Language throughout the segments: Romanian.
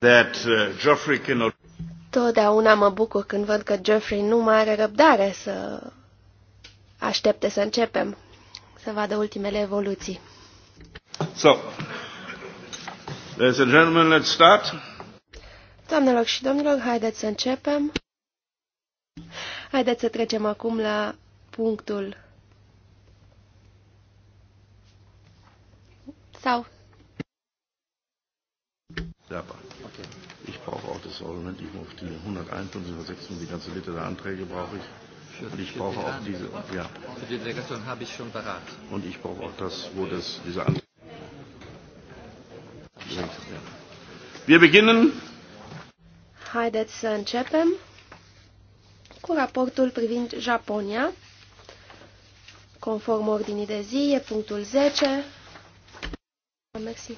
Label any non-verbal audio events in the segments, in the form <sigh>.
that uh, Geoffrey cannot... Totdeauna mă bucur când văd că Geoffrey nu mai are răbdare să aștepte să începem, să vadă ultimele evoluții. So, ladies and gentlemen, let's start. Doamnelor și domnilor, haideți să începem. Haideți să trecem acum la punctul sau Serpa. Okay. Ich brauche auch das Argument, ich brauche die 151, 156, die ganze Liste der Anträge brauche ich. Für, und ich brauche auch diese, ja. Für die Delegation habe ich schon beraten. Und ich brauche auch das, wo das, diese Anträge. Ja. Wir beginnen. Haideți să începem cu raportul privind Japonia. Conform ordinii de zi, e punctul 10. Mersi.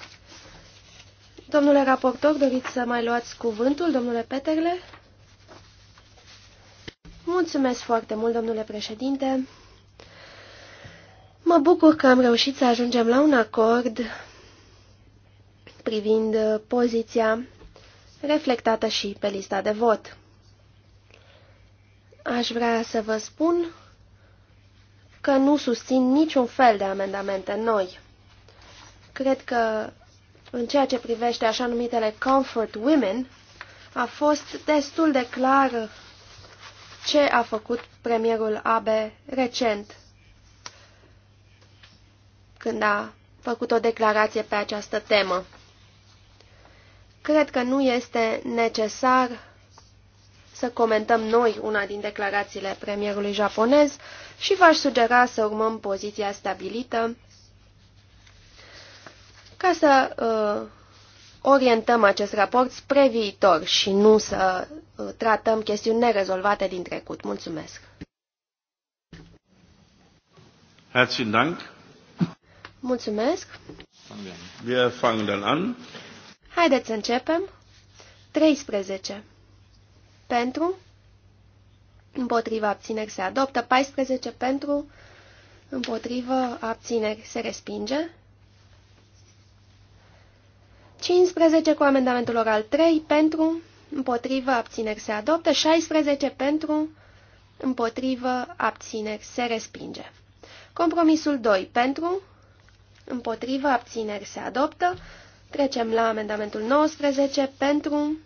Domnule raportor, doriți să mai luați cuvântul, domnule Peterle? Mulțumesc foarte mult, domnule președinte. Mă bucur că am reușit să ajungem la un acord privind poziția reflectată și pe lista de vot. Aș vrea să vă spun că nu susțin niciun fel de amendamente noi. Cred că în ceea ce privește așa numitele comfort women, a fost destul de clar ce a făcut premierul Abe recent, când a făcut o declarație pe această temă. Cred că nu este necesar să comentăm noi una din declarațiile premierului japonez și v-aș sugera să urmăm poziția stabilită ca să uh, orientăm acest raport spre viitor și nu să uh, tratăm chestiuni nerezolvate din trecut. Mulțumesc! Herzlichen Dank. Mulțumesc! Wir fangen dann an. Haideți să începem. 13. Pentru. Împotriva abțineri se adoptă. 14 pentru. Împotriva abțineri se respinge. 15 cu amendamentul oral 3 pentru, împotrivă, abțineri se adoptă, 16 pentru, împotrivă, abțineri se respinge. Compromisul 2 pentru, împotrivă, abțineri se adoptă, trecem la amendamentul 19 pentru,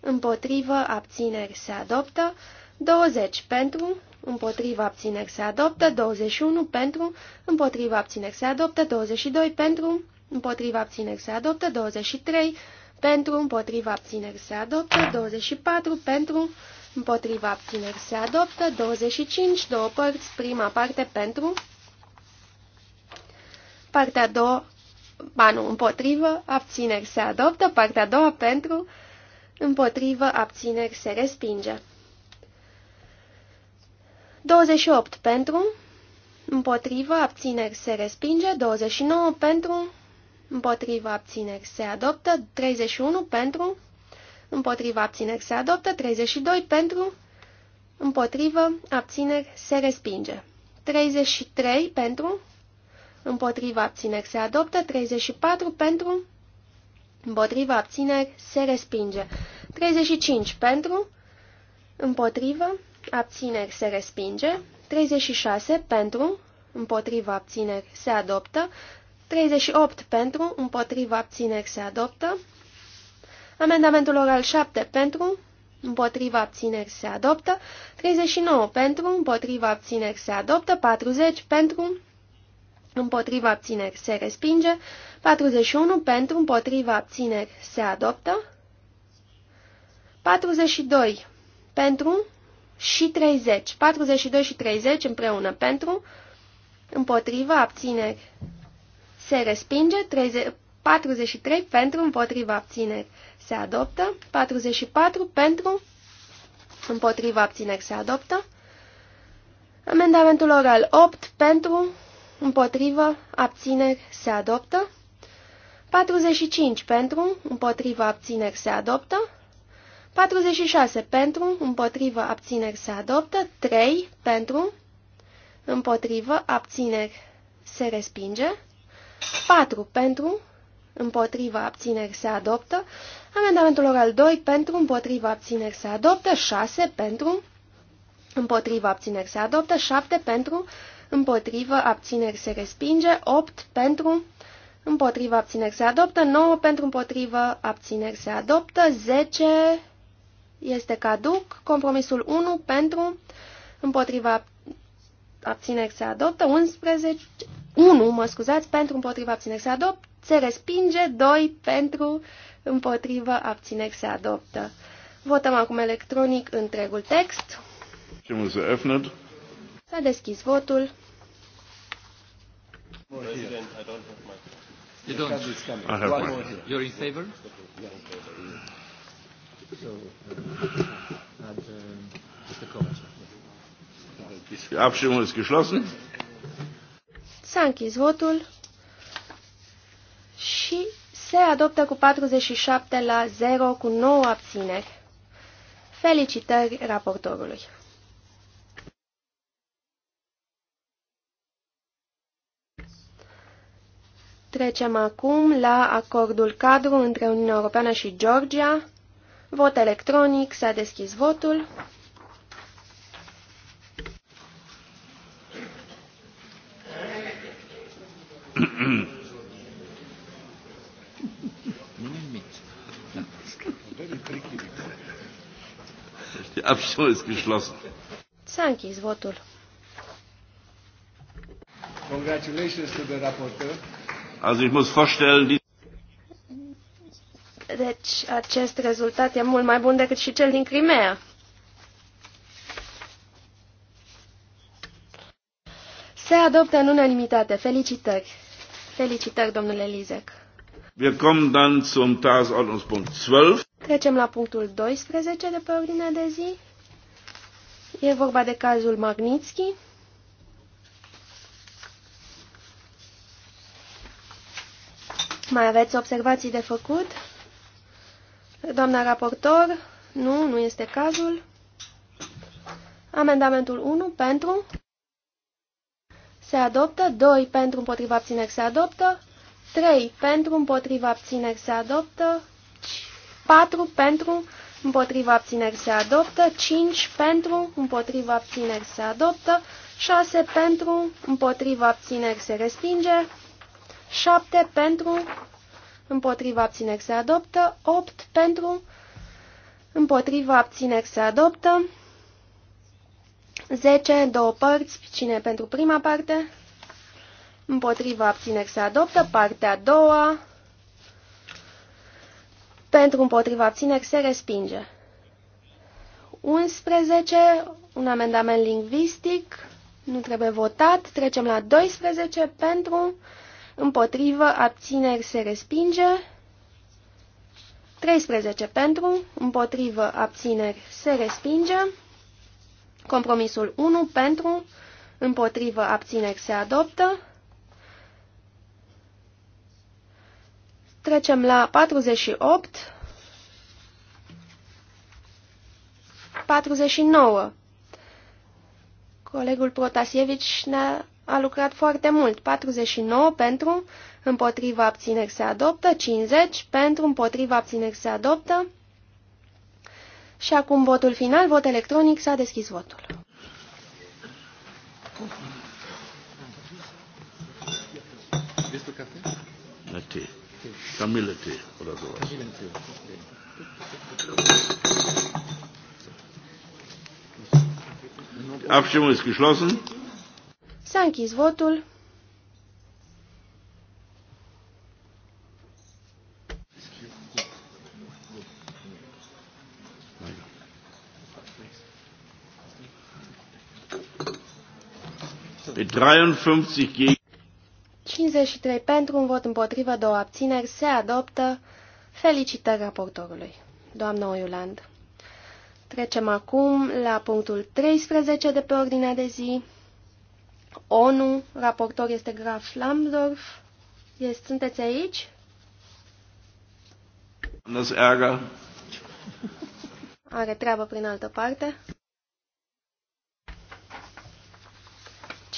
împotrivă, abțineri se adoptă, 20 pentru, împotrivă, abțineri se adoptă, 21 pentru, împotrivă, abțineri se adoptă, 22 pentru, împotriva abțineri se adoptă, 23 pentru, împotriva abțineri se adoptă, 24 pentru, împotriva abțineri se adoptă, 25, două părți, prima parte pentru, partea a doua, ba nu, împotrivă, abțineri se adoptă, partea a doua pentru, împotrivă, abțineri se respinge. 28 pentru, împotrivă, abțineri se respinge, 29 pentru, împotriva abțineri se adoptă, 31 pentru, împotriva abțineri se adoptă, 32 pentru, împotriva abțineri se respinge, 33 pentru, împotriva abțineri se adoptă, 34 pentru, împotriva abțineri se respinge, 35 pentru, împotriva abțineri se respinge, 36 pentru, împotriva abțineri se adoptă, 38 pentru, împotriva abțineri se adoptă. Amendamentul oral 7 pentru, împotriva abțineri se adoptă. 39 pentru, împotriva abțineri se adoptă. 40 pentru, împotriva abțineri se respinge. 41 pentru, împotriva abțineri se adoptă. 42 pentru și 30. 42 și 30 împreună pentru, împotriva abțineri se respinge, 43 pentru, împotriva abțineri se adoptă, 44 pentru, împotriva abțineri se adoptă, amendamentul oral 8 pentru, împotriva abțineri se adoptă, 45 pentru, împotriva abțineri se adoptă, 46 pentru, împotriva abțineri se adoptă, 3 pentru, împotriva abțineri, se respinge. 4 pentru, împotriva abțineri se adoptă. Amendamentul oral 2 pentru, împotriva abțineri se adoptă. 6 pentru, împotriva abțineri se adoptă. 7 pentru, împotriva abțineri se respinge. 8 pentru, împotriva abțineri se adoptă. 9 pentru, împotriva abțineri se adoptă. 10 este caduc. Compromisul 1 pentru, împotriva abțineri se adoptă. 11 1, mă scuzați, pentru împotriva abțineri se adoptă, se respinge, 2 pentru împotriva abțineri se adoptă. Votăm acum electronic întregul text. S-a deschis votul. You don't. I have one. one. You're in favor? Die Abstimmung ist geschlossen. S-a închis votul și se adoptă cu 47 la 0 cu 9 abțineri. Felicitări raportorului! Trecem acum la acordul cadru între Uniunea Europeană și Georgia. Vot electronic, s-a deschis votul. Die Abstimmung ist geschlossen. S-a votul. Congratulations to the rapporteur. Also ich muss vorstellen, die deci acest rezultat e mult mai bun decât și cel din Crimea. Se adoptă în unanimitate. Felicitări! Felicitări, domnule Lizec. Wir kommen dann zum Tagesordnungspunkt 12. Trecem la punctul 12 de pe ordinea de zi. E vorba de cazul Magnitsky. Mai aveți observații de făcut? Doamna raportor, nu, nu este cazul. Amendamentul 1 pentru, se adoptă, 2 pentru împotriva abțineri se adoptă, 3 pentru împotriva abțineri se adoptă, 4 pentru împotriva abțineri se adoptă, 5 pentru împotriva abțineri se adoptă, 6 pentru împotriva abțineri se respinge, 7 pentru împotriva abțineri se adoptă, 8 pentru împotriva abțineri se adoptă, 10 două părți, cine pentru prima parte, împotriva abțineri se adoptă, partea a doua, pentru împotriva abțineri se respinge. 11, un amendament lingvistic, nu trebuie votat, trecem la 12, pentru, împotrivă, abțineri se respinge, 13 pentru, împotrivă, abțineri se respinge, Compromisul 1 pentru, împotrivă, abțineri se adoptă. Trecem la 48. 49. Colegul Protasievici ne-a a lucrat foarte mult. 49 pentru, împotriva abțineri se adoptă, 50 pentru, împotriva abțineri se adoptă. Și acum votul final, vot electronic, s-a deschis votul. Este Abstimmung ist geschlossen. S-a închis votul. 53 pentru, un vot împotrivă, două abțineri, se adoptă. Felicitări raportorului, doamna Oiuland. Trecem acum la punctul 13 de pe ordinea de zi. ONU, raportor este Graf Lambdorf. Este, sunteți aici? Are treabă prin altă parte.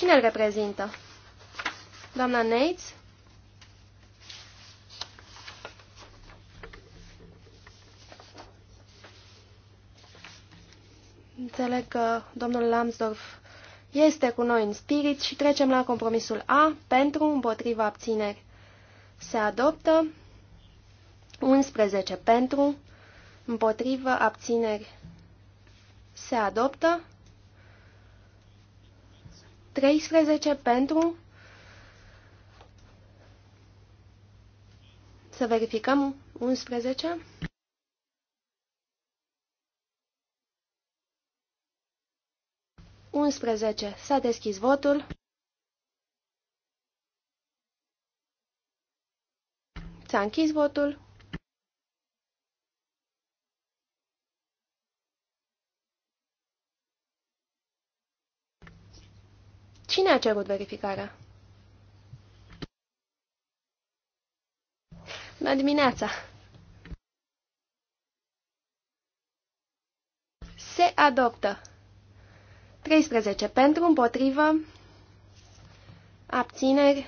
Cine îl reprezintă? Doamna Neitz? Înțeleg că domnul Lambsdorff este cu noi în spirit și trecem la compromisul A pentru împotriva abțineri. Se adoptă 11 pentru împotriva abțineri. Se adoptă 13 pentru. Să verificăm 11. S-a deschis votul. S-a închis votul. Cine a cerut verificarea? Bună dimineața! Se adoptă. 13. Pentru, împotrivă, abțineri.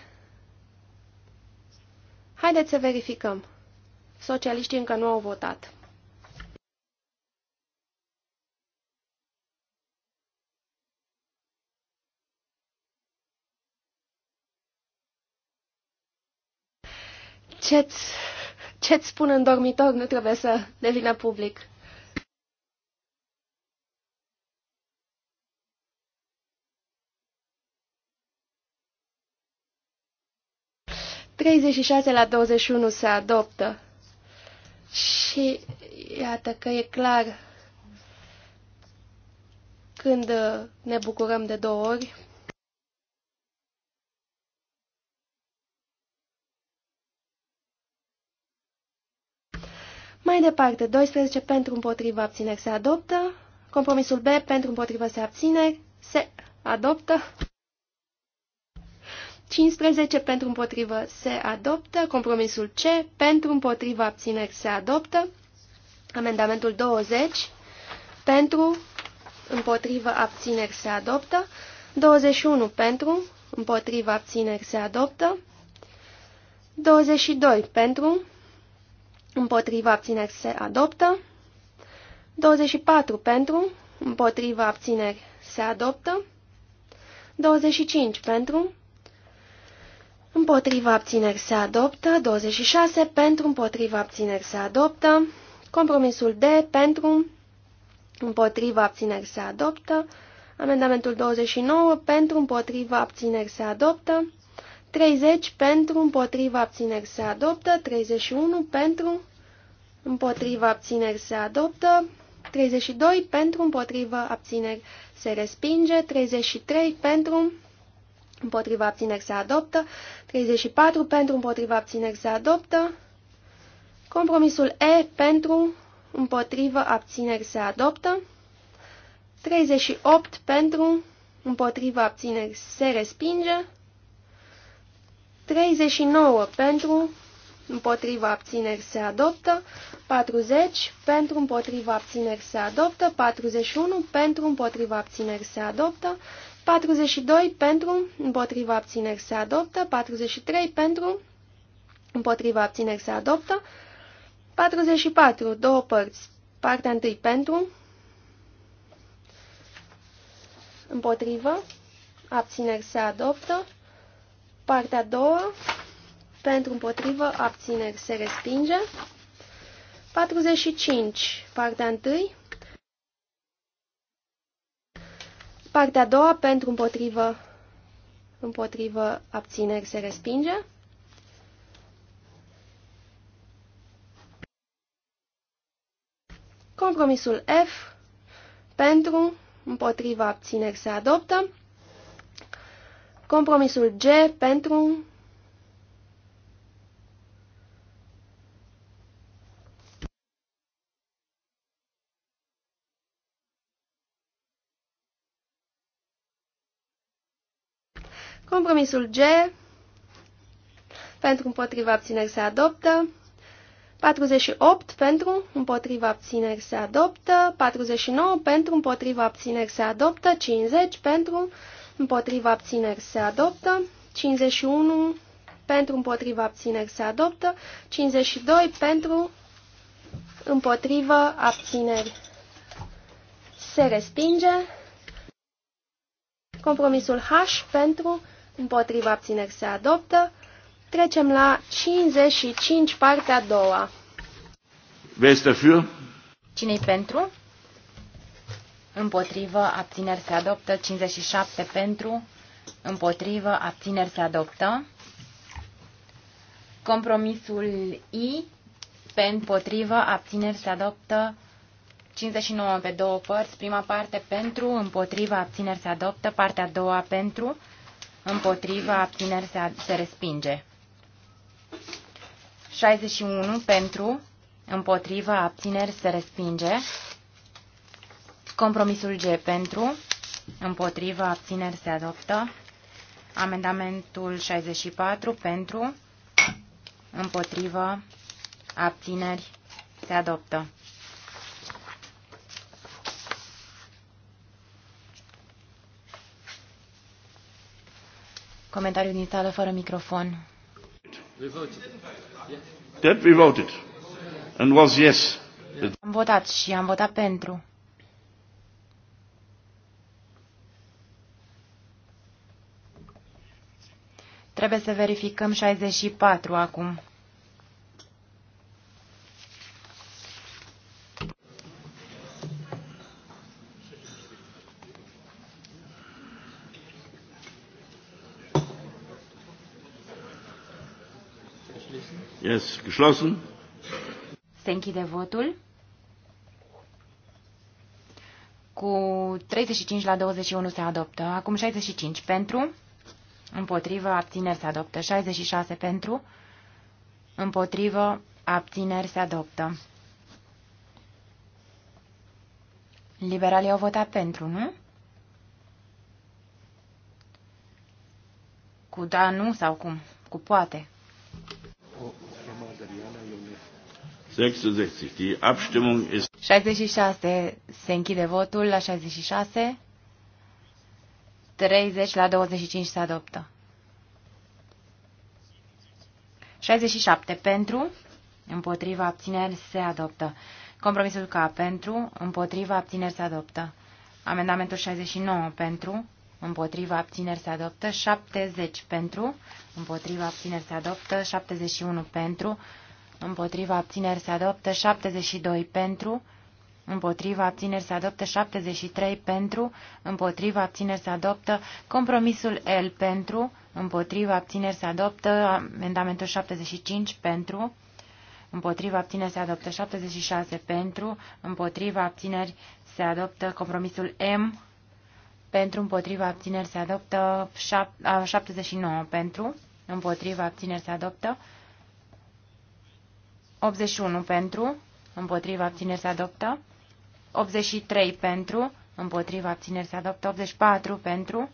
Haideți să verificăm. Socialiștii încă nu au votat. Ce-ți, ce-ți spun în dormitor nu trebuie să devină public. Treizeci la 21 se adoptă. Și iată că e clar când ne bucurăm de două ori. Mai departe, 12 pentru împotriva abțineri se adoptă. Compromisul B pentru împotriva se abțineri se adoptă. 15 pentru împotrivă se adoptă. Compromisul C pentru împotriva abțineri se adoptă. Amendamentul 20 pentru împotrivă abțineri se adoptă. 21 pentru împotriva abțineri se adoptă. 22 pentru împotriva abțineri se adoptă, 24 pentru, împotriva abțineri se adoptă, 25 pentru, împotriva abțineri se adoptă, 26 pentru, împotriva abțineri se adoptă, compromisul D pentru, împotriva abțineri se adoptă, amendamentul 29 pentru, împotriva abțineri se adoptă, 30 pentru, împotriva abțineri se adoptă, 31 pentru, împotriva abțineri se adoptă, 32 pentru, împotriva abțineri se respinge, 33 pentru, împotriva abțineri se adoptă, 34 pentru, împotriva abțineri se adoptă, compromisul E pentru, împotriva abțineri se adoptă, 38 pentru, împotriva abțineri se respinge, 39 pentru, împotriva abțineri se adoptă, 40 pentru împotriva abțineri se adoptă, 41 pentru împotriva abțineri se adoptă, 42 pentru împotriva abțineri se adoptă, 43 pentru împotriva abțineri se adoptă, 44 două părți, partea întâi pentru împotriva abțineri se adoptă, Partea a doua, pentru împotrivă, abțineri se respinge. 45, partea întâi. Partea a doua, pentru împotrivă, împotrivă, abțineri se respinge. Compromisul F, pentru, împotriva abțineri se adoptă. Compromisul G pentru Compromisul G pentru împotriva abțineri se adoptă. 48 pentru împotriva abțineri se adoptă. 49 pentru împotriva abțineri se adoptă. 50 pentru împotriva abțineri se adoptă, 51 pentru împotriva abțineri se adoptă, 52 pentru împotriva abțineri se respinge, compromisul H pentru împotriva abțineri se adoptă, trecem la 55 partea a doua. Vezi dafür? Cine-i pentru? împotrivă, abțineri se adoptă, 57 pentru, împotrivă, abțineri se adoptă. Compromisul I, pe împotrivă, abțineri se adoptă, 59 pe două părți, prima parte pentru, împotrivă, abțineri se adoptă, partea a doua pentru, împotrivă, abțineri se, se respinge. 61 pentru, împotrivă, abțineri se respinge. Compromisul G pentru, împotrivă, abțineri se adoptă. Amendamentul 64 pentru, împotrivă, abțineri se adoptă. Comentariu din sală fără microfon. Am votat și am votat pentru. Trebuie să verificăm 64 acum. Yes, geschlossen. Se închide votul. Cu 35 la 21 se adoptă. Acum 65 pentru. Împotrivă, abțineri se adoptă. 66 pentru. Împotrivă, abțineri se adoptă. Liberalii au votat pentru, nu? Cu da, nu sau cum? Cu poate. 66. Die Abstimmung ist... 66. Se închide votul la 66. 30 la 25 se adoptă. 67. Pentru, împotriva abțineri se adoptă. Compromisul ca Pentru, împotriva abțineri se adoptă. Amendamentul 69. Pentru, împotriva abțineri se adoptă. 70. Pentru, împotriva abțineri se adoptă. 71. Pentru, împotriva abțineri se adoptă. 72. Pentru, împotriva abțineri se adoptă 73 pentru, împotriva abțineri se adoptă compromisul L pentru, împotriva abțineri se adoptă amendamentul 75 pentru, împotriva abțineri se adoptă 76 pentru, împotriva abțineri se adoptă compromisul M pentru, împotriva abțineri se adoptă 79 pentru, împotriva abțineri se adoptă 81 pentru, împotriva abțineri se adoptă 83 pentru, împotriva abțineri se adoptă 84 pentru,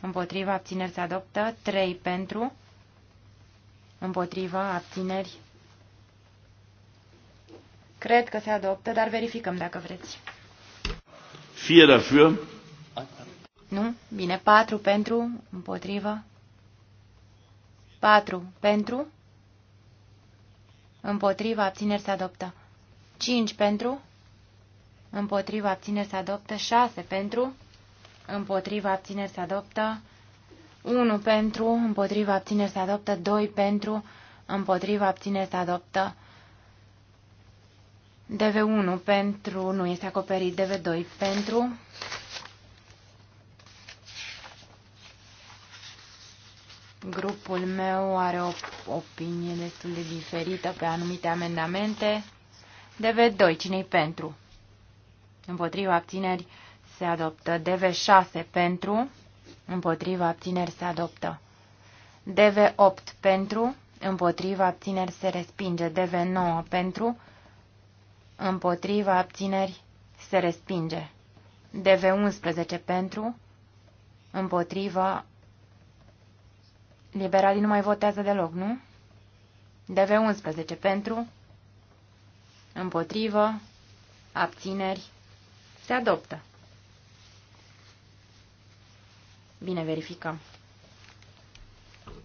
împotriva abțineri se adoptă 3 pentru, împotriva abțineri. Cred că se adoptă, dar verificăm dacă vreți. Fie dafür. Nu? Bine, 4 pentru, împotriva. 4 pentru, împotriva abțineri se adoptă. 5 pentru, împotriva abțineri se adoptă 6 pentru, împotriva abțineri se adoptă 1 pentru, împotriva abțineri se adoptă 2 pentru, împotriva abțineri se adoptă DV1 pentru, nu este acoperit, DV2 pentru, grupul meu are o opinie destul de diferită pe anumite amendamente. DV2, cine i pentru? împotriva abțineri se adoptă. DV6 pentru, împotriva abțineri se adoptă. DV8 pentru, împotriva abțineri se respinge. DV9 pentru, împotriva abțineri se respinge. DV11 pentru, împotriva. Liberalii nu mai votează deloc, nu? DV11 pentru, împotrivă, abțineri, se adoptă. Bine, verificăm.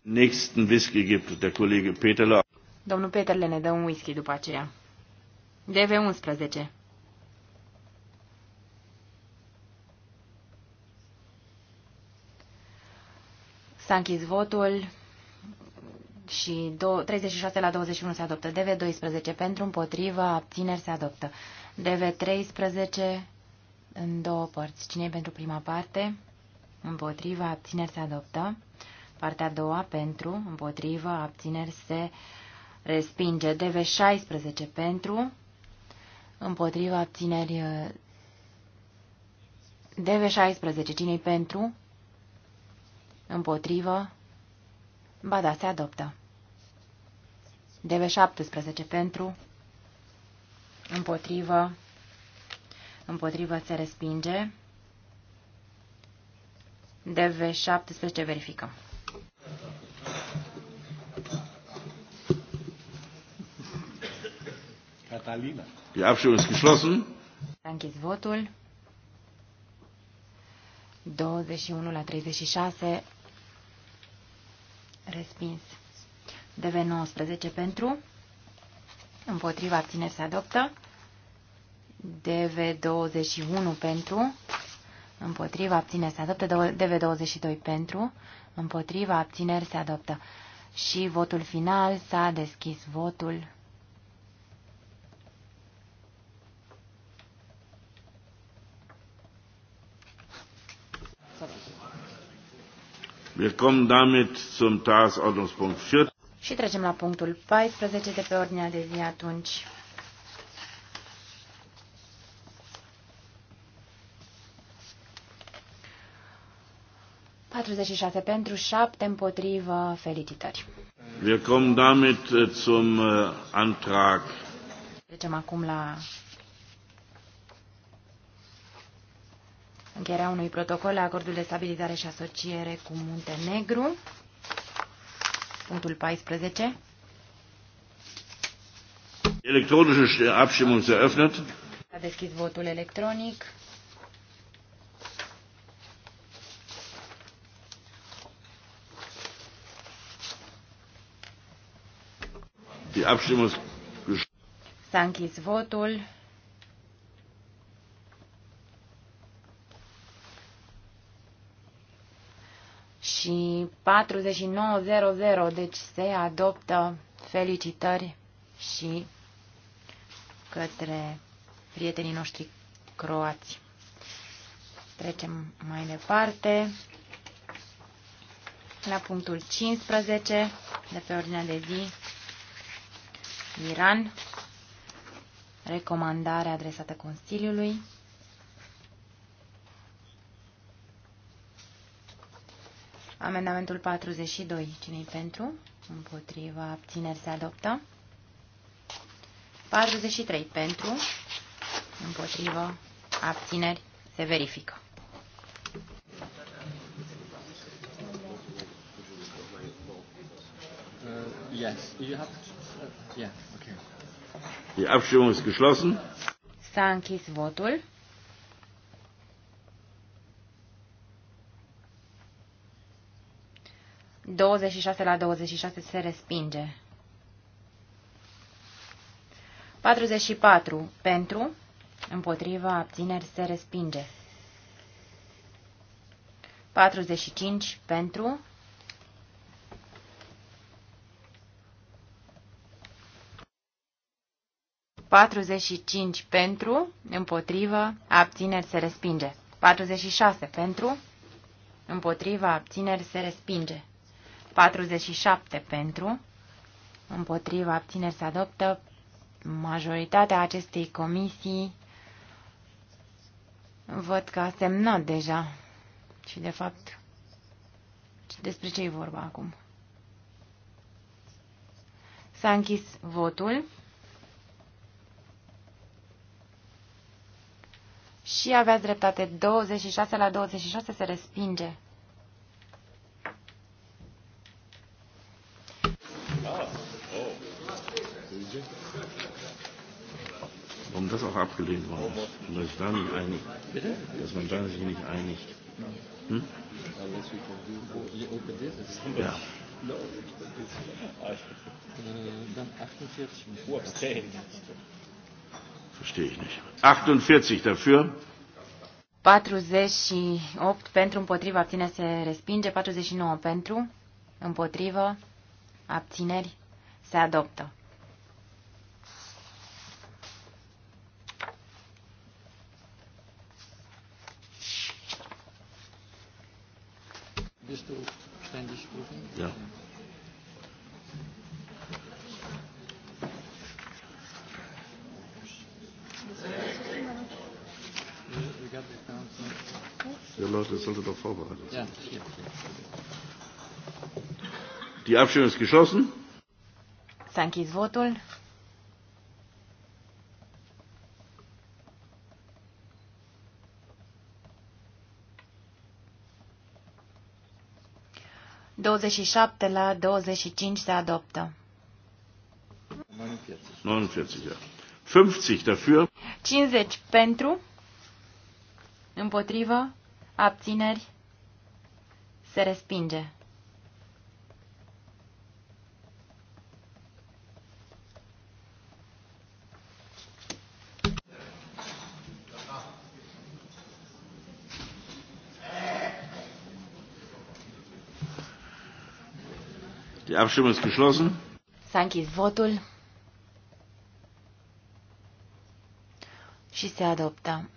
Nächsten whisky gibt der Kollege Peterle. Domnul Peterle ne dă un whisky după aceea. DV11. S-a închis votul și 36 la 21 se adoptă. DV12 pentru, împotriva, abțineri se adoptă. DV13 în două părți. Cine e pentru prima parte? Împotriva, abțineri se adoptă. Partea a doua pentru, împotrivă, abțineri se respinge. DV16 pentru, împotriva, abțineri... Uh, DV16, cine pentru? Împotrivă. Ba da, se adoptă. DV17 pentru, împotrivă, împotrivă se respinge. DV17 verificăm. Catalina. Die Abstimmung ist geschlossen. închis votul. 21 la 36. Respins. DV19 pentru. Împotriva abține se adoptă. DV21 pentru, împotriva abțineri se adoptă, DV22 pentru, împotriva abțineri se adoptă. Și votul final s-a deschis votul. Wir damit zum Tagesordnungspunkt 4. Și trecem la punctul 14 de pe ordinea de zi atunci. 46 pentru, 7 împotrivă. Felicitări. Wir kommen damit äh, zum äh, Antrag. Trecem acum la încheierea unui protocol la acordul de stabilizare și asociere cu Muntenegru. Punctul 14. Electronische Abstimmung eröffnet. S-a deschis votul electronic. Abstimmung S-a închis votul. Și 49.00, deci se adoptă felicitări și către prietenii noștri croați. Trecem mai departe la punctul 15 de pe ordinea de zi. Iran, recomandare adresată Consiliului, amendamentul 42, cine i pentru? Împotriva, abțineri se adoptă. 43 pentru, Împotriva abțineri, se verifică. Uh, yes, you have, uh, yeah. Die Abstimmung ist geschlossen. S-a închis votul. Douăzeci șase la douăzeci șase se respinge. 44. Pentru, împotriva, abțineri, se respinge. 45. Pentru, 45 pentru, împotrivă, abțineri se respinge. 46 pentru, împotrivă, abțineri se respinge. 47 pentru, împotrivă, abțineri se adoptă. Majoritatea acestei comisii văd că a semnat deja și de fapt despre ce e vorba acum. S-a închis votul. Și aveați dreptate, 26 la 26 se respinge. Um das auch abgelehnt worden ist, und dass da nicht einig, dass man da sich nicht einigt. Hm? Ja. Äh, dann 48. Verstehe ich nicht. 48 dafür. 48 pentru, împotriva, abține, se respinge. 49 pentru, împotriva abțineri, se adoptă. sollte doch vorbereitet sein. Ja. Die Abstimmung ist geschlossen. s votul. Douăzeci și șapte la douăzeci și cinci se adoptă. 49, ja. 50 dafür. 50 pentru. Împotrivă abțineri, se respinge. Die Abstimmung ist geschlossen. Sanki votul și se adoptă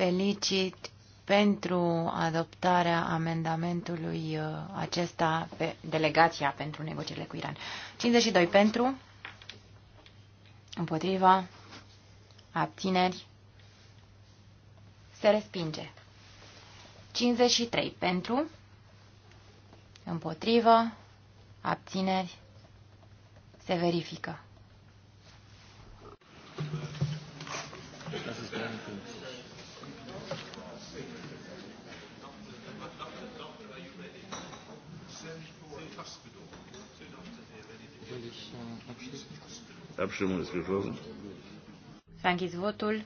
felicit pentru adoptarea amendamentului uh, acesta pe delegația pentru negocierile cu Iran. 52 pentru, împotriva, abțineri, se respinge. 53 pentru, împotriva, abțineri, se verifică. Abstimmung ist geschlossen. S-a închis votul.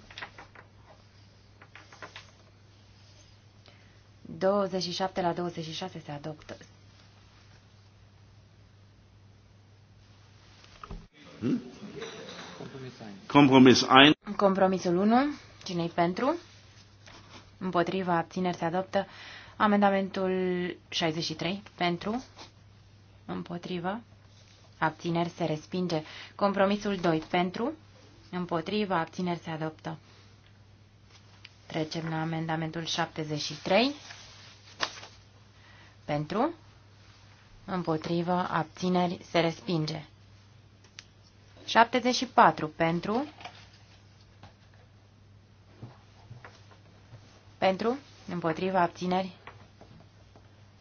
27 la 26 se adoptă. Hmm? Compromis 1. Compromisul 1. Cine-i pentru? Împotriva abțineri se adoptă. Amendamentul 63. Pentru. Împotriva abțineri se respinge. Compromisul 2 pentru, împotriva, abțineri se adoptă. Trecem la amendamentul 73. Pentru, împotrivă, abțineri se respinge. 74 pentru, pentru, Împotrivă, abțineri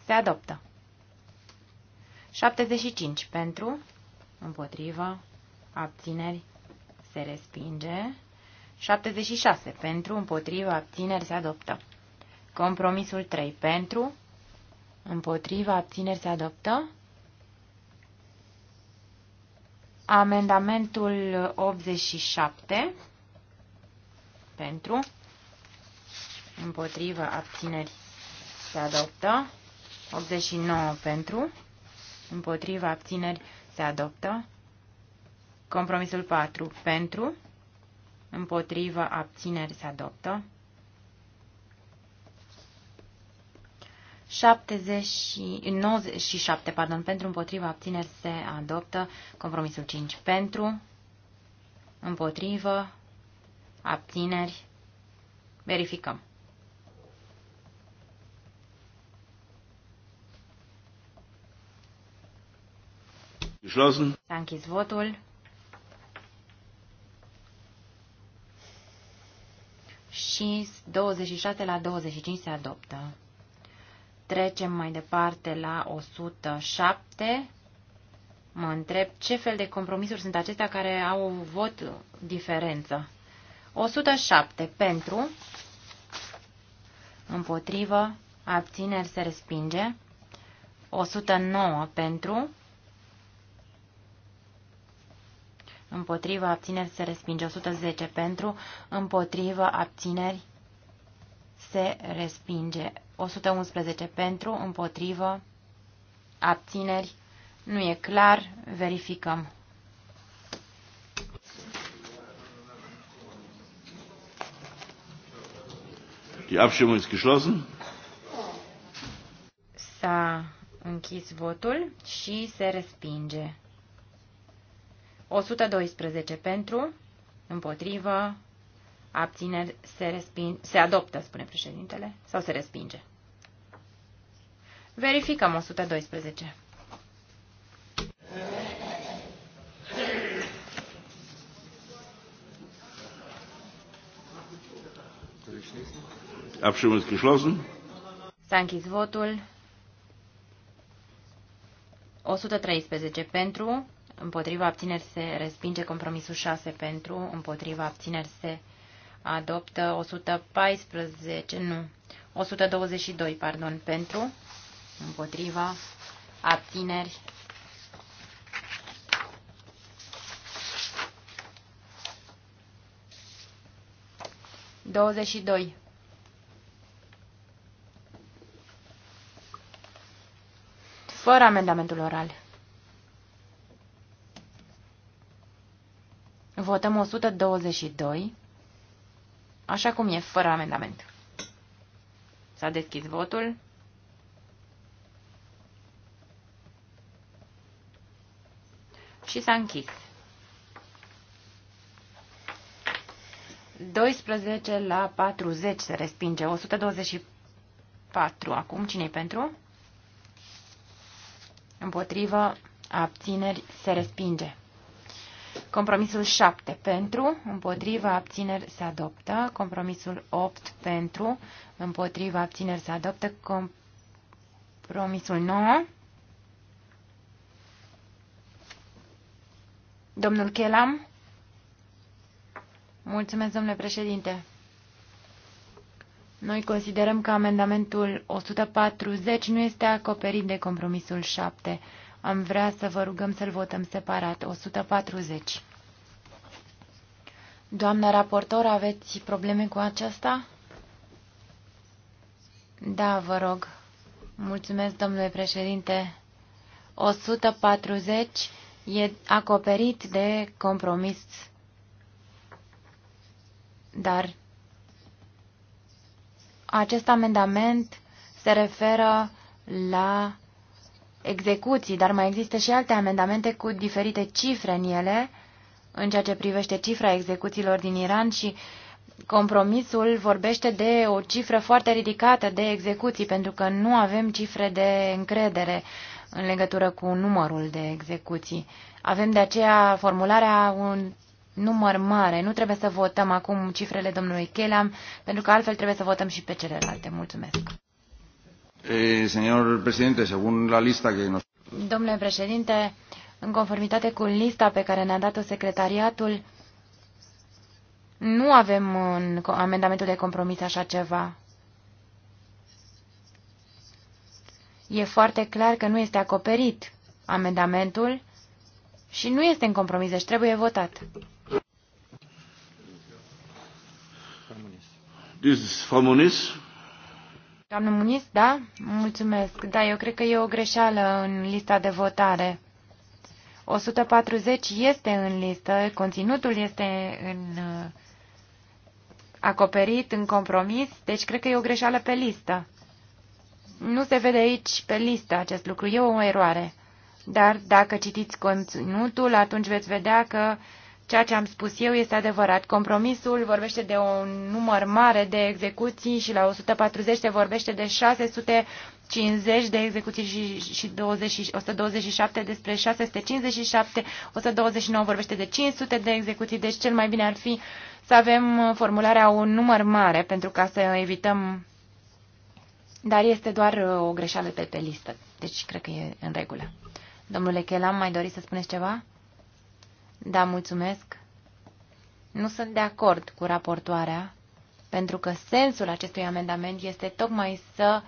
se adoptă. 75 pentru, împotrivă, abțineri, se respinge. 76. Pentru, împotrivă, abțineri, se adoptă. Compromisul 3. Pentru, împotrivă, abțineri, se adoptă. Amendamentul 87. Pentru, împotrivă, abțineri, se adoptă. 89 pentru, împotriva abțineri se adoptă. Compromisul 4 pentru, împotrivă, abțineri se adoptă. 97 pardon, pentru, împotrivă, abțineri se adoptă. Compromisul 5 pentru, împotrivă, abțineri. Verificăm. Geschlossen. S-a închis votul. Și 27 la 25 se adoptă. Trecem mai departe la 107. Mă întreb ce fel de compromisuri sunt acestea care au vot diferență. 107 pentru, împotrivă, abțineri se respinge. 109 pentru, împotrivă, abțineri, se respinge. 110 pentru, împotrivă, abțineri, se respinge. 111 pentru, împotrivă, abțineri, nu e clar, verificăm. Die Abstimmung ist geschlossen. S-a închis votul și se respinge. 112 pentru, împotrivă, abțineri, se, respin, se adoptă, spune președintele, sau se respinge. Verificăm 112. geschlossen. S-a închis votul. 113 pentru, împotriva abțineri se respinge compromisul 6 pentru, împotriva abțineri se adoptă 114, nu, 122, pardon, pentru, împotriva abțineri Douăzeci și doi. Fără amendamentul oral. Votăm 122, așa cum e, fără amendament. S-a deschis votul. Și s-a închis. 12 la 40 se respinge. 124. Acum cine pentru? Împotrivă, abțineri, se respinge. Compromisul 7 pentru, împotriva abțineri se adoptă. Compromisul 8 pentru, împotriva abțineri se adoptă. Compromisul 9. Domnul Chelam. Mulțumesc, domnule președinte. Noi considerăm că amendamentul 140 nu este acoperit de compromisul 7. Am vrea să vă rugăm să-l votăm separat. 140. Doamna raportor, aveți probleme cu aceasta? Da, vă rog. Mulțumesc, domnule președinte. 140 e acoperit de compromis. Dar acest amendament se referă la execuții, dar mai există și alte amendamente cu diferite cifre în ele, în ceea ce privește cifra execuțiilor din Iran și compromisul vorbește de o cifră foarte ridicată de execuții, pentru că nu avem cifre de încredere în legătură cu numărul de execuții. Avem de aceea formularea un număr mare. Nu trebuie să votăm acum cifrele domnului Chelam, pentru că altfel trebuie să votăm și pe celelalte. Mulțumesc! Eh, Domnule președinte, în conformitate cu lista pe care ne-a dat-o secretariatul, nu avem în amendamentul de compromis așa ceva. E foarte clar că nu este acoperit amendamentul și nu este în compromis, deci trebuie votat. Frau Moniz, Doamnă Muniz, da? Mulțumesc. Da, eu cred că e o greșeală în lista de votare. 140 este în listă, conținutul este în, uh, acoperit în compromis, deci cred că e o greșeală pe listă. Nu se vede aici pe listă acest lucru, e o eroare. Dar dacă citiți conținutul, atunci veți vedea că uh, Ceea ce am spus eu este adevărat. Compromisul vorbește de un număr mare de execuții și la 140 se vorbește de 650 de execuții și, și 20, 127 despre 657, 129 vorbește de 500 de execuții, deci cel mai bine ar fi să avem uh, formularea un număr mare pentru ca să evităm dar este doar uh, o greșeală pe, pe listă, deci cred că e în regulă. Domnule Chelam, mai doriți să spuneți ceva? Da, mulțumesc. Nu sunt de acord cu raportoarea, pentru că sensul acestui amendament este tocmai să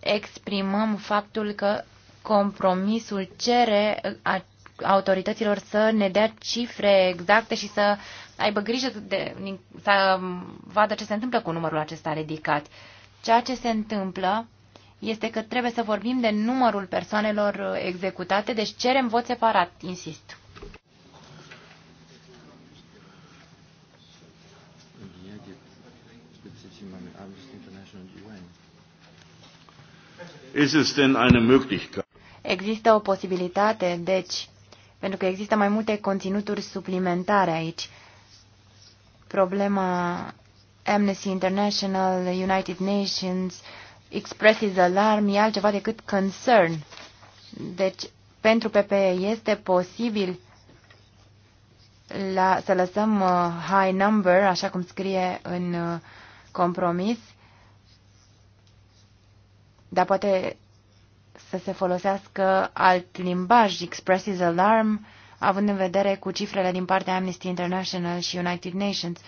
exprimăm faptul că compromisul cere autorităților să ne dea cifre exacte și să aibă grijă de, să vadă ce se întâmplă cu numărul acesta ridicat. Ceea ce se întâmplă este că trebuie să vorbim de numărul persoanelor executate, deci cerem vot separat, insist. Există o posibilitate, deci, pentru că există mai multe conținuturi suplimentare aici. Problema Amnesty International, United Nations, expresses alarm, e altceva decât concern. Deci, pentru PPE este posibil la, să lăsăm uh, high number, așa cum scrie în uh, compromis, dar poate să se folosească alt limbaj, expresses alarm, având în vedere cu cifrele din partea Amnesty International și United Nations.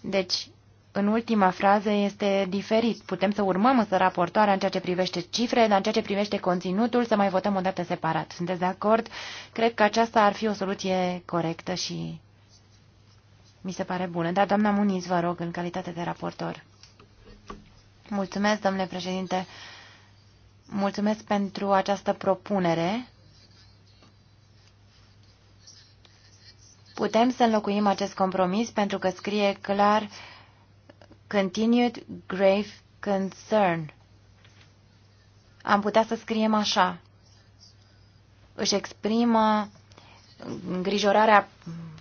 Deci, în ultima frază este diferit. Putem să urmăm însă raportoarea în ceea ce privește cifre, dar în ceea ce privește conținutul să mai votăm o dată separat. Sunteți de acord? Cred că aceasta ar fi o soluție corectă și mi se pare bună. Da, doamna Muniz, vă rog, în calitate de raportor. Mulțumesc, domnule președinte mulțumesc pentru această propunere. Putem să înlocuim acest compromis pentru că scrie clar Continued Grave Concern. Am putea să scriem așa. Își exprimă îngrijorarea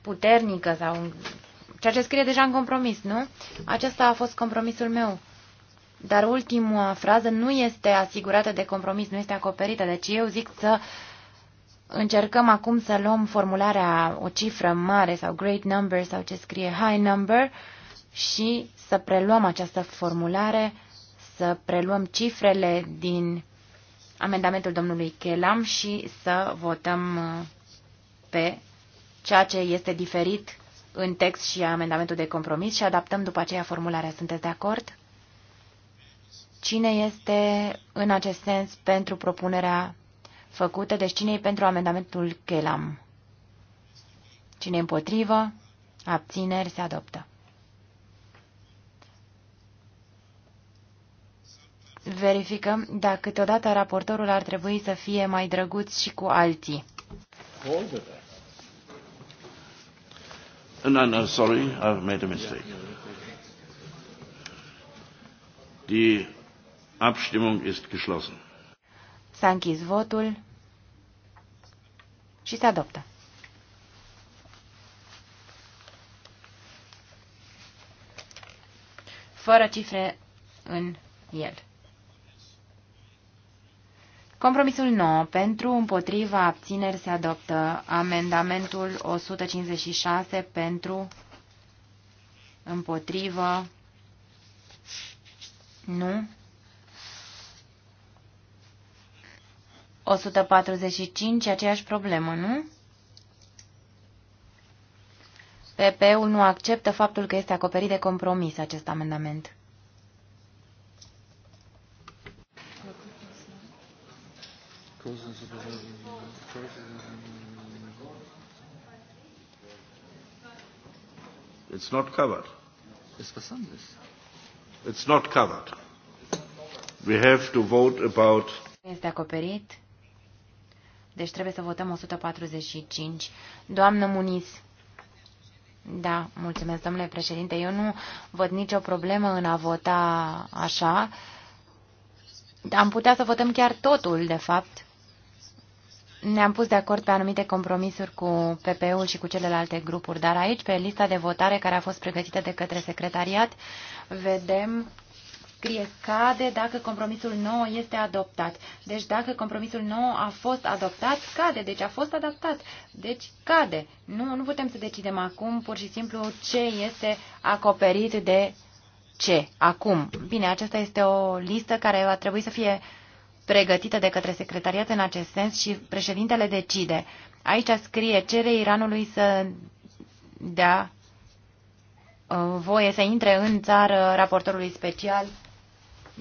puternică sau ceea ce scrie deja în compromis, nu? Acesta a fost compromisul meu. Dar ultima frază nu este asigurată de compromis, nu este acoperită. Deci eu zic să încercăm acum să luăm formularea, o cifră mare sau great number sau ce scrie high number și să preluăm această formulare, să preluăm cifrele din amendamentul domnului Chelam și să votăm uh, pe ceea ce este diferit în text și amendamentul de compromis și adaptăm după aceea formularea. Sunteți de acord? Cine este în acest sens pentru propunerea făcută? Deci cine e pentru amendamentul Chelam? Cine e împotrivă? Abțineri se adoptă. Verificăm dacă câteodată raportorul ar trebui să fie mai drăguț și cu alții. No, no, sorry, I've made a mistake. Die Abstimmung ist geschlossen. S-a închis votul și se adoptă. Fără cifre în el. Compromisul 9. Pentru, împotriva, abțineri se adoptă amendamentul 156 pentru, împotrivă, nu, 145, aceeași problemă, nu? PP-ul nu acceptă faptul că este acoperit de compromis acest amendament. It's not covered. It's was anderes. It's not covered. We have to vote about. Este acoperit. Deci trebuie să votăm 145. Doamnă Muniz. Da, mulțumesc, domnule președinte. Eu nu văd nicio problemă în a vota așa. Am putea să votăm chiar totul, de fapt. Ne-am pus de acord pe anumite compromisuri cu PP-ul și cu celelalte grupuri, dar aici, pe lista de votare care a fost pregătită de către secretariat, vedem scrie cade dacă compromisul nou este adoptat. Deci dacă compromisul nou a fost adoptat, cade. Deci a fost adoptat. Deci cade. Nu, nu putem să decidem acum pur și simplu ce este acoperit de ce acum. Bine, aceasta este o listă care va trebui să fie pregătită de către secretariat în acest sens și președintele decide. Aici scrie cere Iranului să dea uh, voie să intre în țară raportorului special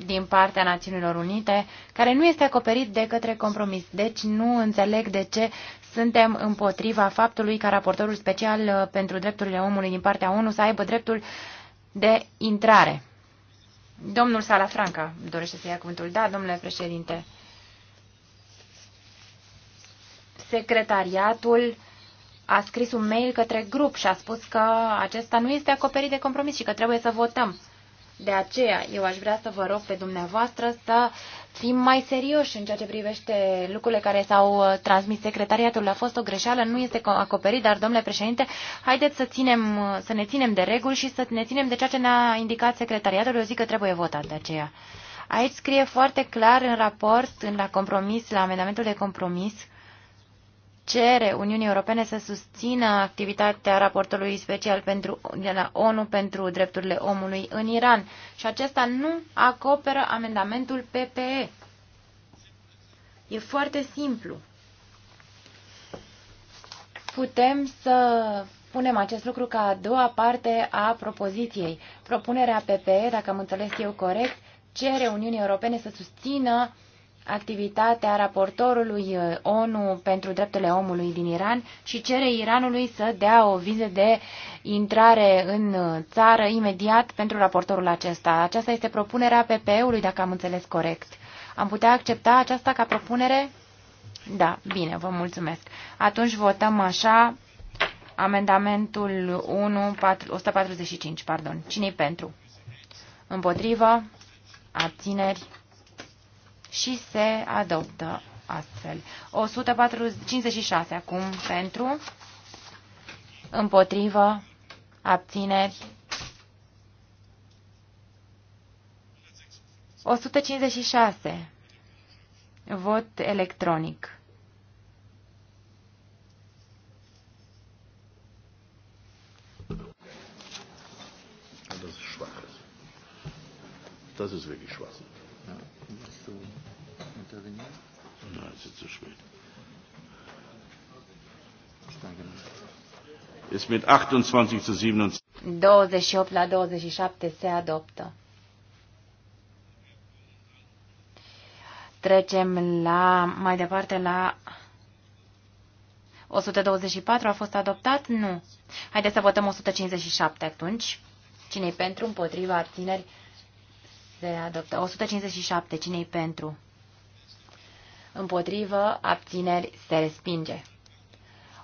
din partea Națiunilor Unite, care nu este acoperit de către compromis. Deci nu înțeleg de ce suntem împotriva faptului ca raportorul special uh, pentru drepturile omului din partea ONU să aibă dreptul de intrare. Domnul Salafranca dorește să ia cuvântul. Da, domnule președinte. Secretariatul a scris un mail către grup și a spus că acesta nu este acoperit de compromis și că trebuie să votăm. De aceea, eu aș vrea să vă rog pe dumneavoastră să fim mai serioși în ceea ce privește lucrurile care s-au uh, transmis secretariatul. A fost o greșeală, nu este acoperit, dar, domnule președinte, haideți să, ținem, uh, să ne ținem de reguli și să ne ținem de ceea ce ne-a indicat secretariatul. Eu zic că trebuie votat de aceea. Aici scrie foarte clar în raport, în la compromis, la amendamentul de compromis, uh, cere Uniunii Europene să susțină activitatea raportului special pentru, de la ONU pentru drepturile omului în Iran și acesta nu acoperă amendamentul PPE. E foarte simplu. Putem să punem acest lucru ca a doua parte a propoziției. Propunerea PPE, dacă am înțeles eu corect, cere Uniunii Europene să susțină uh, activitatea raportorului uh, ONU pentru drepturile omului din Iran și cere Iranului să dea o viză de intrare în uh, țară imediat pentru raportorul acesta. Aceasta este propunerea PPE-ului, dacă am înțeles corect. Am putea accepta aceasta ca propunere? Da, bine, vă mulțumesc. Atunci votăm așa amendamentul 1, 4, 145, pardon. Cine-i pentru? Împotrivă? Abțineri? și se adoptă astfel. 156 acum pentru, împotrivă, abțineri. 156. Vot electronic. Das ist schwach. Das ist wirklich schwach. Ja intervenir Nein, es ist zu spät. Ist mit 28 zu 27. 28 la 27 se adoptă. Trecem la, mai departe la 124 a fost adoptat? Nu. Haideți să votăm 157 atunci. Cine-i pentru? Împotriva abțineri? Se adoptă. 157. Cine-i pentru? împotrivă, abțineri, se respinge.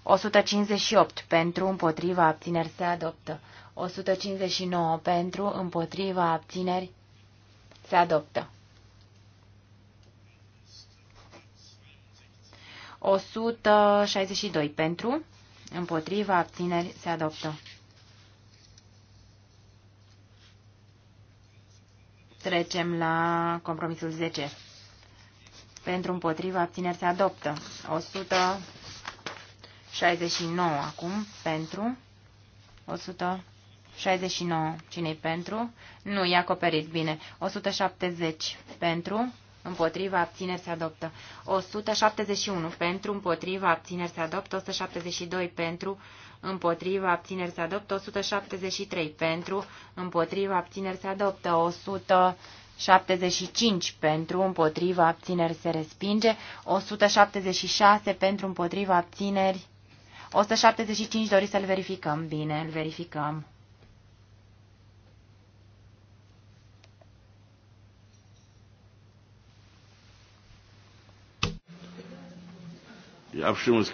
158 pentru, împotrivă, abțineri, se adoptă. 159 pentru, împotrivă, abțineri, se adoptă. 162 pentru, împotriva, abțineri, se adoptă. Trecem la compromisul 10 pentru împotriva abțineri se adoptă. 169 acum pentru 169 cine pentru? Nu, i-a acoperit bine. 170 pentru împotriva abțineri se adoptă. 171 pentru împotriva abțineri se adoptă. 172 pentru împotriva abțineri se adoptă. 173 pentru împotriva abțineri se adoptă. 100 75 pentru, împotriva, abțineri se respinge, 176 pentru, împotriva, abțineri, 175 dori să-l verificăm, bine, îl verificăm. Die Abstimmung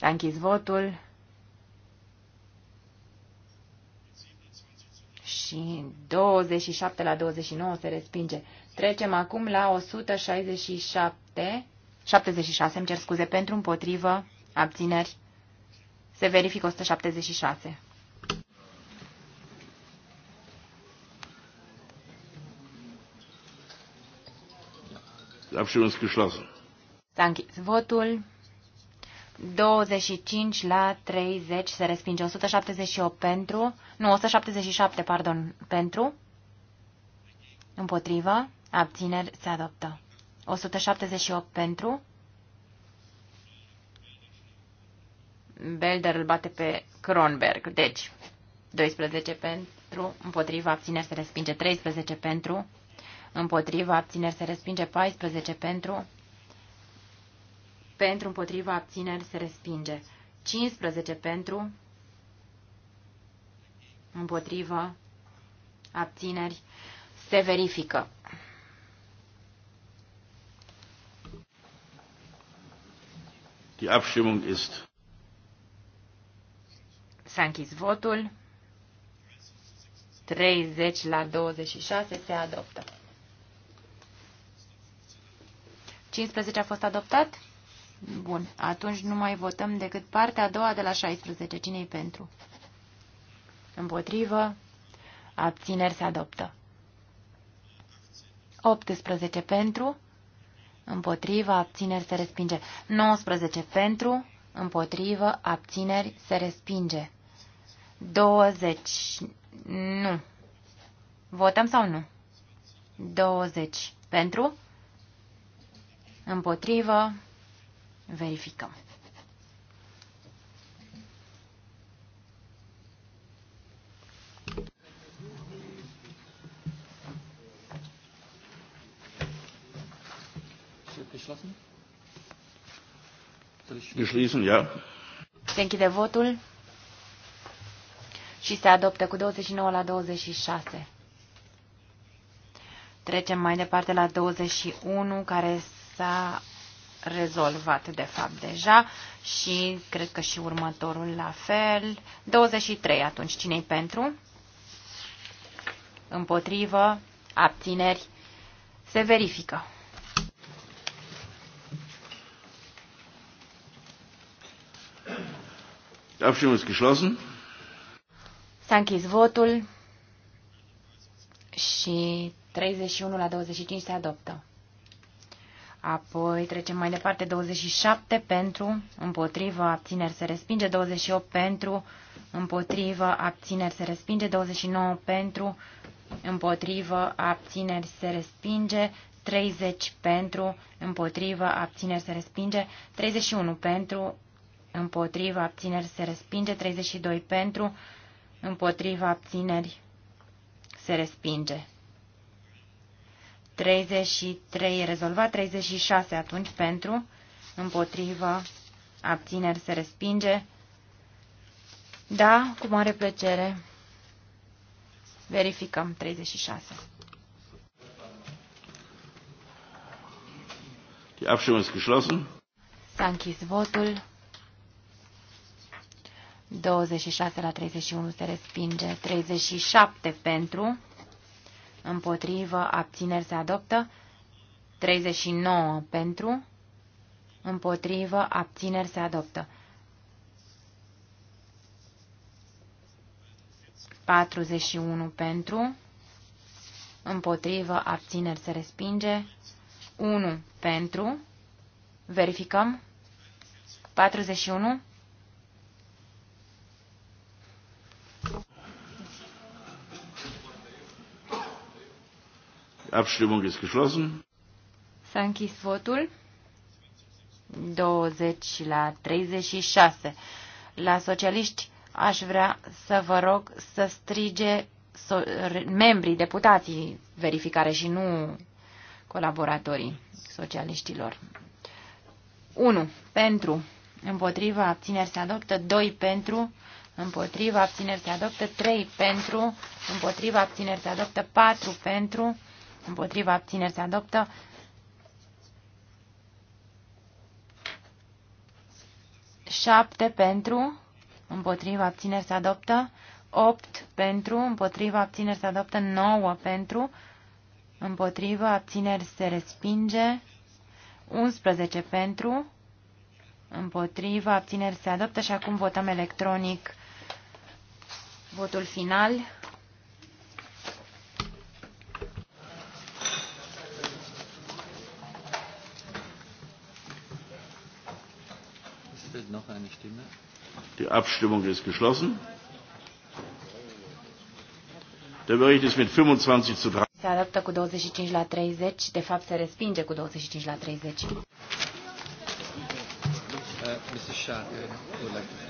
închis votul. și 27 la 29 se respinge. Trecem acum la 167, 76, îmi cer scuze, pentru împotrivă, abțineri, se verifică 176. Abstimmung ist geschlossen. votul. 25 la 30 se respinge. 178 pentru, nu, 177, pardon, pentru, împotrivă, abțineri, se adoptă. 178 pentru, Belder îl bate pe Kronberg, deci 12 pentru, Împotrivă. abțineri se respinge 13 pentru, Împotrivă. abțineri se respinge 14 pentru, pentru, împotriva, abțineri, se respinge. 15 pentru, împotriva, abțineri, se verifică. Die Abstimmung ist. S-a închis votul. 30 la 26 se adoptă. 15 a fost adoptat? Bun, atunci nu mai votăm decât partea a doua de la 16. Cine-i pentru? Împotrivă. Abțineri se adoptă. 18 pentru. Împotrivă. Abțineri se respinge. 19 pentru. Împotrivă. Abțineri se respinge. 20. Nu. Votăm sau nu? 20. Pentru? Împotrivă. Verificăm. Se închide votul și se adoptă cu 29 la 26. Trecem mai departe la 21, care s-a rezolvat de fapt deja și cred că și următorul la fel. 23 atunci, cine pentru? Împotrivă, abțineri, se verifică. Abstimmung ist geschlossen. S-a închis votul și 31 la 25 se adoptă. Apoi trecem mai departe, 27 pentru, împotrivă, abțineri se respinge, 28 pentru, împotrivă, abțineri se respinge, 29 pentru, împotrivă, abțineri se respinge, 30 pentru, împotrivă, abțineri se respinge, 31 pentru, împotrivă, abțineri se respinge, 32 pentru, împotrivă, abțineri se respinge. 33 e rezolvat, 36 atunci pentru, împotrivă, abțineri se respinge. Da, cu mare plăcere. Verificăm 36. Die Abstimmung ist geschlossen. S-a închis votul. 26 la 31 se respinge, 37 pentru, împotrivă, abțineri se adoptă, 39 pentru, împotrivă, abțineri se adoptă, 41 pentru, împotrivă, abțineri se respinge, 1 pentru, verificăm, 41 Abstimmung ist geschlossen. S-a închis votul. 20 la 36. La socialiști aș vrea să vă rog să strige so membrii, deputații verificare și nu colaboratorii socialiștilor. 1. Pentru. Împotriva abțineri se adoptă. 2. Pentru. Împotriva abțineri se adoptă. 3. Pentru. Împotriva abțineri se adoptă. 4. Pentru împotriva abțineri se adoptă. Șapte pentru, împotriva abțineri se adoptă. Opt pentru, împotriva abțineri se adoptă. Nouă pentru, împotriva abțineri se respinge. 11 pentru, împotriva abțineri se adoptă și acum votăm electronic votul final. Die Abstimmung ist geschlossen. Der Bericht ist mit 25 zu 3. Se adaptă cu 25 la 30, de fapt se respinge cu 25 la 30.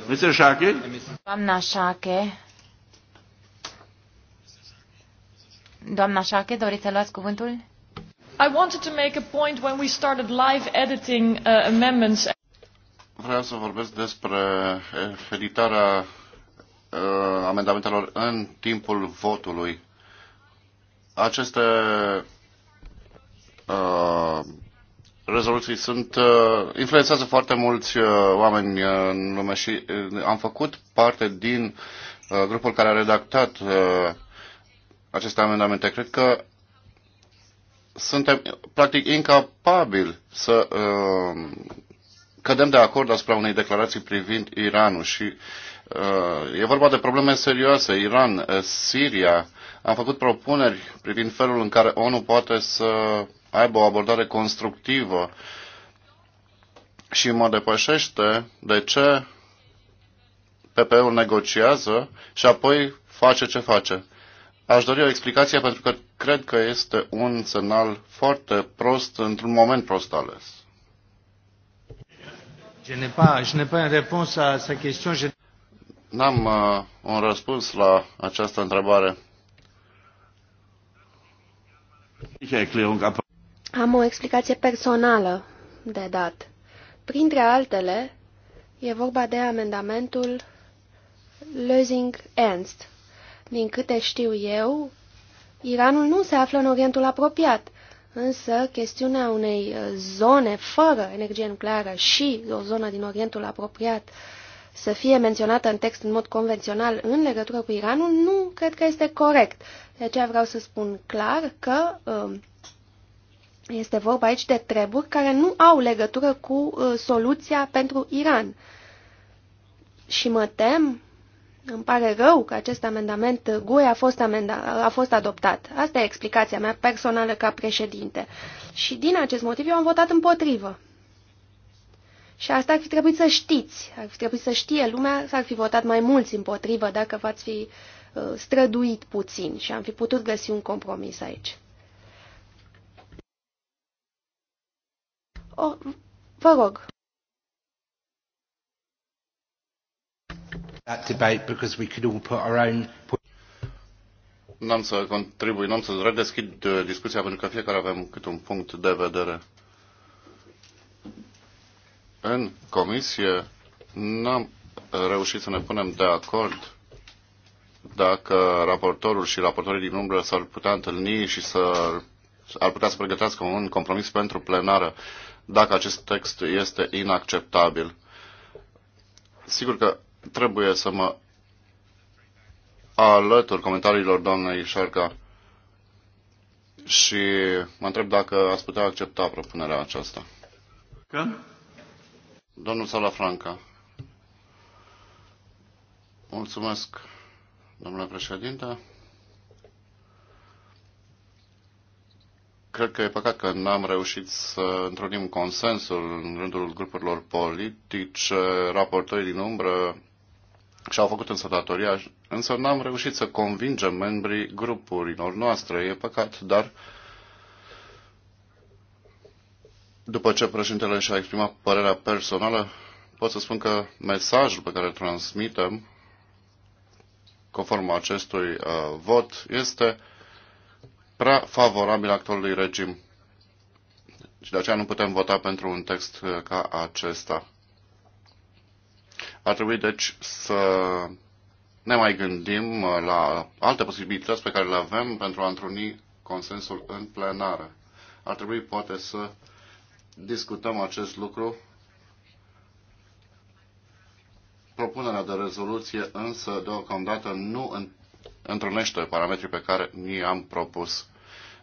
Mr. Schake? Doamna Schake. Doamna Schake, doriți să luați cuvântul? I wanted to make a point when we started live editing uh, amendments Vreau să vorbesc despre editarea eh, uh, eh, amendamentelor în timpul votului. Aceste uh, rezoluții sunt uh, influențează foarte mulți uh, oameni uh, în lume și uh, am făcut parte din uh, grupul care a redactat uh, aceste amendamente. Cred că suntem practic incapabili să uh, cădem de acord asupra unei declarații privind Iranul și uh, e vorba de probleme serioase. Iran, uh, Siria, am făcut propuneri privind felul în care ONU poate să aibă o abordare constructivă și mă depășește de ce PPE-ul negociază și apoi face ce face. Aș dori o explicație pentru că cred că este un semnal foarte prost într-un moment prost ales. Je n'ai pas, je n'ai pas une réponse à sa question. Je... N-am uh, un răspuns la această întrebare. Am o explicație personală de dat. Printre altele, e vorba de amendamentul Lösing Ernst. Din câte știu eu, Iranul nu se află în Orientul apropiat. Însă, chestiunea unei uh, zone fără energie nucleară și o zonă din Orientul apropiat să fie menționată în text în mod convențional în legătură cu Iranul, nu cred că este corect. De aceea vreau să spun clar că um, este vorba aici de treburi care nu au legătură cu uh, soluția pentru Iran. Și mă tem îmi pare rău că acest amendament uh, GUE a fost, amenda a fost adoptat. Asta e explicația mea personală ca președinte. Și din acest motiv eu am votat împotrivă. Și asta ar fi trebuit să știți, ar fi trebuit să știe lumea, s-ar fi votat mai mulți împotrivă dacă v-ați fi uh, străduit puțin și am fi putut găsi un compromis aici. O, vă rog. that debate because we could all put our own N-am să contribui, n-am să redeschid uh, discuția pentru că fiecare avem câte un punct de vedere. În comisie n-am reușit să ne punem de acord dacă raportorul și raportorii din umbră s-ar putea întâlni și să ar putea să pregătească un compromis pentru plenară dacă acest text este inacceptabil. Sigur că trebuie să mă alătur comentariilor doamnei Șerca și mă întreb dacă ați putea accepta propunerea aceasta. Că? Domnul Salafranca. Mulțumesc, domnule președinte. Cred că e păcat că n-am reușit să întrunim consensul în rândul grupurilor politice, raportorii din umbră, și au făcut însă datoria, însă n-am reușit să convingem membrii grupurilor noastre. E păcat, dar după ce președintele și-a exprimat părerea personală, pot să spun că mesajul pe care îl transmitem conform acestui uh, vot este prea favorabil actualului regim. Și de aceea nu putem vota pentru un text uh, ca acesta. Ar trebui, deci, să ne mai gândim uh, la alte posibilități pe care le avem pentru a întruni consensul în plenară. Ar trebui, poate, să discutăm acest lucru. Propunerea de rezoluție, însă, deocamdată, nu întrunește parametrii pe care ni am propus.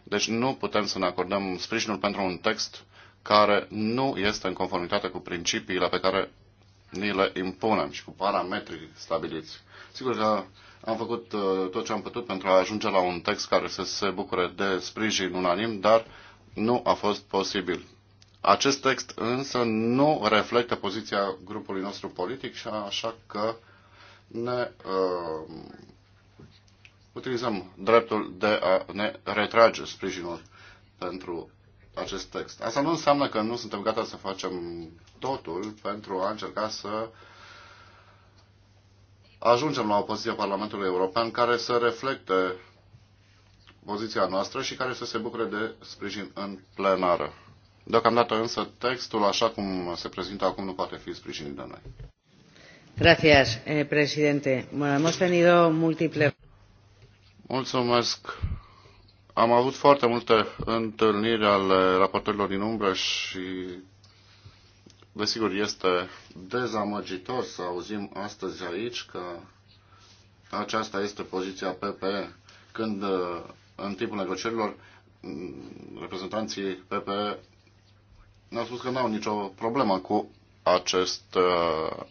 Deci nu putem să ne acordăm sprijinul pentru un text care nu este în conformitate cu principiile pe care ni le impunem și cu parametri stabiliți. Sigur că am făcut uh, tot ce am putut pentru a ajunge la un text care să se bucure de sprijin unanim, dar nu a fost posibil. Acest text însă nu reflectă poziția grupului nostru politic și așa că ne uh, utilizăm dreptul de a ne retrage sprijinul pentru acest text. Asta nu înseamnă că nu suntem gata să facem totul pentru a încerca să ajungem la o poziție a Parlamentului European care să reflecte poziția noastră și care să se bucure de sprijin în plenară. Deocamdată însă textul, așa cum se prezintă acum, nu poate fi sprijinit de noi. Gracias, eh, presidente. Bueno, hemos tenido múltiples. Mulțumesc, am avut foarte multe întâlniri ale raportorilor din umbră și, desigur, este dezamăgitor să auzim astăzi aici că aceasta este poziția PPE când, uh, în timpul negocierilor, mm, reprezentanții PPE ne-au spus că nu au nicio problemă cu acest uh,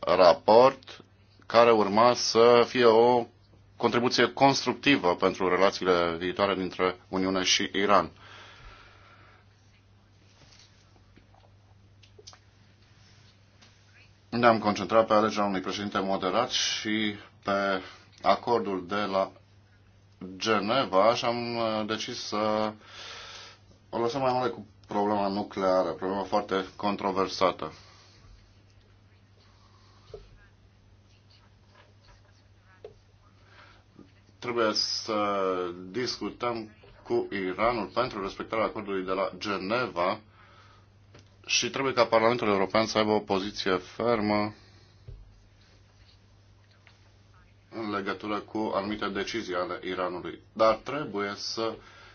raport care urma să fie o contribuție constructivă pentru relațiile viitoare dintre Uniune și Iran. Ne-am concentrat pe alegerea unui președinte moderat și pe acordul de la Geneva și am uh, decis să o lăsăm mai mare cu problema nucleară, problema foarte controversată. trebuie să discutăm cu Iranul pentru respectarea acordului de la Geneva și trebuie ca Parlamentul European să aibă o poziție fermă în legătură cu anumite decizii ale Iranului. Dar trebuie să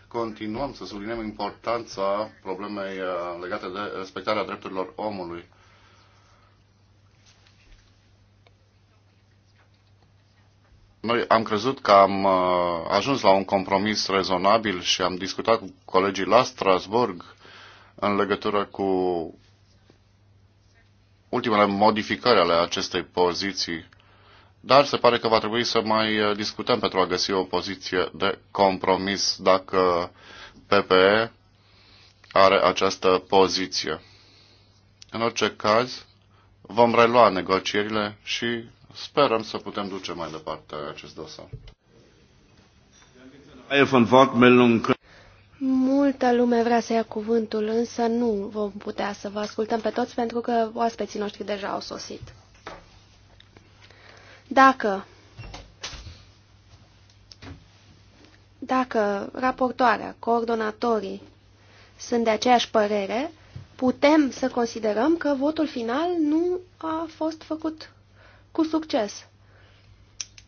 continuăm să subliniem importanța problemei uh, legate de respectarea drepturilor omului. Noi am crezut că am uh, ajuns la un compromis rezonabil și am discutat cu colegii la Strasburg în legătură cu ultimele modificări ale acestei poziții, dar se pare că va trebui să mai uh, discutăm pentru a găsi o poziție de compromis dacă PPE are această poziție. În orice caz, vom relua negocierile și sperăm să putem duce mai departe acest dosar. Multă lume vrea să ia cuvântul, însă nu vom putea să vă ascultăm pe toți pentru că oaspeții noștri deja au sosit. Dacă dacă raportoarea, coordonatorii sunt de aceeași părere, putem să considerăm că votul final nu a fost făcut cu succes.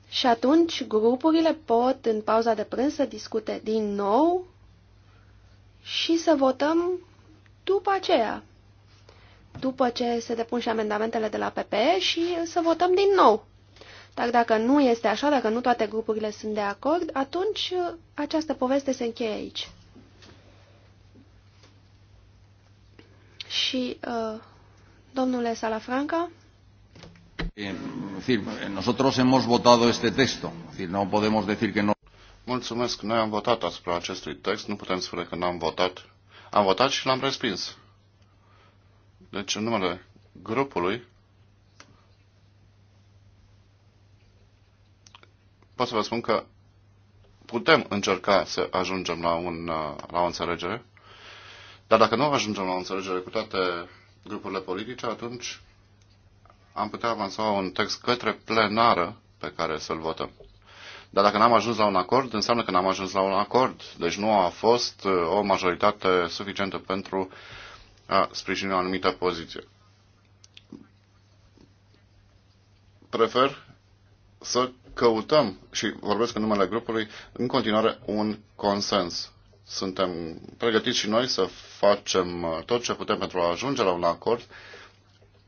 Și atunci grupurile pot, în pauza de prânz, să discute din nou și să votăm după aceea, după ce se depun și amendamentele de la PP și să votăm din nou. Dar dacă nu este așa, dacă nu toate grupurile sunt de acord, atunci uh, această poveste se încheie aici. Și, uh, domnule Salafranca, Eh, nosotros hemos votado este texto. No podemos decir que no. Mulțumesc, noi am votat asupra acestui text, nu putem spune că n-am votat. Am votat și l-am respins. Deci, în numele grupului, pot să vă spun că putem încerca să ajungem la, un, la o înțelegere, dar dacă nu ajungem la o înțelegere cu toate grupurile politice, atunci am putea avansa un text către plenară pe care să-l votăm. Dar dacă n-am ajuns la un acord, înseamnă că n-am ajuns la un acord. Deci nu a fost uh, o majoritate suficientă pentru a sprijini o anumită poziție. Prefer să căutăm, și vorbesc în numele grupului, în continuare un consens. Suntem pregătiți și noi să facem uh, tot ce putem pentru a ajunge la un acord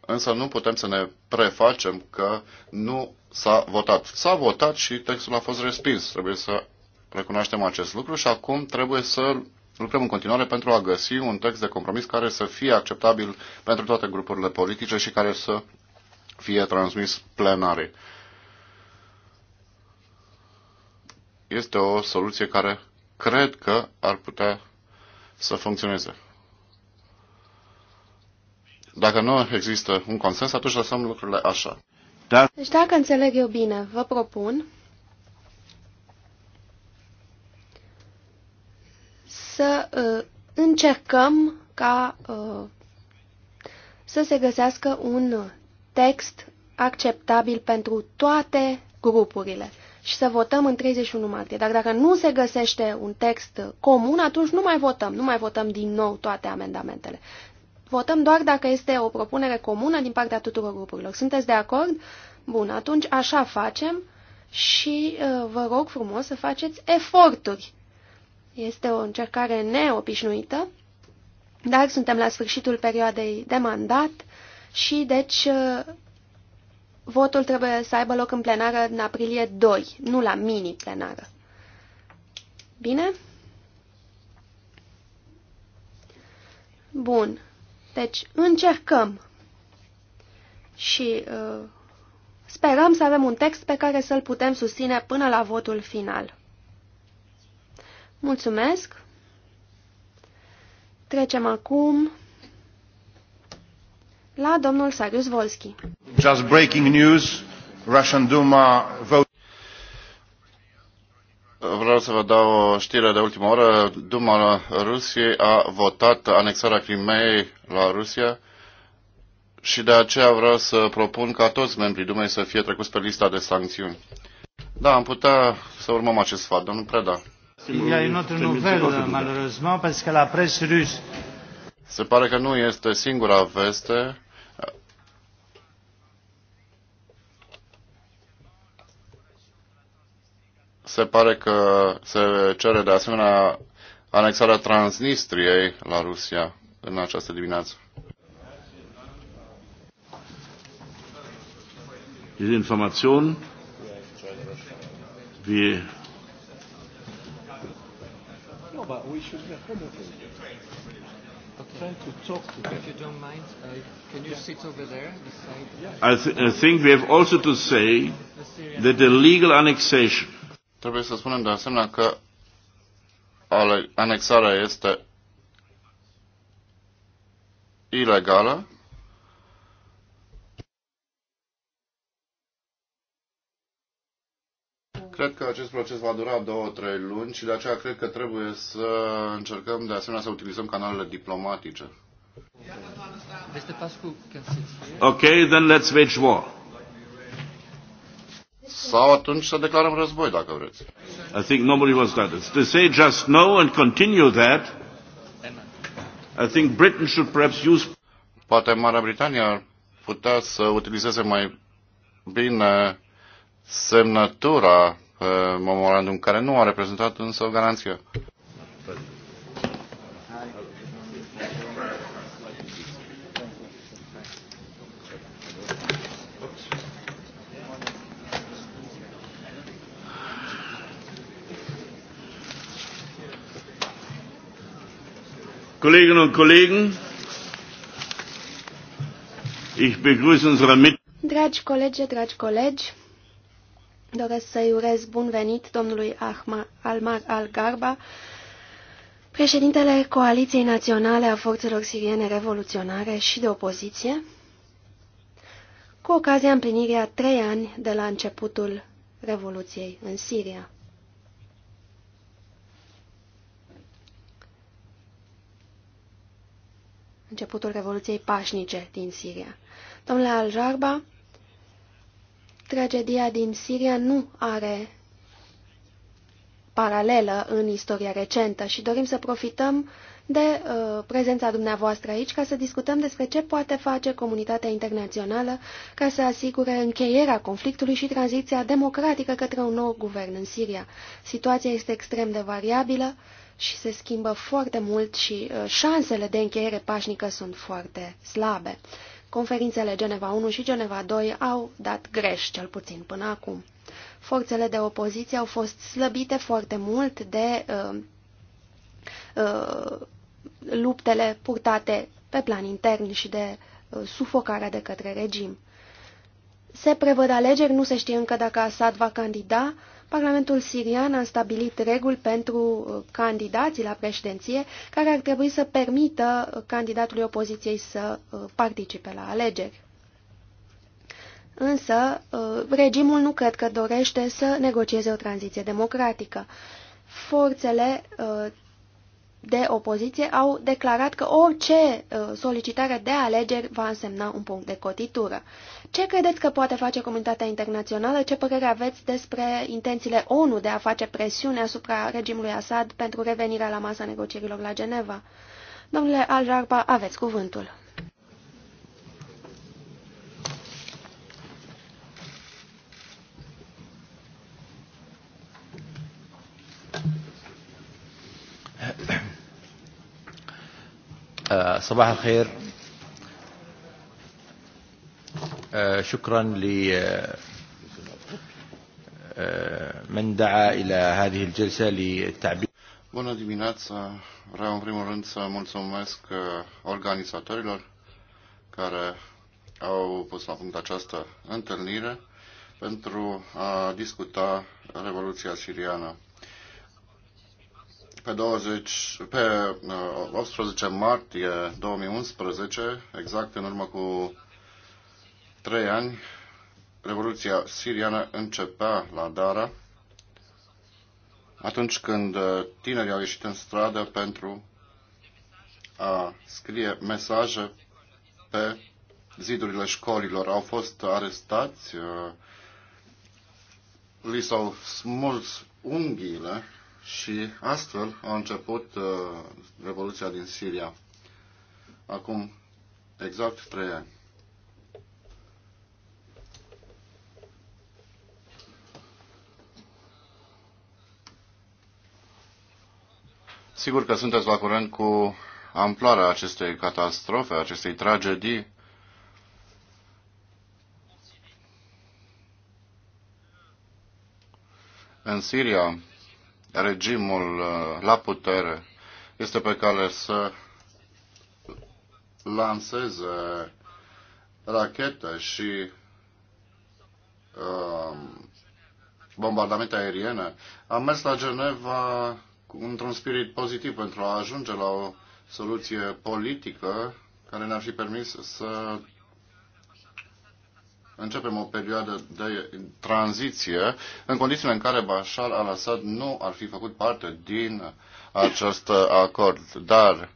însă nu putem să ne prefacem că nu s-a votat. S-a votat și textul a fost respins. Trebuie să recunoaștem acest lucru și acum trebuie să lucrăm în continuare pentru a găsi un text de compromis care să fie acceptabil pentru toate grupurile politice și care să fie transmis plenare. Este o soluție care cred că ar putea să funcționeze. Dacă nu există un consens, atunci lăsăm lucrurile așa. Da. Deci dacă înțeleg eu bine, vă propun să uh, încercăm ca uh, să se găsească un text acceptabil pentru toate grupurile și să votăm în 31 martie. Dar dacă nu se găsește un text comun, atunci nu mai votăm, nu mai votăm din nou toate amendamentele. Votăm doar dacă este o propunere comună din partea tuturor grupurilor. Sunteți de acord? Bun, atunci așa facem și uh, vă rog frumos să faceți eforturi. Este o încercare neobișnuită, dar suntem la sfârșitul perioadei de mandat și deci uh, votul trebuie să aibă loc în plenară în aprilie 2, nu la mini-plenară. Bine? Bun. Deci, încercăm și uh, sperăm să avem un text pe care să-l putem susține până la votul final. Mulțumesc! Trecem acum la domnul Sarius Volski. Just breaking news, Russian Duma vote. Vreau să vă dau o știre de ultimă oră. Duma Rusiei a votat anexarea Crimeei la Rusia și de aceea vreau să propun ca toți membrii Dumei să fie trecuți pe lista de sancțiuni. Da, am putea să urmăm acest fapt, domnul Preda. Il y a une malheureusement, parce que la presse russe. Se pare că nu este singura veste se pare că se cere de asemenea anexarea Transnistriei la Rusia în această dimineață. Diese Information, wie I think we have also to say that the legal annexation Trebuie să spunem de asemenea că anexarea este ilegală. Cred că acest proces va dura 2 trei luni și de aceea cred că trebuie să încercăm de asemenea să utilizăm canalele diplomatice. Okay, then let's wage war sau atunci să declarăm război, dacă vreți. I think nobody was that. It's to say just no and continue that, I think Britain should perhaps use... Poate Marea Britanie ar putea să utilizeze mai bine semnătura memorandum, care nu a reprezentat însă o garanție. Kolleginnen und Kollegen, ich begrüße unsere Mit Dragi colegi, dragi colegi, doresc să-i urez bun venit domnului Ahmar Almar Al-Garba, președintele Coaliției Naționale a Forțelor Siriene Revoluționare și de Opoziție, cu ocazia împlinirii a trei ani de la începutul Revoluției în Siria. începutul Revoluției Pașnice din Siria. Domnule Al-Jarba, tragedia din Siria nu are paralelă în istoria recentă și dorim să profităm de uh, prezența dumneavoastră aici ca să discutăm despre ce poate face comunitatea internațională ca să asigure încheierea conflictului și tranziția democratică către un nou guvern în Siria. Situația este extrem de variabilă și se schimbă foarte mult și uh, șansele de încheiere pașnică sunt foarte slabe. Conferințele Geneva 1 și Geneva 2 au dat greș, cel puțin până acum. Forțele de opoziție au fost slăbite foarte mult de uh, uh, luptele purtate pe plan intern și de uh, sufocarea de către regim. Se prevăd alegeri, nu se știe încă dacă Assad va candida, Parlamentul sirian a stabilit reguli pentru uh, candidații la președinție care ar trebui să permită uh, candidatului opoziției să uh, participe la alegeri. Însă, regimul nu cred că dorește să negocieze o tranziție democratică. Forțele de opoziție au declarat că orice solicitare de alegeri va însemna un punct de cotitură. Ce credeți că poate face comunitatea internațională? Ce părere aveți despre intențiile ONU de a face presiune asupra regimului Assad pentru revenirea la masa negocierilor la Geneva? Domnule Aljarba, aveți cuvântul. <coughs> Uh, صباح الخير شكرا لمن دعا إلى هذه الجلسة للتعبير Bună dimineața! Vreau în primul rând să mulțumesc organizatorilor care au pus la punct această întâlnire pentru a discuta Revoluția Siriană. Pe, 20, pe 18 martie 2011, exact în urmă cu trei ani, Revoluția siriană începea la Dara, atunci când uh, tinerii au ieșit în stradă pentru a scrie mesaje pe zidurile școlilor. Au fost arestați, uh, li s-au smuls unghiile și astfel a început uh, Revoluția din Siria. Acum exact trei ani. Sigur că sunteți la curent cu amploarea acestei catastrofe, acestei tragedii. În Siria, regimul uh, la putere este pe care să lanseze rachete și uh, bombardamente aeriene. Am mers la Geneva într-un spirit pozitiv pentru a ajunge la o soluție politică care ne-ar fi permis să începem o perioadă de tranziție în condițiile în care Bashar al-Assad nu ar fi făcut parte din acest acord. Dar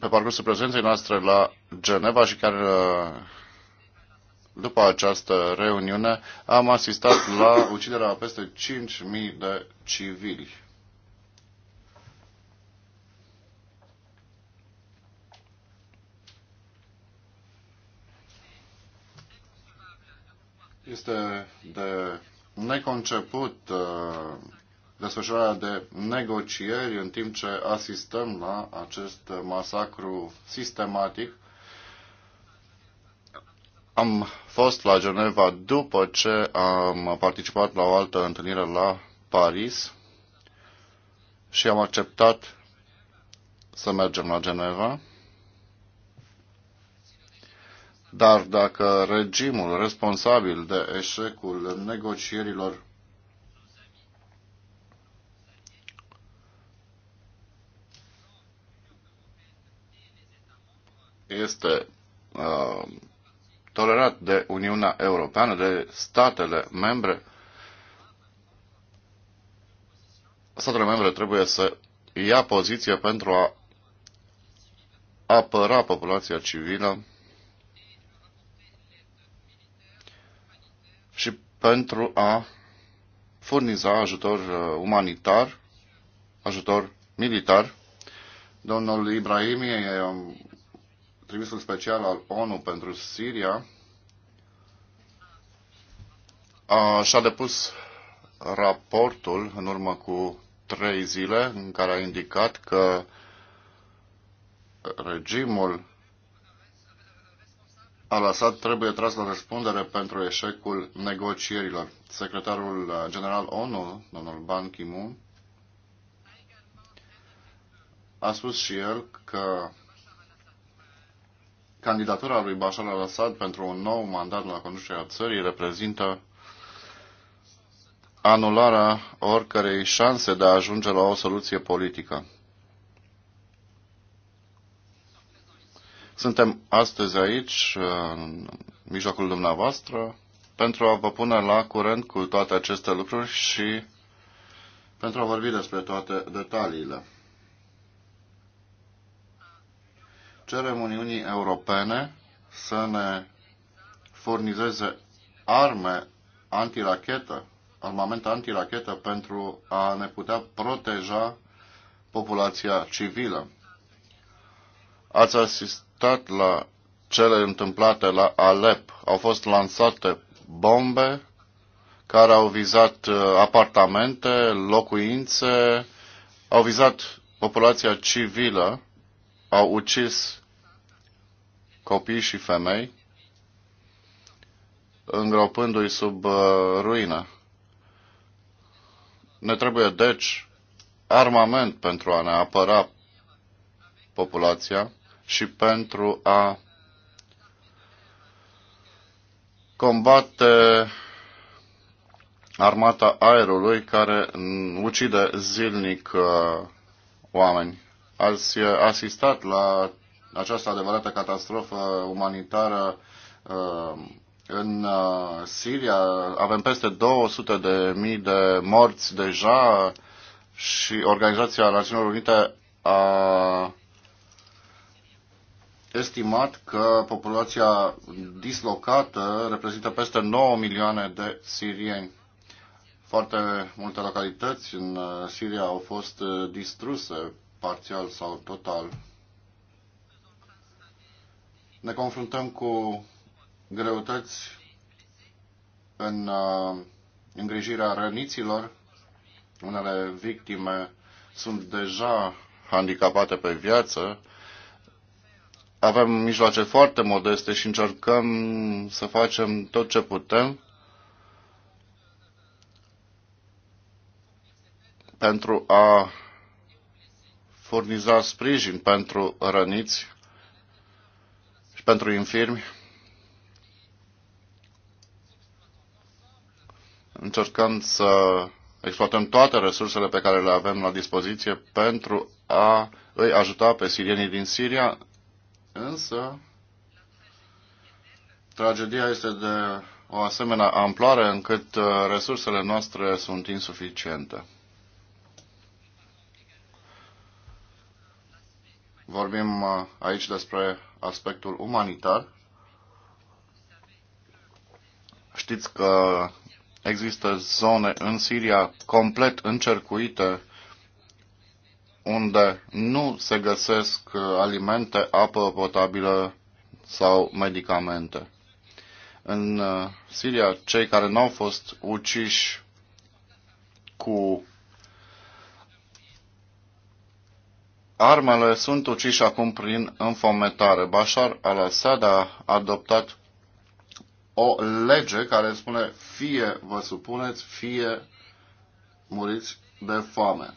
pe parcursul prezenței noastre la Geneva și chiar după această reuniune, am asistat la uciderea a peste 5.000 de civili. Este de neconceput uh, desfășurarea de negocieri în timp ce asistăm la acest masacru sistematic am fost la Geneva după ce am participat la o altă întâlnire la Paris și am acceptat să mergem la Geneva. Dar dacă regimul responsabil de eșecul negocierilor este uh, tolerat de Uniunea Europeană, de statele membre, statele membre trebuie să ia poziție pentru a apăra populația civilă și pentru a furniza ajutor uh, umanitar, ajutor militar. Domnul Ibrahimie, trimisul special al ONU pentru Siria, și-a depus raportul în urmă cu trei zile în care a indicat că regimul al-Assad trebuie tras la răspundere pentru eșecul negocierilor. Secretarul general ONU, domnul Ban Ki-moon, a spus și el că candidatura lui Bashar al-Assad pentru un nou mandat la conducerea țării reprezintă anularea oricărei șanse de a ajunge la o soluție politică. Suntem astăzi aici, în mijlocul dumneavoastră, pentru a vă pune la curent cu toate aceste lucruri și pentru a vorbi despre toate detaliile. Cerem Uniunii Europene să ne furnizeze arme antirachetă armament antirachetă pentru a ne putea proteja populația civilă. Ați asistat la cele întâmplate la Alep. Au fost lansate bombe care au vizat uh, apartamente, locuințe, au vizat populația civilă, au ucis copii și femei, îngropându-i sub uh, ruină. Ne trebuie, deci, armament pentru a ne apăra populația și pentru a combate armata aerului care ucide zilnic uh, oameni. Ați uh, asistat la această adevărată catastrofă umanitară uh, în uh, Siria avem peste 200 de mii de morți deja și Organizația Națiunilor Unite a estimat că populația dislocată reprezintă peste 9 milioane de sirieni. Foarte multe localități în uh, Siria au fost uh, distruse parțial sau total. Ne confruntăm cu greutăți în uh, îngrijirea răniților. Unele victime sunt deja handicapate pe viață. Avem mijloace foarte modeste și încercăm să facem tot ce putem pentru a furniza sprijin pentru răniți și pentru infirmi încercăm să exploatăm toate resursele pe care le avem la dispoziție pentru a îi ajuta pe sirienii din Siria, însă tragedia este de o asemenea amploare încât uh, resursele noastre sunt insuficiente. Vorbim uh, aici despre aspectul umanitar. Știți că Există zone în Siria complet încercuite unde nu se găsesc uh, alimente, apă potabilă sau medicamente. În uh, Siria, cei care nu au fost uciși cu armele sunt uciși acum prin înfometare. Bashar al-Assad a adoptat o lege care spune fie vă supuneți, fie muriți de foame.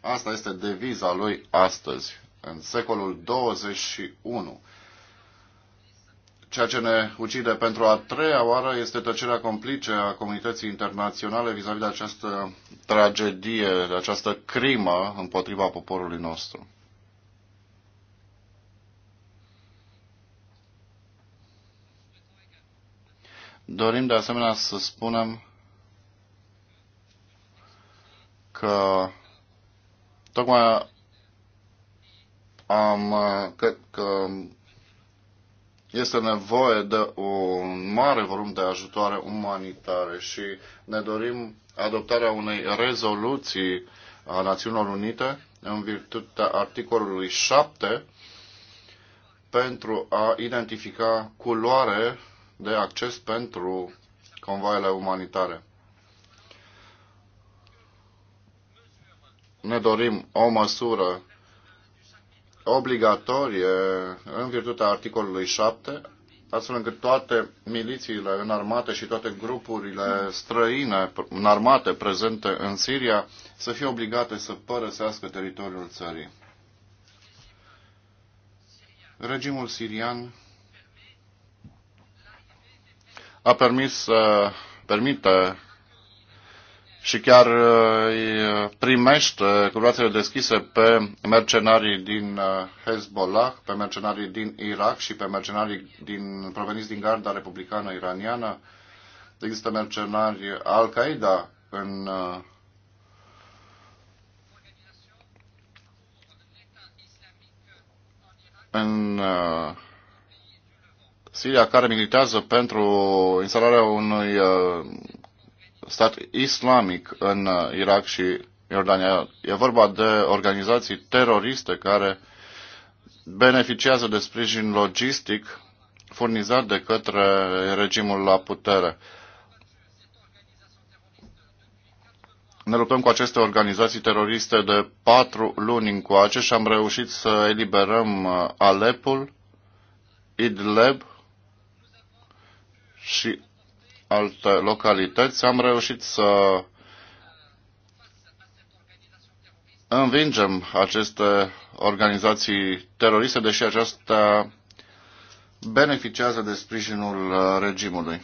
Asta este deviza lui astăzi, în secolul 21. Ceea ce ne ucide pentru a treia oară este tăcerea complice a comunității internaționale vis-a-vis -vis de această tragedie, de această crimă împotriva poporului nostru. Dorim de asemenea să spunem că tocmai am, cred că este nevoie de un mare volum de ajutoare umanitare și ne dorim adoptarea unei rezoluții a Națiunilor Unite în virtutea articolului 7 pentru a identifica culoare de acces pentru convoaiele umanitare. Ne dorim o măsură obligatorie în virtutea articolului 7, astfel încât toate milițiile înarmate și toate grupurile străine înarmate prezente în Siria să fie obligate să părăsească teritoriul țării. Regimul sirian a permis să uh, permite și chiar uh, îi primește cu brațele deschise pe mercenarii din uh, Hezbollah, pe mercenarii din Irak și pe mercenarii din, proveniți din garda republicană iraniană. Există mercenari Al-Qaeda în în Siria care militează pentru instalarea unui uh, stat islamic în uh, Irak și Iordania. E vorba de organizații teroriste care beneficiază de sprijin logistic furnizat de către regimul la putere. Ne luptăm cu aceste organizații teroriste de patru luni încoace și am reușit să eliberăm uh, Alepul, Idleb și alte localități, am reușit să învingem aceste organizații teroriste, deși aceasta beneficiază de sprijinul regimului.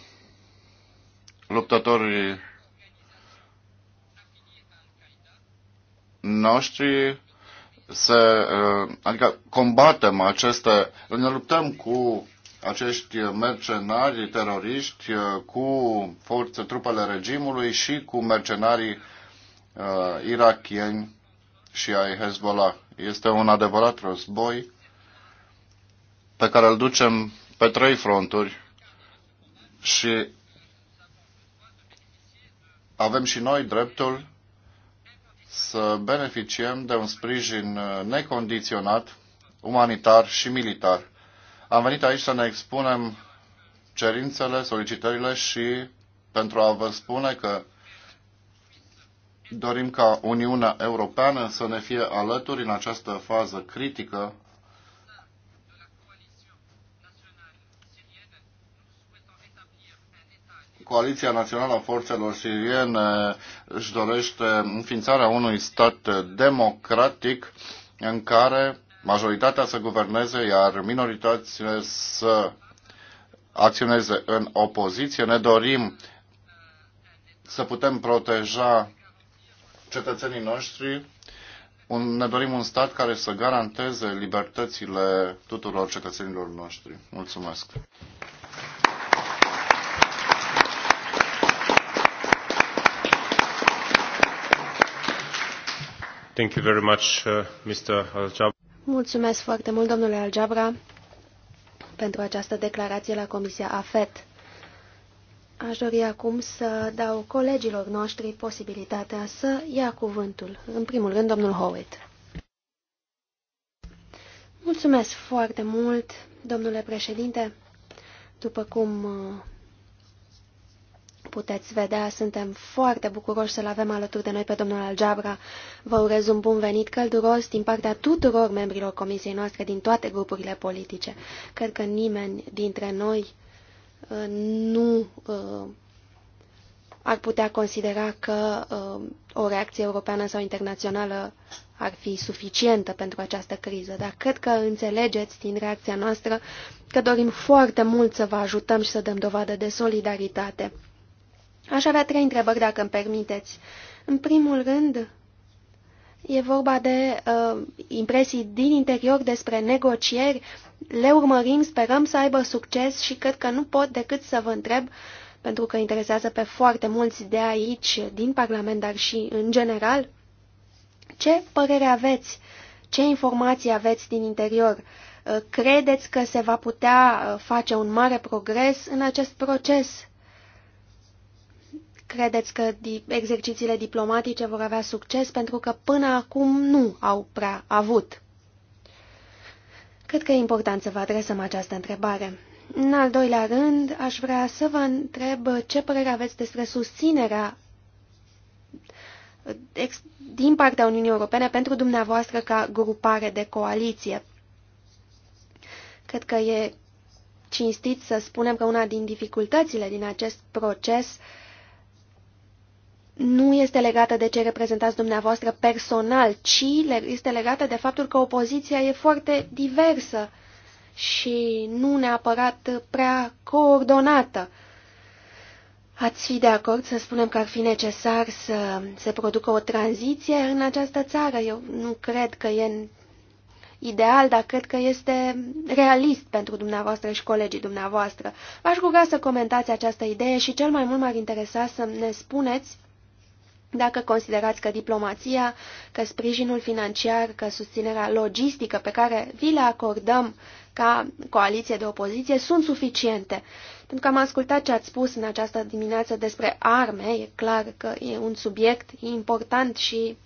Luptătorii noștri să, eh, adică combatem aceste, ne luptăm cu acești mercenari teroriști uh, cu forțe, trupele regimului și cu mercenarii uh, irachieni și ai Hezbollah. Este un adevărat război pe care îl ducem pe trei fronturi și avem și noi dreptul să beneficiem de un sprijin uh, necondiționat, umanitar și militar am venit aici să ne expunem cerințele, solicitările și pentru a vă spune că dorim ca Uniunea Europeană să ne fie alături în această fază critică Coaliția Națională a Forțelor Siriene își dorește înființarea unui stat democratic în care majoritatea să guverneze, iar minoritățile să acționeze în opoziție. Ne dorim să putem proteja cetățenii noștri. Un, ne dorim un stat care să garanteze libertățile tuturor cetățenilor noștri. Mulțumesc! Thank you very much, uh, Mr. Al Mulțumesc foarte mult, domnule Algebra, pentru această declarație la Comisia AFET. Aș dori acum să dau colegilor noștri posibilitatea să ia cuvântul. În primul rând, domnul Howitt. Mulțumesc foarte mult, domnule președinte. După cum uh, puteți vedea, suntem foarte bucuroși să-l avem alături de noi pe domnul Algebra. Vă urez un bun venit călduros din partea tuturor membrilor comisiei noastre din toate grupurile politice. Cred că nimeni dintre noi uh, nu uh, ar putea considera că uh, o reacție europeană sau internațională ar fi suficientă pentru această criză, dar cred că înțelegeți din reacția noastră că dorim foarte mult să vă ajutăm și să dăm dovadă de solidaritate. Aș avea trei întrebări, dacă îmi permiteți. În primul rând, e vorba de uh, impresii din interior despre negocieri. Le urmărim, sperăm să aibă succes și cred că nu pot decât să vă întreb, pentru că interesează pe foarte mulți de aici, din Parlament, dar și în general, ce părere aveți, ce informații aveți din interior? Uh, credeți că se va putea uh, face un mare progres în acest proces? Credeți că exercițiile diplomatice vor avea succes pentru că până acum nu au prea avut? Cred că e important să vă adresăm această întrebare. În al doilea rând, aș vrea să vă întreb ce părere aveți despre susținerea din partea Uniunii Europene pentru dumneavoastră ca grupare de coaliție. Cred că e cinstit să spunem că una din dificultățile din acest proces uh, nu este legată de ce reprezentați dumneavoastră personal, ci este legată de faptul că opoziția e foarte diversă și nu neapărat prea coordonată. Ați fi de acord să spunem că ar fi necesar să se producă o tranziție în această țară? Eu nu cred că e ideal, dar cred că este realist pentru dumneavoastră și colegii dumneavoastră. V-aș ruga să comentați această idee și cel mai mult m-ar interesa să ne spuneți dacă considerați că diplomația, că sprijinul financiar, că susținerea logistică pe care vi le acordăm ca coaliție de opoziție sunt suficiente. Pentru că am ascultat ce ați spus în această dimineață despre arme, e clar că e un subiect important și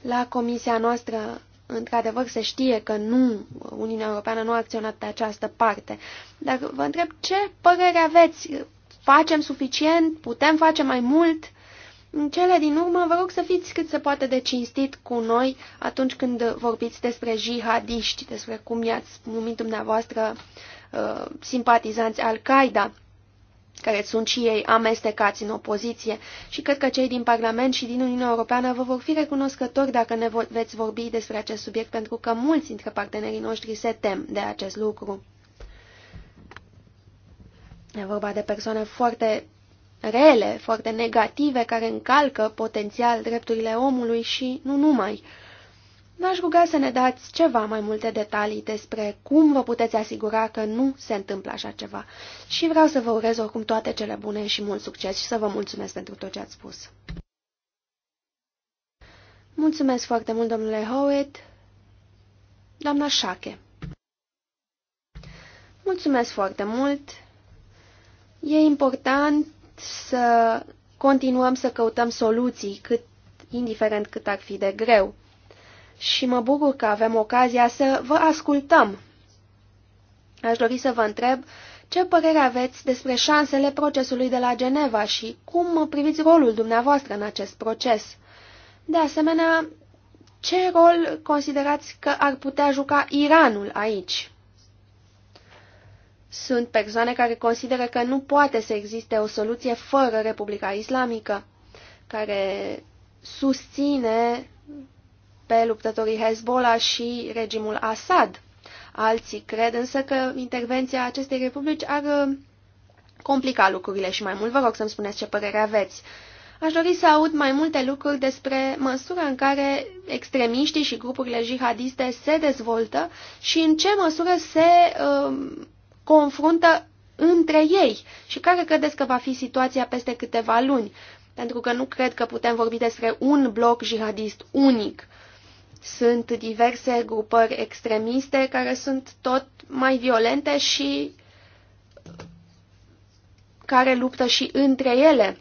la comisia noastră, într-adevăr, se știe că nu, Uniunea Europeană nu a acționat pe această parte. Dar vă întreb ce părere aveți facem suficient, putem face mai mult, în cele din urmă, vă rog să fiți cât se poate de cinstit cu noi atunci când vorbiți despre jihadiști, despre cum i-ați numit dumneavoastră uh, simpatizanți Al-Qaeda, care sunt și ei amestecați în opoziție. Și cred că cei din Parlament și din Uniunea Europeană vă vor fi recunoscători dacă ne veți vorbi despre acest subiect, pentru că mulți dintre partenerii noștri se tem de acest lucru. E vorba de persoane foarte rele, foarte negative, care încalcă potențial drepturile omului și nu numai. V-aș ruga să ne dați ceva mai multe detalii despre cum vă puteți asigura că nu se întâmplă așa ceva. Și vreau să vă urez oricum toate cele bune și mult succes și să vă mulțumesc pentru tot ce ați spus. Mulțumesc foarte mult, domnule Howard. Doamna Șache. Mulțumesc foarte mult. E important să continuăm să căutăm soluții, cât, indiferent cât ar fi de greu. Și mă bucur că avem ocazia să vă ascultăm. Aș dori să vă întreb ce părere aveți despre șansele procesului de la Geneva și cum priviți rolul dumneavoastră în acest proces. De asemenea, ce rol considerați că ar putea juca Iranul aici? Sunt persoane care consideră că nu poate să existe o soluție fără Republica Islamică, care susține pe luptătorii Hezbollah și regimul Assad. Alții cred însă că intervenția acestei republici ar uh, complica lucrurile și mai mult vă rog să-mi spuneți ce părere aveți. Aș dori să aud mai multe lucruri despre măsura în care extremiștii și grupurile jihadiste se dezvoltă și în ce măsură se uh, confruntă între ei și care credeți că va fi situația peste câteva luni, pentru că nu cred că putem vorbi despre un bloc jihadist unic. Sunt diverse grupări extremiste care sunt tot mai violente și care luptă și între ele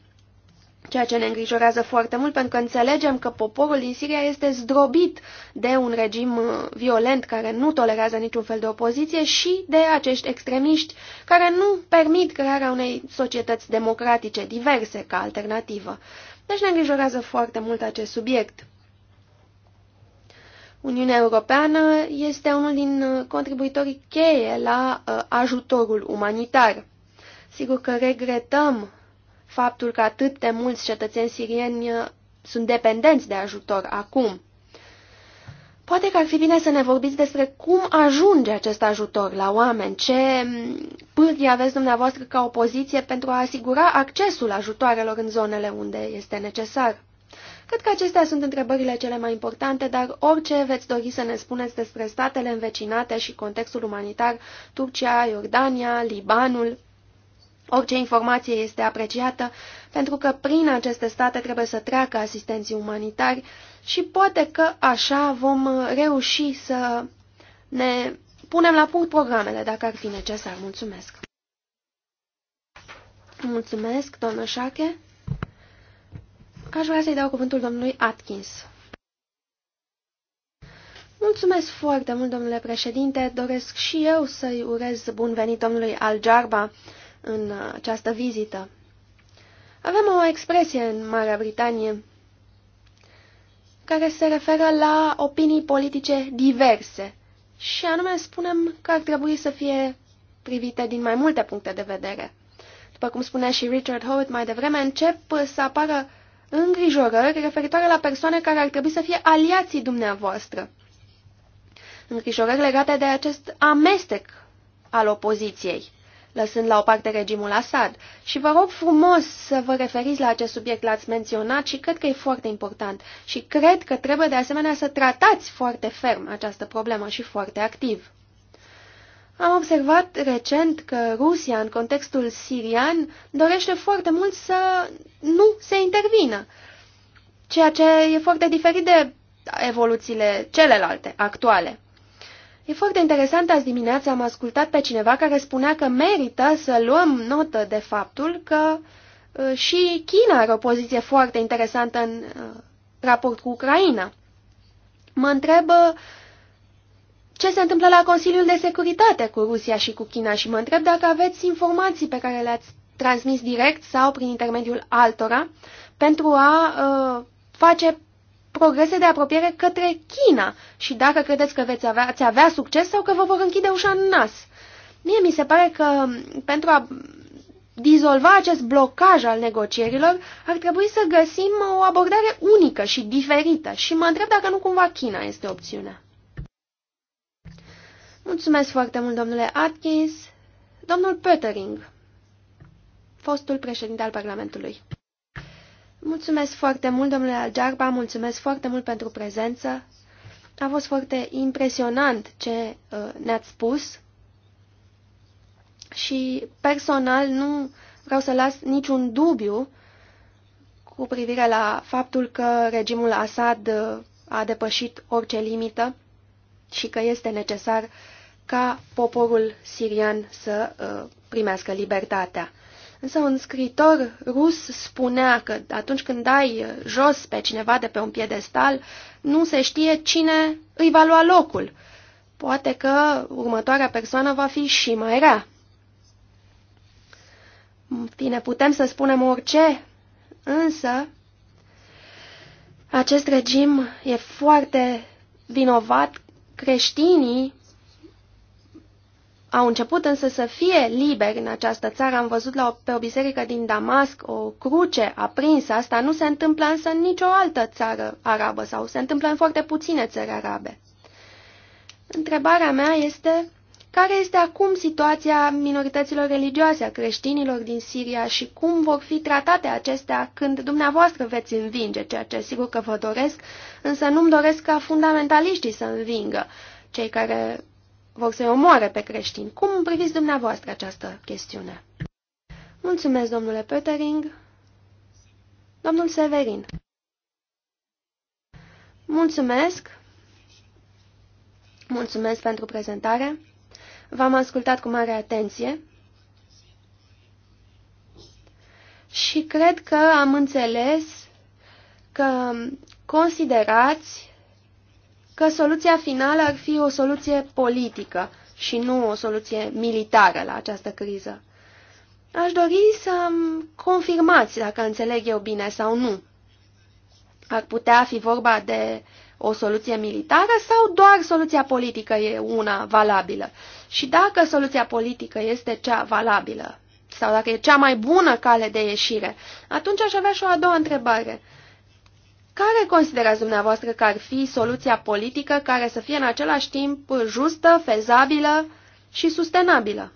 ceea ce ne îngrijorează foarte mult, pentru că înțelegem că poporul din Siria este zdrobit de un regim uh, violent care nu tolerează niciun fel de opoziție și de acești extremiști care nu permit crearea unei societăți democratice diverse ca alternativă. Deci ne îngrijorează foarte mult acest subiect. Uniunea Europeană este unul din uh, contribuitorii cheie la uh, ajutorul umanitar. Sigur că regretăm faptul că atât de mulți cetățeni sirieni uh, sunt dependenți de ajutor acum. Poate că ar fi bine să ne vorbiți despre cum ajunge acest ajutor la oameni, ce mm, pârghii aveți dumneavoastră ca opoziție pentru a asigura accesul ajutoarelor în zonele unde este necesar. Cred că acestea sunt întrebările cele mai importante, dar orice veți dori să ne spuneți despre statele învecinate și contextul umanitar, Turcia, Iordania, Libanul, Orice informație este apreciată, pentru că prin aceste state trebuie să treacă asistenții umanitari și poate că așa vom reuși să ne punem la punct programele, dacă ar fi necesar. Mulțumesc! Mulțumesc, doamnă Șache. Aș vrea să-i dau cuvântul domnului Atkins. Mulțumesc foarte mult, domnule președinte. Doresc și eu să-i urez bun venit domnului Al Jarba în această vizită. Avem o expresie în Marea Britanie care se referă la opinii politice diverse și anume spunem că ar trebui să fie privite din mai multe puncte de vedere. După cum spunea și Richard Howard mai devreme, încep să apară îngrijorări referitoare la persoane care ar trebui să fie aliații dumneavoastră. Îngrijorări legate de acest amestec al opoziției lăsând la o parte regimul Assad. Și vă rog frumos să vă referiți la acest subiect, l-ați menționat și cred că e foarte important. Și cred că trebuie de asemenea să tratați foarte ferm această problemă și foarte activ. Am observat recent că Rusia, în contextul sirian, dorește foarte mult să nu se intervină, ceea ce e foarte diferit de evoluțiile celelalte, actuale. E foarte interesant, azi dimineața am ascultat pe cineva care spunea că merită să luăm notă de faptul că uh, și China are o poziție foarte interesantă în uh, raport cu Ucraina. Mă întreb uh, ce se întâmplă la Consiliul de Securitate cu Rusia și cu China și mă întreb dacă aveți informații pe care le-ați transmis direct sau prin intermediul altora pentru a uh, face progrese de apropiere către China și dacă credeți că veți avea, ați avea succes sau că vă vor închide ușa în nas. Mie mi se pare că pentru a dizolva acest blocaj al negocierilor, ar trebui să găsim o abordare unică și diferită și mă întreb dacă nu cumva China este opțiunea. Mulțumesc foarte mult, domnule Atkins. Domnul Pöttering, fostul președinte al Parlamentului. Mulțumesc foarte mult, domnule Algearba, mulțumesc foarte mult pentru prezență. A fost foarte impresionant ce uh, ne-ați spus și personal nu vreau să las niciun dubiu cu privire la faptul că regimul Assad uh, a depășit orice limită și că este necesar ca poporul sirian să uh, primească libertatea. Însă un scriitor rus spunea că atunci când dai uh, jos pe cineva de pe un piedestal, nu se știe cine îi va lua locul. Poate că următoarea persoană va fi și mai rea. fine, putem să spunem orice, însă acest regim e foarte vinovat. Creștinii au început însă să fie liberi în această țară. Am văzut la o, pe o biserică din Damasc o cruce aprinsă. Asta nu se întâmplă însă în nicio altă țară arabă sau se întâmplă în foarte puține țări arabe. Întrebarea mea este care este acum situația minorităților religioase a creștinilor din Siria și cum vor fi tratate acestea când dumneavoastră veți învinge, ceea ce sigur că vă doresc, însă nu-mi doresc ca fundamentaliștii să învingă, cei care vor să-i omoare pe creștini. Cum priviți dumneavoastră această chestiune? Mulțumesc, domnule Petering. Domnul Severin. Mulțumesc. Mulțumesc pentru prezentare. V-am ascultat cu mare atenție. Și cred că am înțeles că considerați că soluția finală ar fi o soluție politică și nu o soluție militară la această criză. Aș dori să confirmați dacă înțeleg eu bine sau nu. Ar putea fi vorba de o soluție militară sau doar soluția politică e una valabilă? Și dacă soluția politică este cea valabilă sau dacă e cea mai bună cale de ieșire, atunci aș avea și o a doua întrebare. Care considerați dumneavoastră că ar fi soluția politică care să fie în același timp justă, fezabilă și sustenabilă?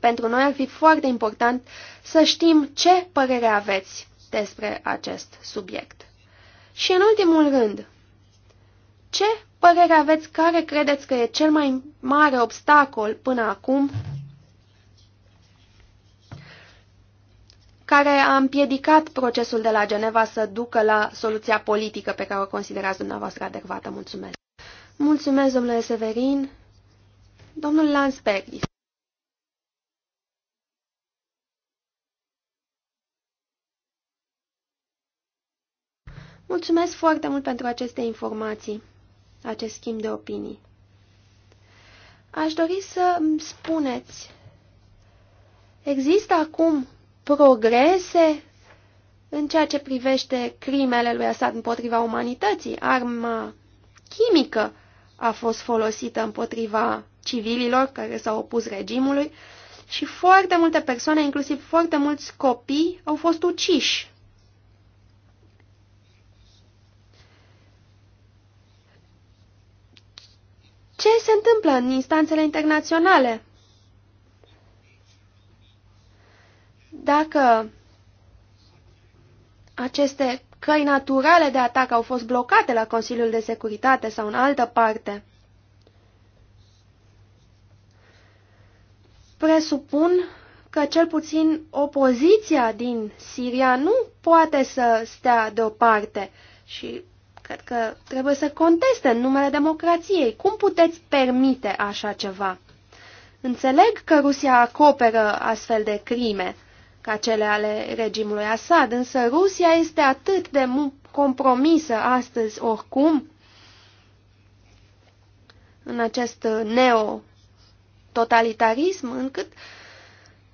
Pentru noi ar fi foarte important să știm ce părere aveți despre acest subiect. Și în ultimul rând, ce părere aveți care credeți că e cel mai mare obstacol până acum care a împiedicat procesul de la Geneva să ducă la soluția politică pe care o considerați dumneavoastră adecvată. Mulțumesc. Mulțumesc, domnule Severin. Domnul Lansbergis. Mulțumesc foarte mult pentru aceste informații, acest schimb de opinii. Aș dori să îmi spuneți, există acum progrese în ceea ce privește crimele lui Assad împotriva umanității. Arma chimică a fost folosită împotriva civililor care s-au opus regimului și foarte multe persoane, inclusiv foarte mulți copii, au fost uciși. Ce se întâmplă în instanțele internaționale? Dacă aceste căi naturale de atac au fost blocate la Consiliul de Securitate sau în altă parte, presupun că cel puțin opoziția din Siria nu poate să stea deoparte și cred că trebuie să conteste în numele democrației. Cum puteți permite așa ceva? Înțeleg că Rusia acoperă astfel de crime, ca cele ale regimului Assad, însă Rusia este atât de compromisă astăzi oricum în acest neo-totalitarism, încât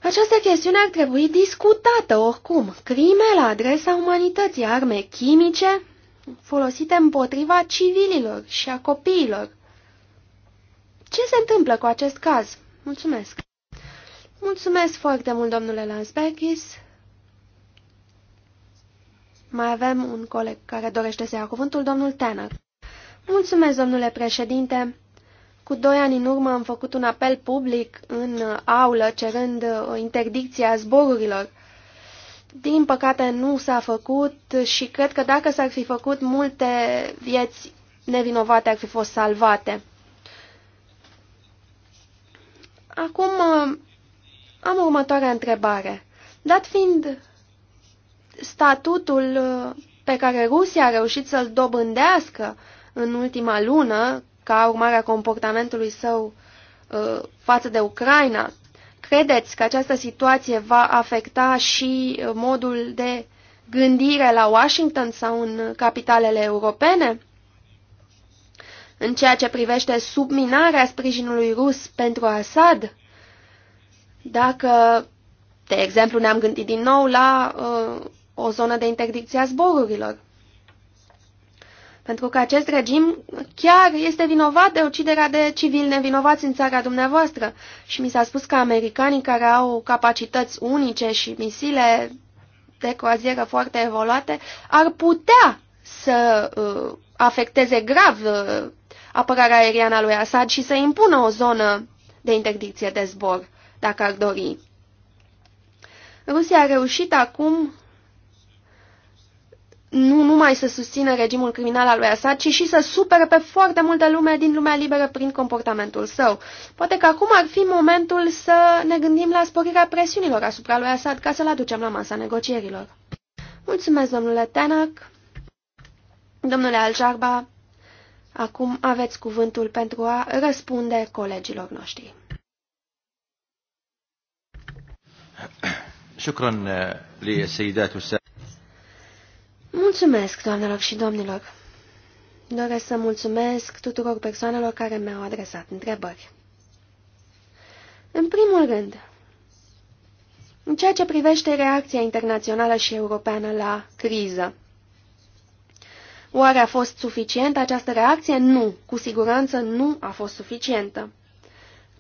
această chestiune ar trebui discutată oricum. Crime la adresa umanității, arme chimice folosite împotriva civililor și a copiilor. Ce se întâmplă cu acest caz? Mulțumesc! Mulțumesc foarte mult, domnule Lansbergis. Mai avem un coleg care dorește să ia cuvântul, domnul Tanner. Mulțumesc, domnule președinte. Cu doi ani în urmă am făcut un apel public în aulă cerând o uh, interdicție a zborurilor. Din păcate nu s-a făcut și cred că dacă s-ar fi făcut, multe vieți nevinovate ar fi fost salvate. Acum uh, am următoarea întrebare. Dat fiind statutul uh, pe care Rusia a reușit să-l dobândească în ultima lună, ca urmare a comportamentului său uh, față de Ucraina, credeți că această situație va afecta și modul de gândire la Washington sau în capitalele europene? În ceea ce privește subminarea sprijinului rus pentru Assad, dacă, de exemplu, ne-am gândit din nou la uh, o zonă de interdicție a zborurilor. Pentru că acest regim chiar este vinovat de uciderea de civili nevinovați în țara dumneavoastră. Și mi s-a spus că americanii care au capacități unice și misile de croazieră foarte evoluate ar putea să uh, afecteze grav uh, apărarea aeriană a lui Assad și să impună o zonă de interdicție de zbor dacă ar dori. Rusia a reușit acum nu numai să susțină regimul criminal al lui Assad, ci și să supere pe foarte multă lume din lumea liberă prin comportamentul său. Poate că acum ar fi momentul să ne gândim la sporirea presiunilor asupra lui Assad ca să-l aducem la masa negocierilor. Mulțumesc, domnule Tenac. Domnule Aljarba, acum aveți cuvântul pentru a răspunde colegilor noștri. <clears throat> Uh, mulțumesc, doamnelor și domnilor. Doresc să mulțumesc tuturor persoanelor care mi-au adresat întrebări. În primul rând, în ceea ce privește reacția internațională și europeană la criză, oare a fost suficientă această reacție? Nu, cu siguranță nu a fost suficientă.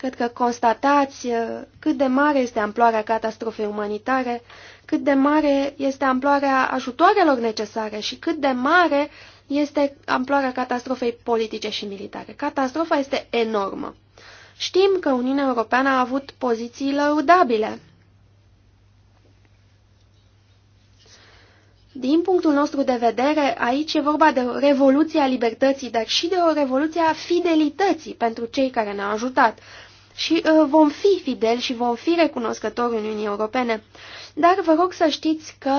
Cred că constatați uh, cât de mare este amploarea catastrofei umanitare, cât de mare este amploarea ajutoarelor necesare și cât de mare este amploarea catastrofei politice și militare. Catastrofa este enormă. Știm că Uniunea Europeană a avut poziții lăudabile. Din punctul nostru de vedere, aici e vorba de o revoluție a libertății, dar și de o revoluție a fidelității pentru cei care ne-au ajutat și uh, vom fi fideli și vom fi recunoscători Uniunii Europene. Dar vă rog să știți că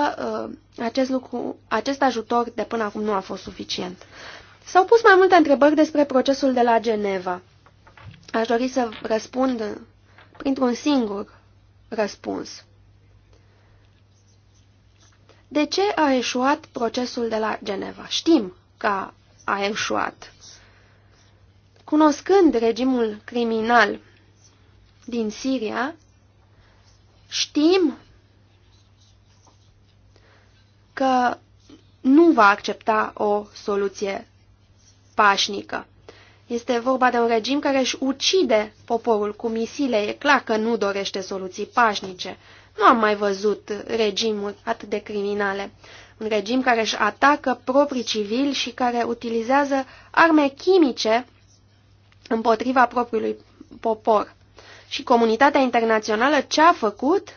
uh, acest, lucru, acest ajutor de până acum nu a fost suficient. S-au pus mai multe întrebări despre procesul de la Geneva. Aș dori să răspund printr-un singur răspuns. De ce a eșuat procesul de la Geneva? Știm că a eșuat. Cunoscând regimul criminal din Siria, știm că nu va accepta o soluție pașnică. Este vorba de un regim care își ucide poporul cu misile. E clar că nu dorește soluții pașnice. Nu am mai văzut regimuri atât de criminale. Un regim care își atacă proprii civili și care utilizează arme chimice împotriva propriului popor și comunitatea internațională ce a făcut?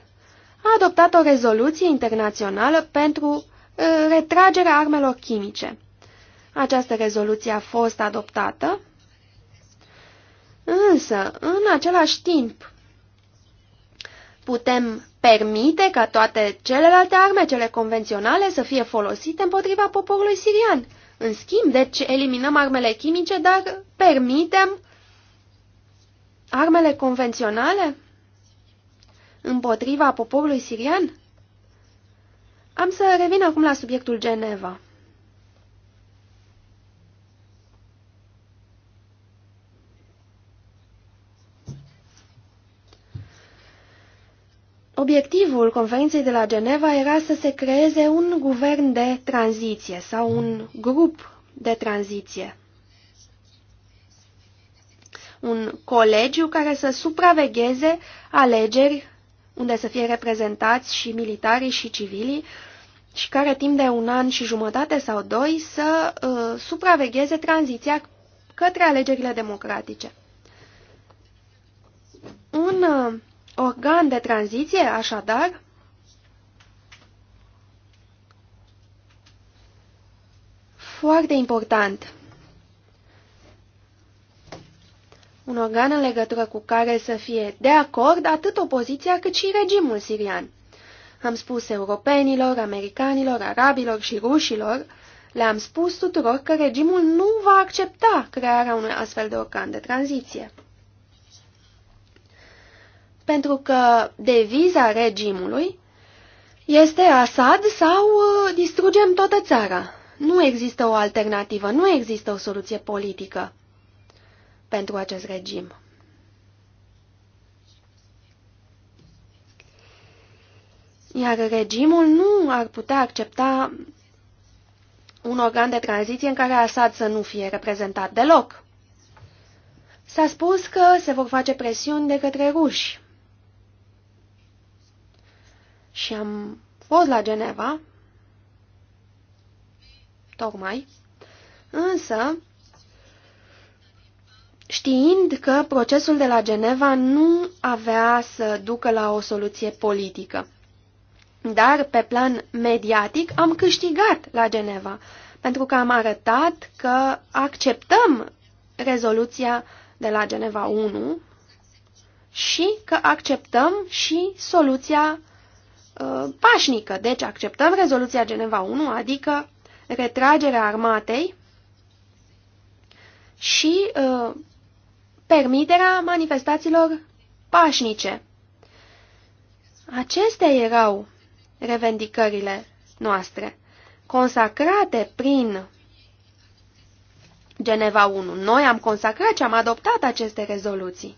A adoptat o rezoluție internațională pentru uh, retragerea armelor chimice. Această rezoluție a fost adoptată, însă, în același timp, putem permite ca toate celelalte arme, cele convenționale, să fie folosite împotriva poporului sirian. În schimb, deci eliminăm armele chimice, dar permitem armele convenționale? Împotriva poporului sirian? Am să revin acum la subiectul Geneva. Obiectivul conferinței de la Geneva era să se creeze un guvern de tranziție sau un grup de tranziție un colegiu care să supravegheze alegeri unde să fie reprezentați și militarii și civilii și care timp de un an și jumătate sau doi să uh, supravegheze tranziția către alegerile democratice. Un uh, organ de tranziție, așadar, foarte important. un organ în legătură cu care să fie de acord atât opoziția cât și regimul sirian. Am spus europenilor, americanilor, arabilor și rușilor, le-am spus tuturor că regimul nu va accepta crearea unui astfel de organ de tranziție. Pentru că deviza regimului este Assad sau uh, distrugem toată țara. Nu există o alternativă, nu există o soluție politică pentru acest regim. Iar regimul nu ar putea accepta un organ de tranziție în care Assad să nu fie reprezentat deloc. S-a spus că se vor face presiuni de către ruși. Și am fost la Geneva, tocmai, însă știind că procesul de la Geneva nu avea să ducă la o soluție politică. Dar, pe plan mediatic, am câștigat la Geneva, pentru că am arătat că acceptăm rezoluția de la Geneva 1 și că acceptăm și soluția uh, pașnică. Deci acceptăm rezoluția Geneva 1, adică retragerea armatei și uh, permiterea manifestațiilor pașnice. Acestea erau revendicările noastre, consacrate prin Geneva 1. Noi am consacrat și am adoptat aceste rezoluții.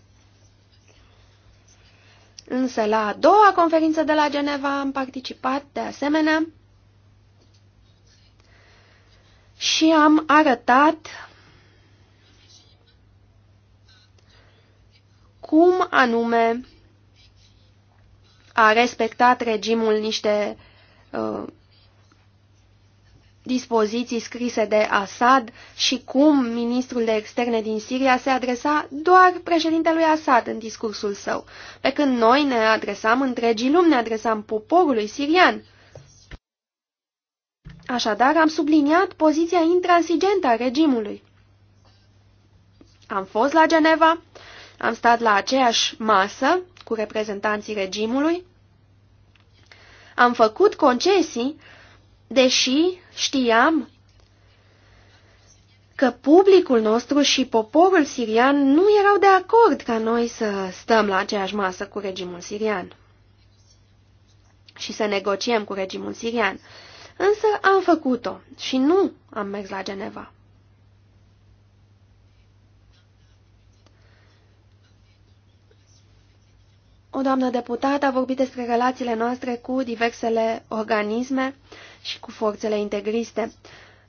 Însă la a doua conferință de la Geneva am participat de asemenea și am arătat cum anume a respectat regimul niște uh, dispoziții scrise de Assad și cum ministrul de externe din Siria se adresa doar președintelui Assad în discursul său, pe când noi ne adresam întregii lumi, ne adresam poporului sirian. Așadar, am subliniat poziția intransigentă a regimului. Am fost la Geneva, am stat la aceeași masă cu reprezentanții regimului. Am făcut concesii, deși știam că publicul nostru și poporul sirian nu erau de acord ca noi să stăm la aceeași masă cu regimul sirian și să negociem cu regimul sirian. Însă am făcut-o și nu am mers la Geneva. O doamnă deputată a vorbit despre relațiile noastre cu diversele organisme și cu forțele integriste.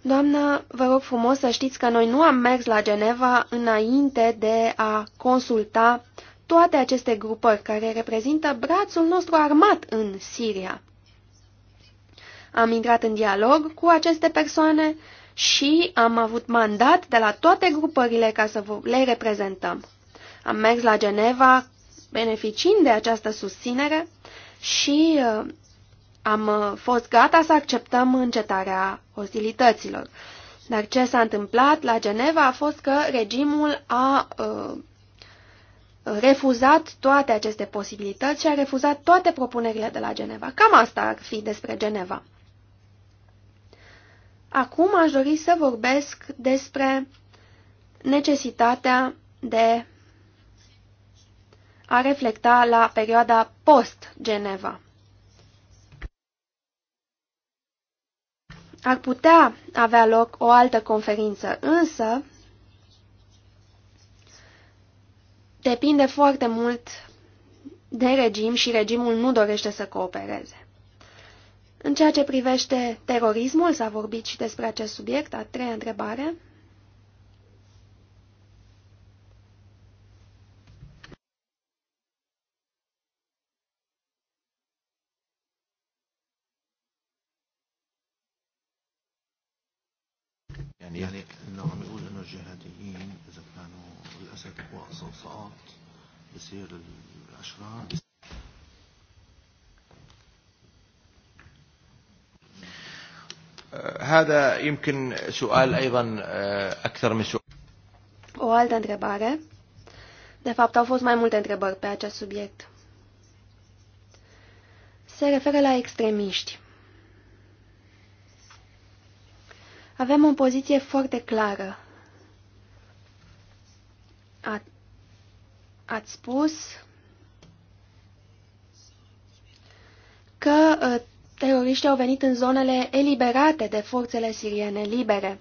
Doamnă, vă rog frumos să știți că noi nu am mers la Geneva înainte de a consulta toate aceste grupări care reprezintă brațul nostru armat în Siria. Am intrat în dialog cu aceste persoane și am avut mandat de la toate grupările ca să le reprezentăm. Am mers la Geneva beneficiind de această susținere și uh, am uh, fost gata să acceptăm încetarea ostilităților. Dar ce s-a întâmplat la Geneva a fost că regimul a uh, refuzat toate aceste posibilități și a refuzat toate propunerile de la Geneva. Cam asta ar fi despre Geneva. Acum aș dori să vorbesc despre necesitatea de a reflecta la perioada post-Geneva. Ar putea avea loc o altă conferință, însă depinde foarte mult de regim și regimul nu dorește să coopereze. În ceea ce privește terorismul, s-a vorbit și despre acest subiect, a treia întrebare. الجهاديين إذا كانوا الأسد هو صوصات بصير الأشرار هذا يمكن سؤال أيضا أكثر من سؤال O altă întrebare. De fapt, au fost mai multe întrebări pe acest subiect. Se referă la extremiști. Avem o poziție foarte clară a, ați spus că uh, teroriștii au venit în zonele eliberate de forțele siriene libere.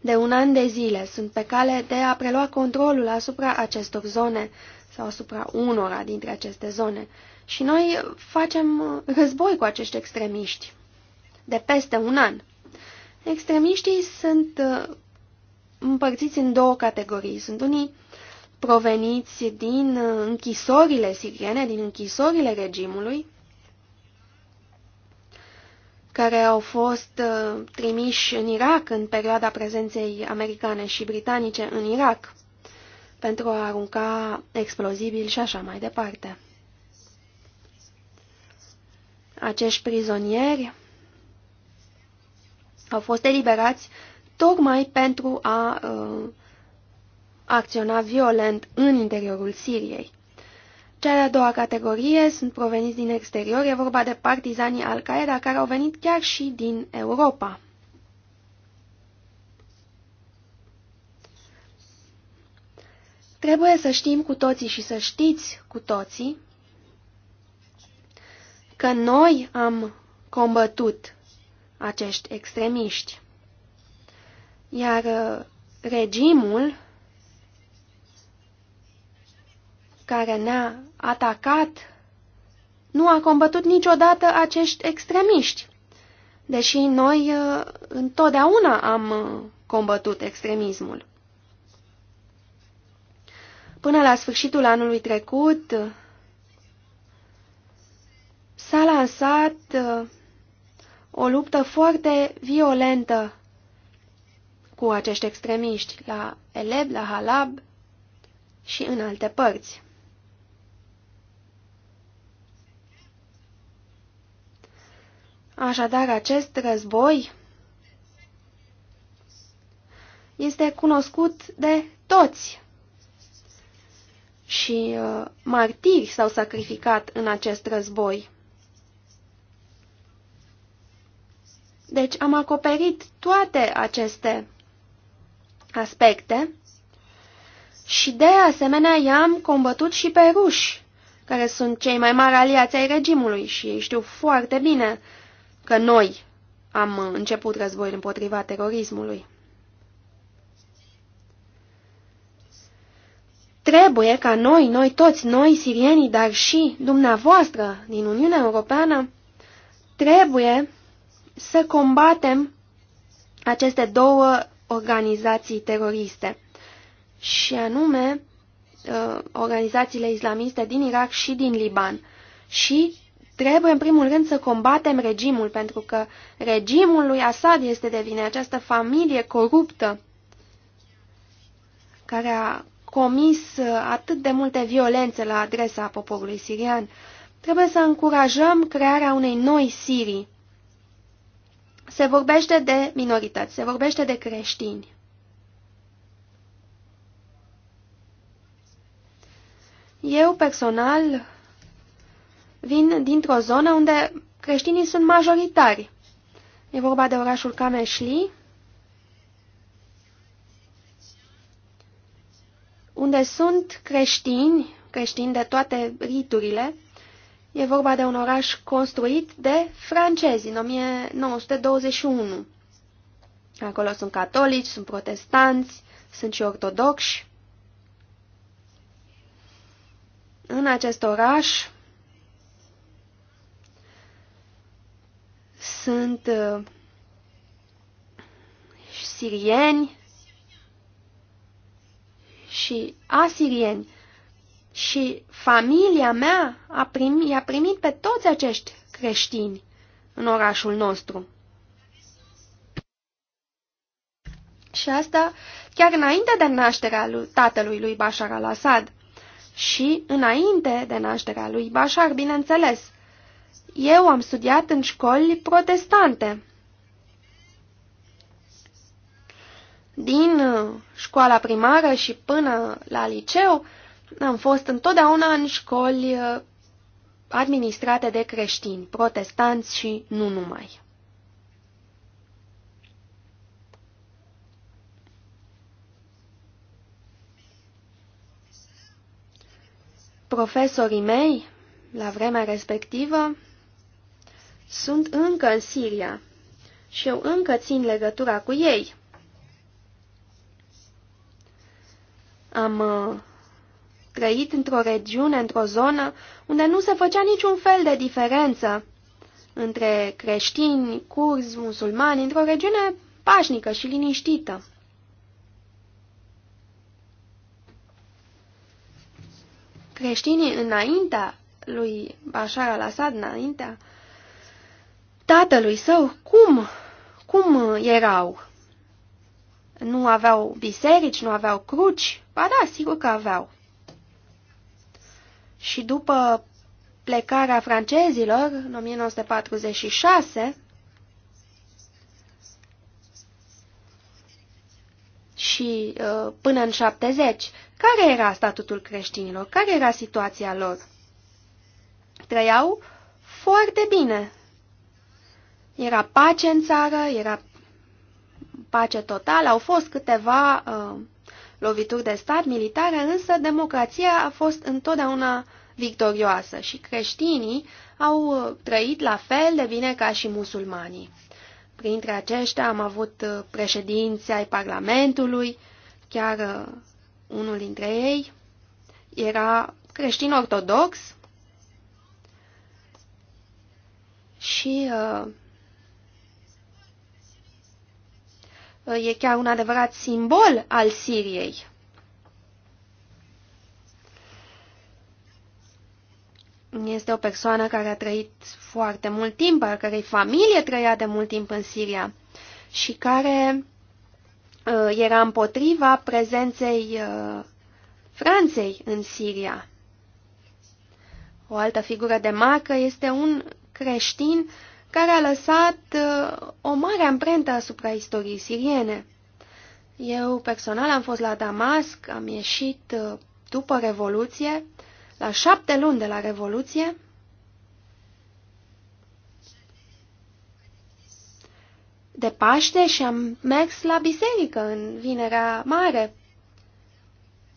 De un an de zile sunt pe cale de a prelua controlul asupra acestor zone sau asupra unora dintre aceste zone. Și noi facem uh, război cu acești extremiști. De peste un an. Extremiștii sunt uh, împărțiți în două categorii. Sunt unii proveniți din închisorile siriene, din închisorile regimului, care au fost uh, trimiși în Irak în perioada prezenței americane și britanice în Irak pentru a arunca explozibili și așa mai departe. Acești prizonieri au fost eliberați tocmai pentru a uh, acționa violent în interiorul Siriei. Cea de-a doua categorie sunt proveniți din exterior, e vorba de partizanii Al-Qaeda care au venit chiar și din Europa. Trebuie să știm cu toții și să știți cu toții că noi am combătut acești extremiști. Iar uh, regimul care ne-a atacat nu a combătut niciodată acești extremiști, deși noi uh, întotdeauna am uh, combătut extremismul. Până la sfârșitul anului trecut s-a lansat o luptă foarte violentă cu acești extremiști la Eleb, la Halab și în alte părți. Așadar, acest război este cunoscut de toți și uh, martiri s-au sacrificat în acest război. Deci am acoperit toate aceste aspecte și de asemenea i-am combătut și pe ruși, care sunt cei mai mari aliați ai regimului și ei știu foarte bine că noi am început războiul împotriva terorismului. Trebuie ca noi, noi toți, noi sirienii, dar și dumneavoastră din Uniunea Europeană, trebuie să combatem aceste două organizații teroriste, și anume uh, organizațiile islamiste din Irak și din Liban. Și trebuie, în primul rând, să combatem regimul, pentru că regimul lui Assad este de vine, această familie coruptă care a comis uh, atât de multe violențe la adresa poporului sirian. Trebuie să încurajăm crearea unei noi Sirii se vorbește de minorități, se vorbește de creștini. Eu personal vin dintr-o zonă unde creștinii sunt majoritari. E vorba de orașul Cameșli, unde sunt creștini, creștini de toate riturile, E vorba de un oraș construit de francezi în 1921. Acolo sunt catolici, sunt protestanți, sunt și ortodoxi. În acest oraș sunt uh, sirieni și asirieni. Și familia mea a primit, i-a primit pe toți acești creștini în orașul nostru. Și asta chiar înainte de nașterea lui, tatălui lui Bashar al-Assad și înainte de nașterea lui Bashar, bineînțeles. Eu am studiat în școli protestante. Din uh, școala primară și până la liceu, am fost întotdeauna în școli uh, administrate de creștini, protestanți și nu numai. Profesorii mei, la vremea respectivă, sunt încă în Siria și eu încă țin legătura cu ei. Am uh, trăit într-o regiune, într-o zonă, unde nu se făcea niciun fel de diferență între creștini, curzi, musulmani, într-o regiune pașnică și liniștită. Creștinii înaintea lui Bashar al-Assad, înaintea tatălui său, cum, cum erau? Nu aveau biserici, nu aveau cruci? Ba da, sigur că aveau și după plecarea francezilor în 1946 și uh, până în 70, care era statutul creștinilor? Care era situația lor? Trăiau foarte bine. Era pace în țară, era pace totală, au fost câteva uh, lovituri de stat militare, însă democrația a fost întotdeauna victorioasă și creștinii au trăit la fel de bine ca și musulmanii. Printre aceștia am avut președinții ai Parlamentului, chiar uh, unul dintre ei era creștin ortodox și uh, e chiar un adevărat simbol al Siriei. Este o persoană care a trăit foarte mult timp, a cărei familie trăia de mult timp în Siria și care uh, era împotriva prezenței uh, Franței în Siria. O altă figură de marcă este un creștin care a lăsat uh, o mare amprentă asupra istoriei siriene. Eu personal am fost la Damasc, am ieșit uh, după Revoluție la șapte luni de la Revoluție, de Paște și am mers la biserică în Vinerea Mare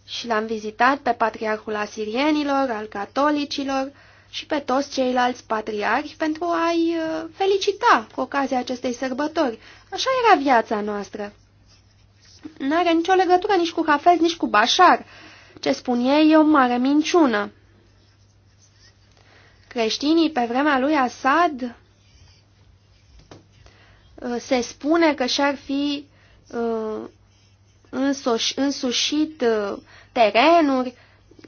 și l-am vizitat pe patriarhul asirienilor, al catolicilor și pe toți ceilalți patriarhi pentru a-i uh, felicita cu ocazia acestei sărbători. Așa era viața noastră. N-are nicio legătură nici cu Hafez, nici cu Bașar. Ce spun ei e o mare minciună creștinii pe vremea lui Assad uh, se spune că și-ar fi uh, însuși, însușit uh, terenuri.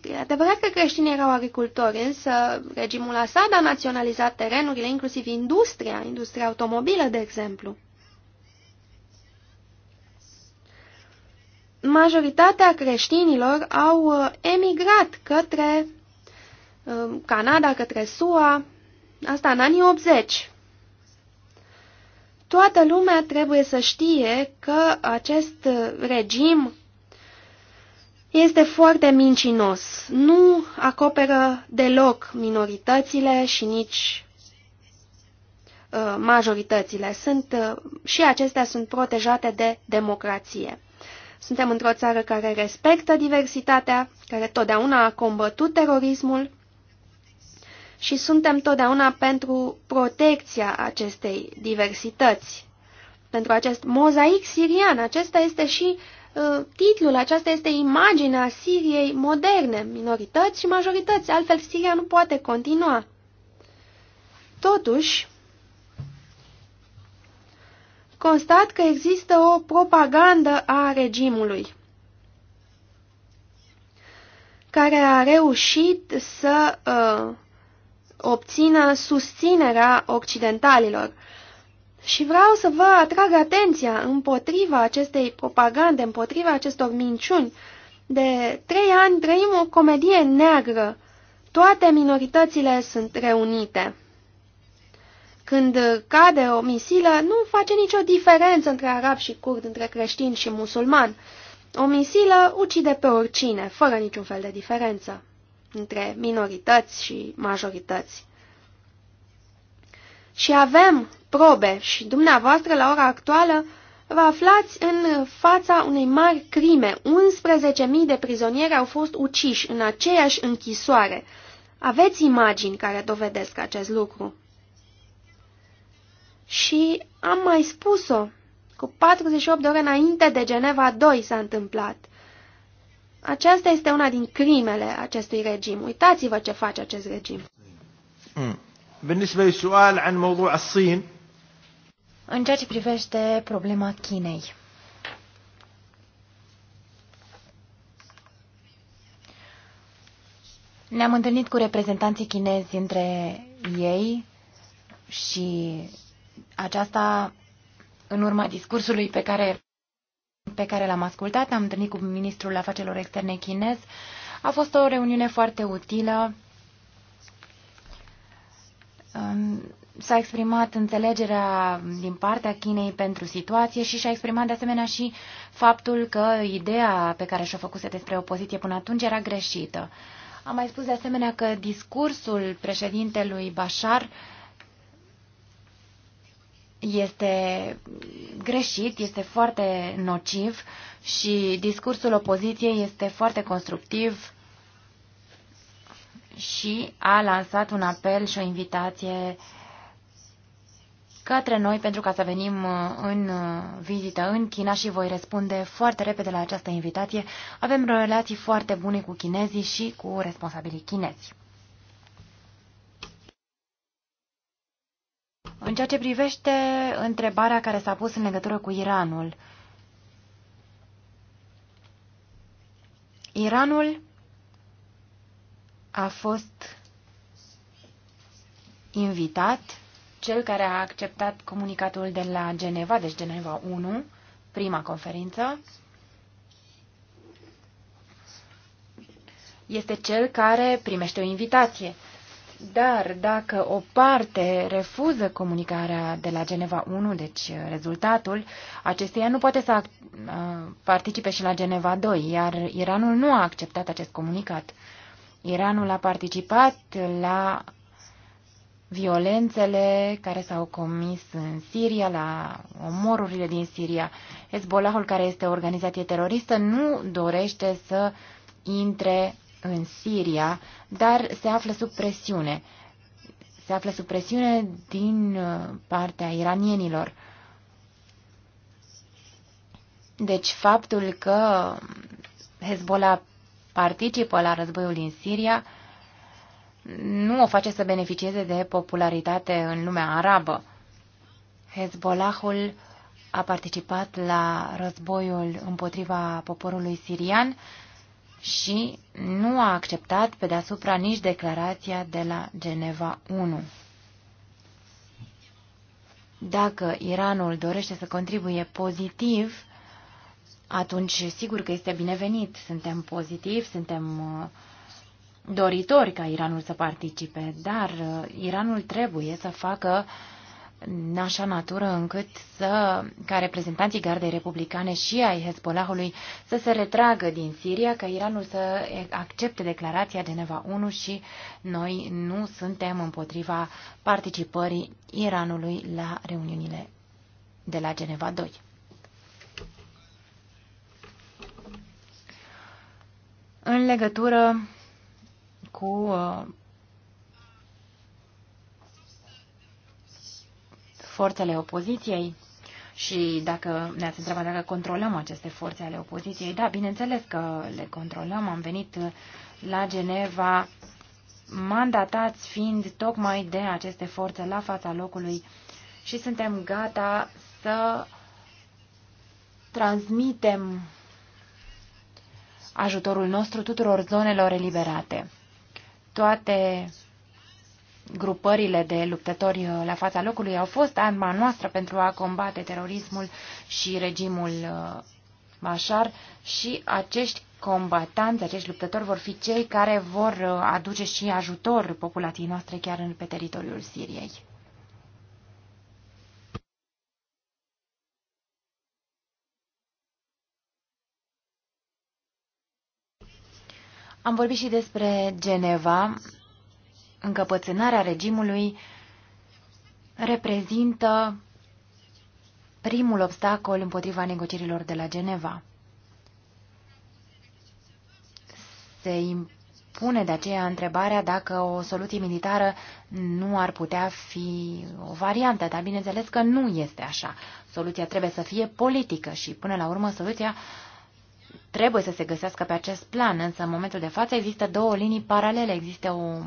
E adevărat că creștinii erau agricultori, însă regimul Assad a naționalizat terenurile, inclusiv industria, industria automobilă, de exemplu. Majoritatea creștinilor au emigrat către Um, Canada, către SUA, asta în anii 80. Toată lumea trebuie să știe că acest regim este foarte mincinos. Nu acoperă deloc minoritățile și nici uh, majoritățile. Sunt, uh, și acestea sunt protejate de democrație. Suntem într-o țară care respectă diversitatea, care totdeauna a combătut terorismul și suntem totdeauna pentru protecția acestei diversități. Pentru acest mozaic sirian, acesta este și uh, titlul, aceasta este imaginea Siriei moderne, minorități și majorități, altfel Siria nu poate continua. Totuși, constat că există o propagandă a regimului care a reușit să uh, obțină susținerea occidentalilor. Și vreau să vă atrag atenția împotriva acestei propagande, împotriva acestor minciuni. De trei ani trăim o comedie neagră. Toate minoritățile sunt reunite. Când cade o misilă, nu face nicio diferență între arab și curd, între creștin și musulman. O misilă ucide pe oricine, fără niciun fel de diferență între minorități și majorități. Și avem probe și dumneavoastră la ora actuală vă aflați în fața unei mari crime. 11.000 de prizonieri au fost uciși în aceeași închisoare. Aveți imagini care dovedesc acest lucru. Și am mai spus-o. Cu 48 de ore înainte de Geneva 2 s-a întâmplat. Aceasta este una din crimele acestui regim. Uitați-vă ce face acest regim. Hmm. În ceea ce privește problema Chinei. Ne-am întâlnit cu reprezentanții chinezi între ei și aceasta în urma discursului pe care pe care l-am ascultat, am întâlnit cu ministrul afacerilor externe chinez. A fost o reuniune foarte utilă. S-a exprimat înțelegerea din partea Chinei pentru situație și și-a exprimat de asemenea și faptul că ideea pe care și-o făcuse despre opoziție până atunci era greșită. Am mai spus de asemenea că discursul președintelui Bashar uh, este greșit, este foarte nociv și discursul opoziției este foarte constructiv și a lansat un apel și o invitație către noi pentru ca să venim uh, în uh, vizită în China și voi răspunde foarte repede la această invitație. Avem relații foarte bune cu chinezii și cu responsabilii chinezi. În ceea ce privește întrebarea care s-a pus în legătură cu Iranul, Iranul a fost invitat, cel care a acceptat comunicatul de la Geneva, deci Geneva 1, prima conferință, este cel care primește o invitație. Dar dacă o parte refuză comunicarea de la Geneva 1, deci uh, rezultatul acesteia nu poate să uh, participe și la Geneva 2, iar Iranul nu a acceptat acest comunicat. Iranul a participat la violențele care s-au comis în Siria, la omorurile din Siria. Hezbollahul, care este o organizație teroristă, nu dorește să intre în Siria, dar se află sub presiune. Se află sub presiune din uh, partea iranienilor. Deci faptul că Hezbollah participă la războiul din Siria nu o face să beneficieze de popularitate în lumea arabă. Hezbollahul a participat la războiul împotriva poporului sirian și nu a acceptat pe deasupra nici declarația de la Geneva 1. Dacă Iranul dorește să contribuie pozitiv, atunci sigur că este binevenit. Suntem pozitivi, suntem uh, doritori ca Iranul să participe, dar uh, Iranul trebuie să facă uh, în așa natură încât să, ca reprezentanții gardei republicane și ai Hezbollahului să se retragă din Siria, ca Iranul să accepte declarația Geneva 1 și noi nu suntem împotriva participării Iranului la reuniunile de la Geneva 2. În legătură cu uh, forțele opoziției și dacă ne-ați întrebat dacă controlăm aceste forțe ale opoziției, da, bineînțeles că le controlăm. Am venit la Geneva mandatați fiind tocmai de aceste forțe la fața locului și suntem gata să transmitem ajutorul nostru tuturor zonelor eliberate. Toate grupările de luptători uh, la fața locului au fost arma noastră pentru a combate terorismul și regimul uh, Bashar și acești combatanți, acești luptători vor fi cei care vor uh, aduce și ajutor populației noastre chiar pe teritoriul Siriei. Am vorbit și despre Geneva încăpățânarea regimului reprezintă primul obstacol împotriva negocierilor de la Geneva. Se impune de aceea întrebarea dacă o soluție militară nu ar putea fi o variantă, dar bineînțeles că nu este așa. Soluția trebuie să fie politică și, până la urmă, soluția trebuie să se găsească pe acest plan, însă în momentul de față există două linii paralele, există o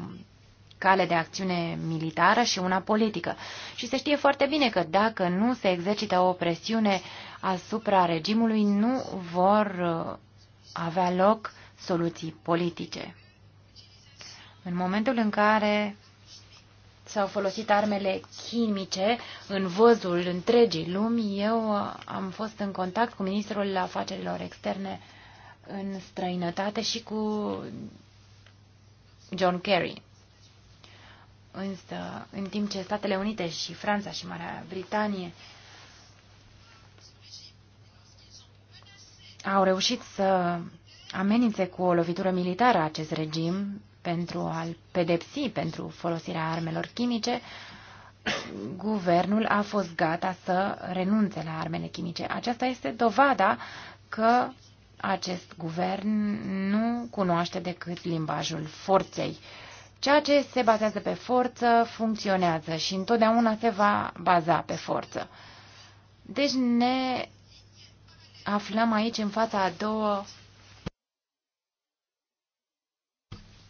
cale de acțiune militară și una politică. Și se știe foarte bine că dacă nu se exercită o presiune asupra regimului, nu vor uh, avea loc soluții politice. În momentul în care s-au folosit armele chimice în văzul întregii lumi, eu uh, am fost în contact cu ministrul afacerilor externe în străinătate și cu John Kerry. Însă, în timp ce Statele Unite și Franța și Marea Britanie au reușit să amenințe cu o lovitură militară acest regim pentru a-l pedepsi pentru folosirea armelor chimice, guvernul a fost gata să renunțe la armele chimice. Aceasta este dovada că acest guvern nu cunoaște decât limbajul forței Ceea ce se bazează pe forță funcționează și întotdeauna se va baza pe forță. Deci ne aflăm aici în fața a două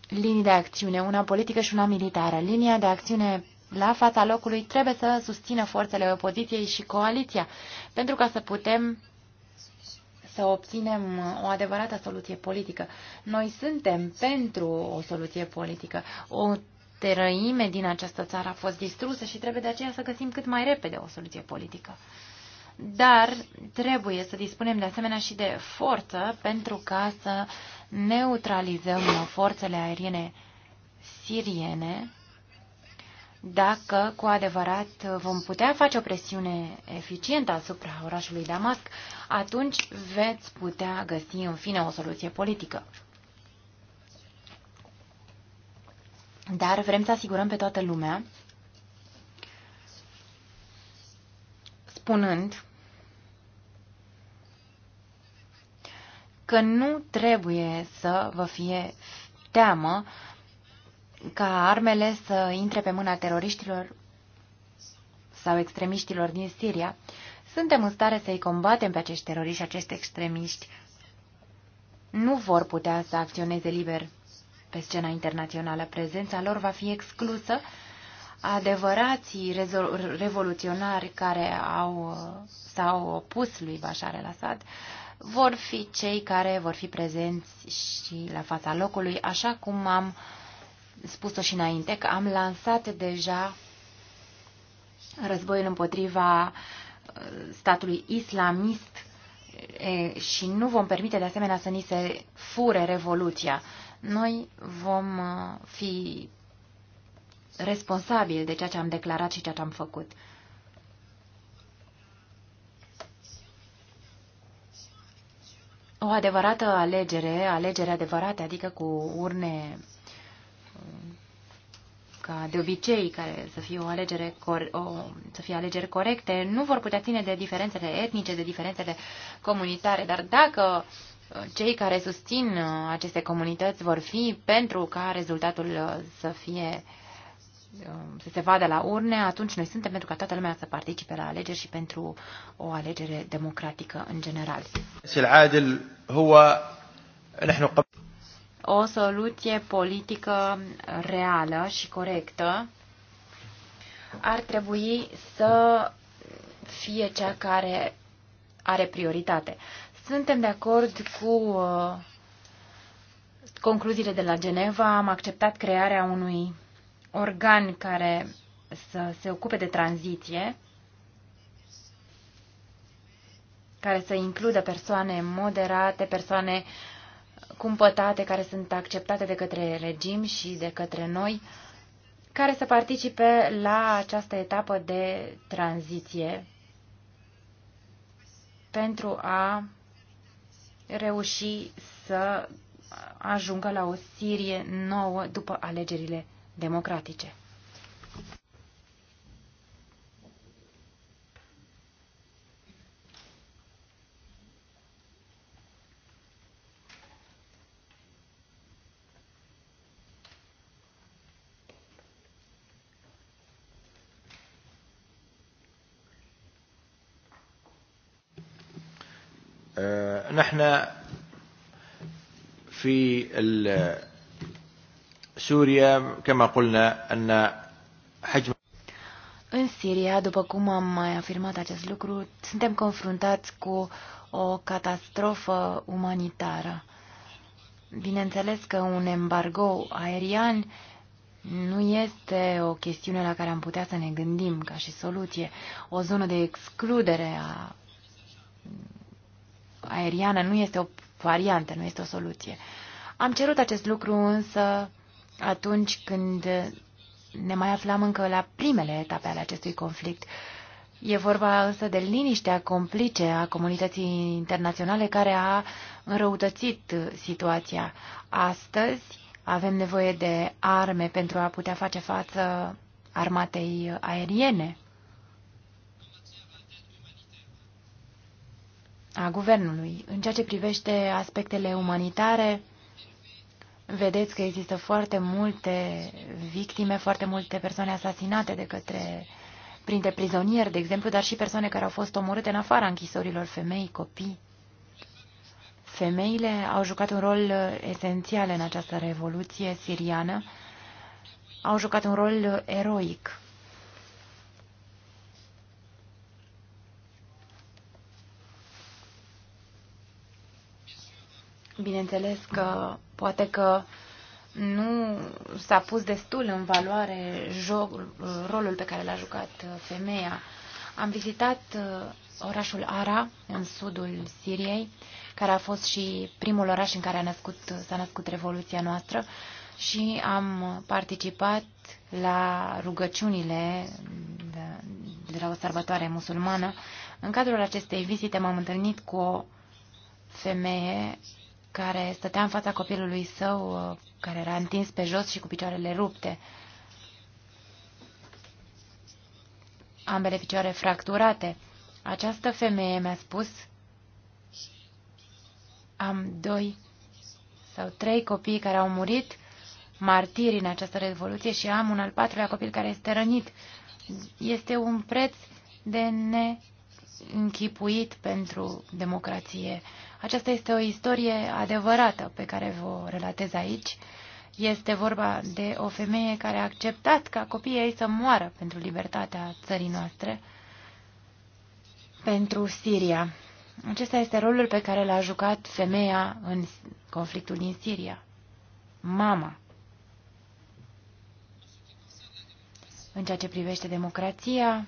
linii de acțiune, una politică și una militară. Linia de acțiune la fața locului trebuie să susțină forțele opoziției și coaliția, pentru ca să putem să obținem o adevărată soluție politică. Noi suntem pentru o soluție politică. O terăime din această țară a fost distrusă și trebuie de aceea să găsim cât mai repede o soluție politică. Dar trebuie să dispunem de asemenea și de forță pentru ca să neutralizăm forțele aeriene siriene dacă cu adevărat vom putea face o presiune eficientă asupra orașului Damasc, atunci veți putea găsi în fine o soluție politică. Dar vrem să asigurăm pe toată lumea, spunând că nu trebuie să vă fie teamă ca armele să intre pe mâna teroriștilor sau extremiștilor din Siria, suntem în stare să-i combatem pe acești teroriști, acești extremiști. Nu vor putea să acționeze liber pe scena internațională. Prezența lor va fi exclusă. Adevărații revoluționari care au, s-au opus lui Bashar al-Assad vor fi cei care vor fi prezenți și la fața locului, așa cum am uh, spus-o și înainte, că am lansat deja războiul împotriva uh, statului islamist și nu vom permite de asemenea să ni se fure revoluția. Noi vom uh, fi responsabili de ceea ce am declarat și ceea ce am făcut. O adevărată alegere, alegere adevărată, adică cu urne ca de obicei, care să fie, o alegere o, să fie alegeri corecte, nu vor putea ține de diferențele etnice, de diferențele comunitare, dar dacă uh, cei care susțin uh, aceste comunități vor fi pentru ca rezultatul uh, să fie um, să se vadă la urne, atunci noi suntem pentru ca toată lumea să participe la alegeri și pentru o alegere democratică în general o soluție politică reală și corectă ar trebui să fie cea care are prioritate. Suntem de acord cu uh, concluziile de la Geneva. Am acceptat crearea unui organ care să se ocupe de tranziție, care să includă persoane moderate, persoane uh, cumpătate, care sunt acceptate de către regim și de către noi, care să participe la această etapă de tranziție pentru a reuși să ajungă la o Sirie nouă după alegerile democratice. نحن في سوريا كما قلنا أن حجم în Siria, după cum am mai afirmat acest lucru, suntem confruntați cu o catastrofă umanitară. Bineînțeles că un embargo aerian nu este o chestiune la care am putea să ne gândim ca și soluție. O zonă de excludere a aeriană nu este o variantă, nu este o soluție. Am cerut acest lucru însă atunci când ne mai aflam încă la primele etape ale acestui conflict. E vorba însă de liniștea complice a comunității internaționale care a înrăutățit situația. Astăzi avem nevoie de arme pentru a putea face față armatei aeriene. a guvernului. În ceea ce privește aspectele umanitare, vedeți că există foarte multe victime, foarte multe persoane asasinate de către printre prizonieri, de exemplu, dar și persoane care au fost omorâte în afara închisorilor, femei, copii. Femeile au jucat un rol esențial în această revoluție siriană, au jucat un rol eroic. Bineînțeles că poate că nu s-a pus destul în valoare jocul, rolul pe care l-a jucat uh, femeia. Am vizitat uh, orașul Ara, în sudul Siriei, care a fost și primul oraș în care a născut, uh, s-a născut Revoluția noastră și am participat la rugăciunile de la o sărbătoare musulmană. În cadrul acestei vizite m-am întâlnit cu o femeie care stătea în fața copilului său, uh, care era întins pe jos și cu picioarele rupte. Ambele picioare fracturate. Această femeie mi-a spus, am doi sau trei copii care au murit martiri în această revoluție și am un al patrulea copil care este rănit. Este un preț de neînchipuit pentru democrație. Aceasta este o istorie adevărată pe care vă relatez aici. Este vorba de o femeie care a acceptat ca copiii ei să moară pentru libertatea țării noastre, pentru Siria. Acesta este rolul pe care l-a jucat femeia în conflictul din Siria. Mama. În ceea ce privește democrația,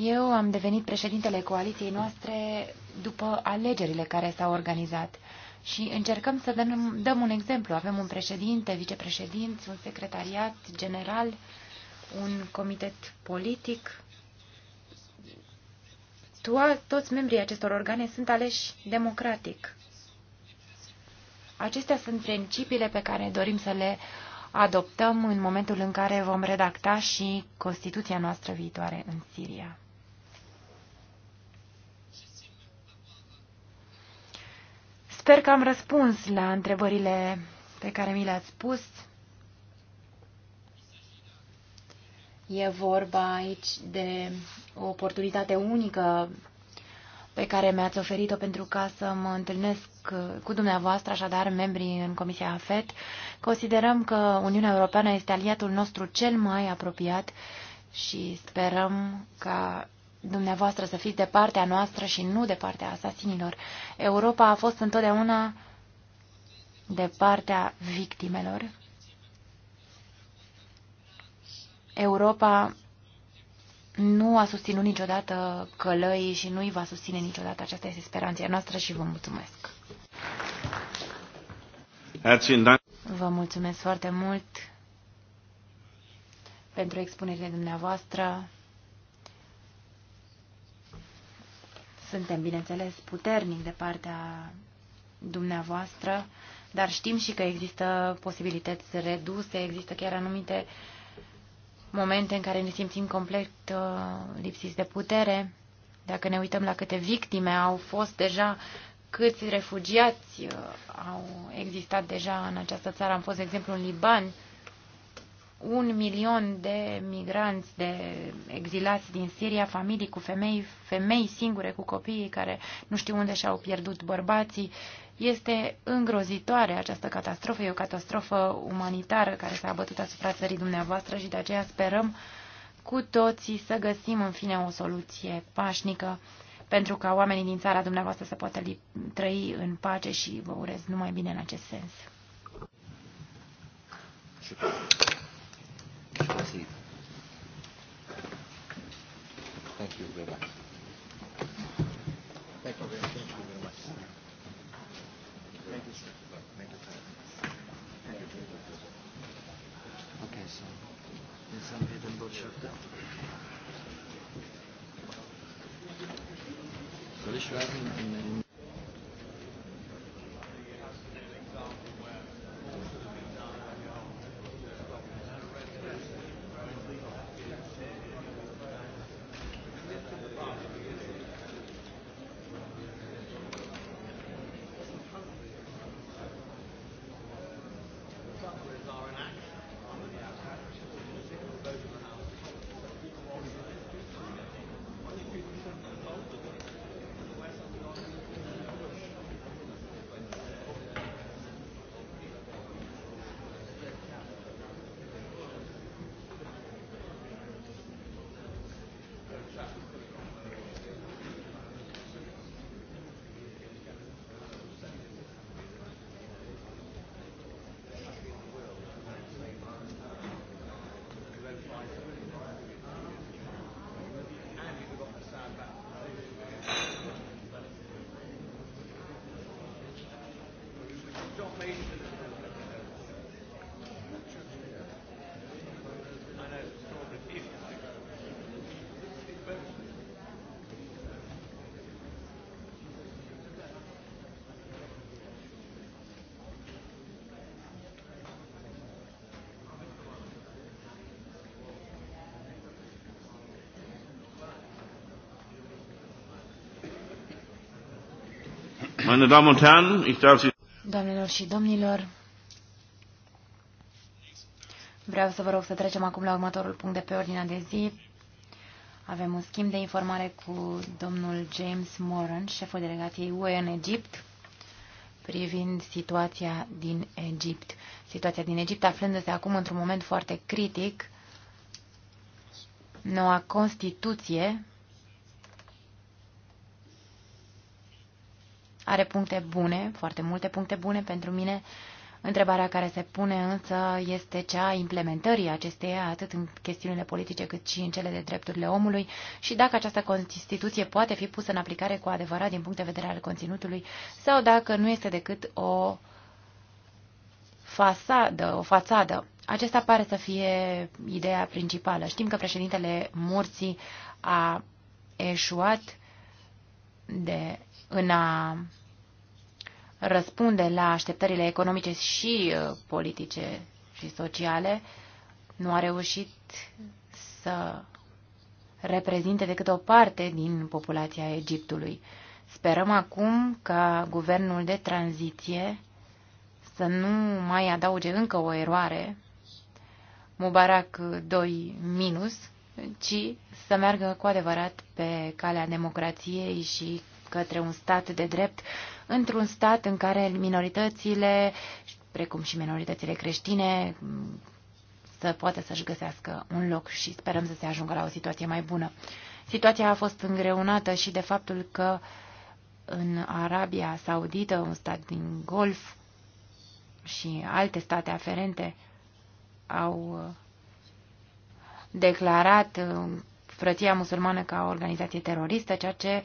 eu am devenit președintele coaliției noastre după alegerile care s-au organizat și încercăm să dăm, dăm un exemplu. Avem un președinte, vicepreședinți, un secretariat general, un comitet politic. Toți membrii acestor organe sunt aleși democratic. Acestea sunt principiile pe care dorim să le adoptăm în momentul în care vom redacta și Constituția noastră viitoare în Siria. Sper că am răspuns la întrebările pe care mi le-ați pus. E vorba aici de o oportunitate unică pe care mi-ați oferit-o pentru ca să mă întâlnesc cu dumneavoastră, așadar, membrii în Comisia AFET. Considerăm că Uniunea Europeană este aliatul nostru cel mai apropiat și sperăm ca dumneavoastră să fiți de partea noastră și nu de partea asasinilor. Europa a fost întotdeauna de partea victimelor. Europa nu a susținut niciodată călăii și nu îi va susține niciodată. Aceasta este speranța noastră și vă mulțumesc. Vă mulțumesc foarte mult pentru expunerile dumneavoastră. Suntem, bineînțeles, puternic de partea dumneavoastră, dar știm și că există posibilități reduse, există chiar anumite momente în care ne simțim complet uh, lipsiți de putere. Dacă ne uităm la câte victime au fost deja, câți refugiați uh, au existat deja în această țară, am fost, de exemplu, în Liban, uh, un milion de migranți, de exilați din Siria, familii cu femei, femei singure cu copiii care nu știu unde și-au pierdut bărbații. Este îngrozitoare această catastrofă, e o catastrofă umanitară care s-a abătut asupra țării dumneavoastră și de aceea sperăm cu toții să găsim în fine o soluție pașnică pentru ca oamenii din țara dumneavoastră să poată trăi în pace și vă urez numai bine în acest sens seat. Thank you very much. Thank you very, thank you very much. Thank you, sir. Thank you, sir. Thank you. Okay, so is somebody the boat shut down? So this should happen in, in Meine Damen und Herren, ich darf Sie... Doamnelor și domnilor, vreau să vă rog să trecem acum la următorul punct de pe ordinea de zi. Avem un schimb de informare cu domnul James Moran, șeful delegației UE în Egipt, privind situația din Egipt. Situația din Egipt aflându-se acum într-un moment foarte critic. Noua Constituție Are puncte bune, foarte multe puncte bune pentru mine. Întrebarea care se pune însă este cea a implementării acesteia, atât în chestiunile politice cât și în cele de drepturile omului și dacă această Constituție poate fi pusă în aplicare cu adevărat din punct de vedere al conținutului sau dacă nu este decât o fasadă, o fațadă. Acesta pare să fie ideea principală. Știm că președintele Murții a eșuat de, în a răspunde la așteptările economice și uh, politice și sociale, nu a reușit să reprezinte decât o parte din populația Egiptului. Sperăm acum ca guvernul de tranziție să nu mai adauge încă o eroare, Mubarak 2 minus, ci să meargă cu adevărat pe calea democrației și către un stat de drept într-un stat în care minoritățile, precum și minoritățile creștine, să poată să-și găsească un loc și sperăm să se ajungă la o situație mai bună. Situația a fost îngreunată și de faptul că în Arabia Saudită, un stat din Golf și alte state aferente au uh, declarat uh, frăția musulmană ca o organizație teroristă, ceea ce uh,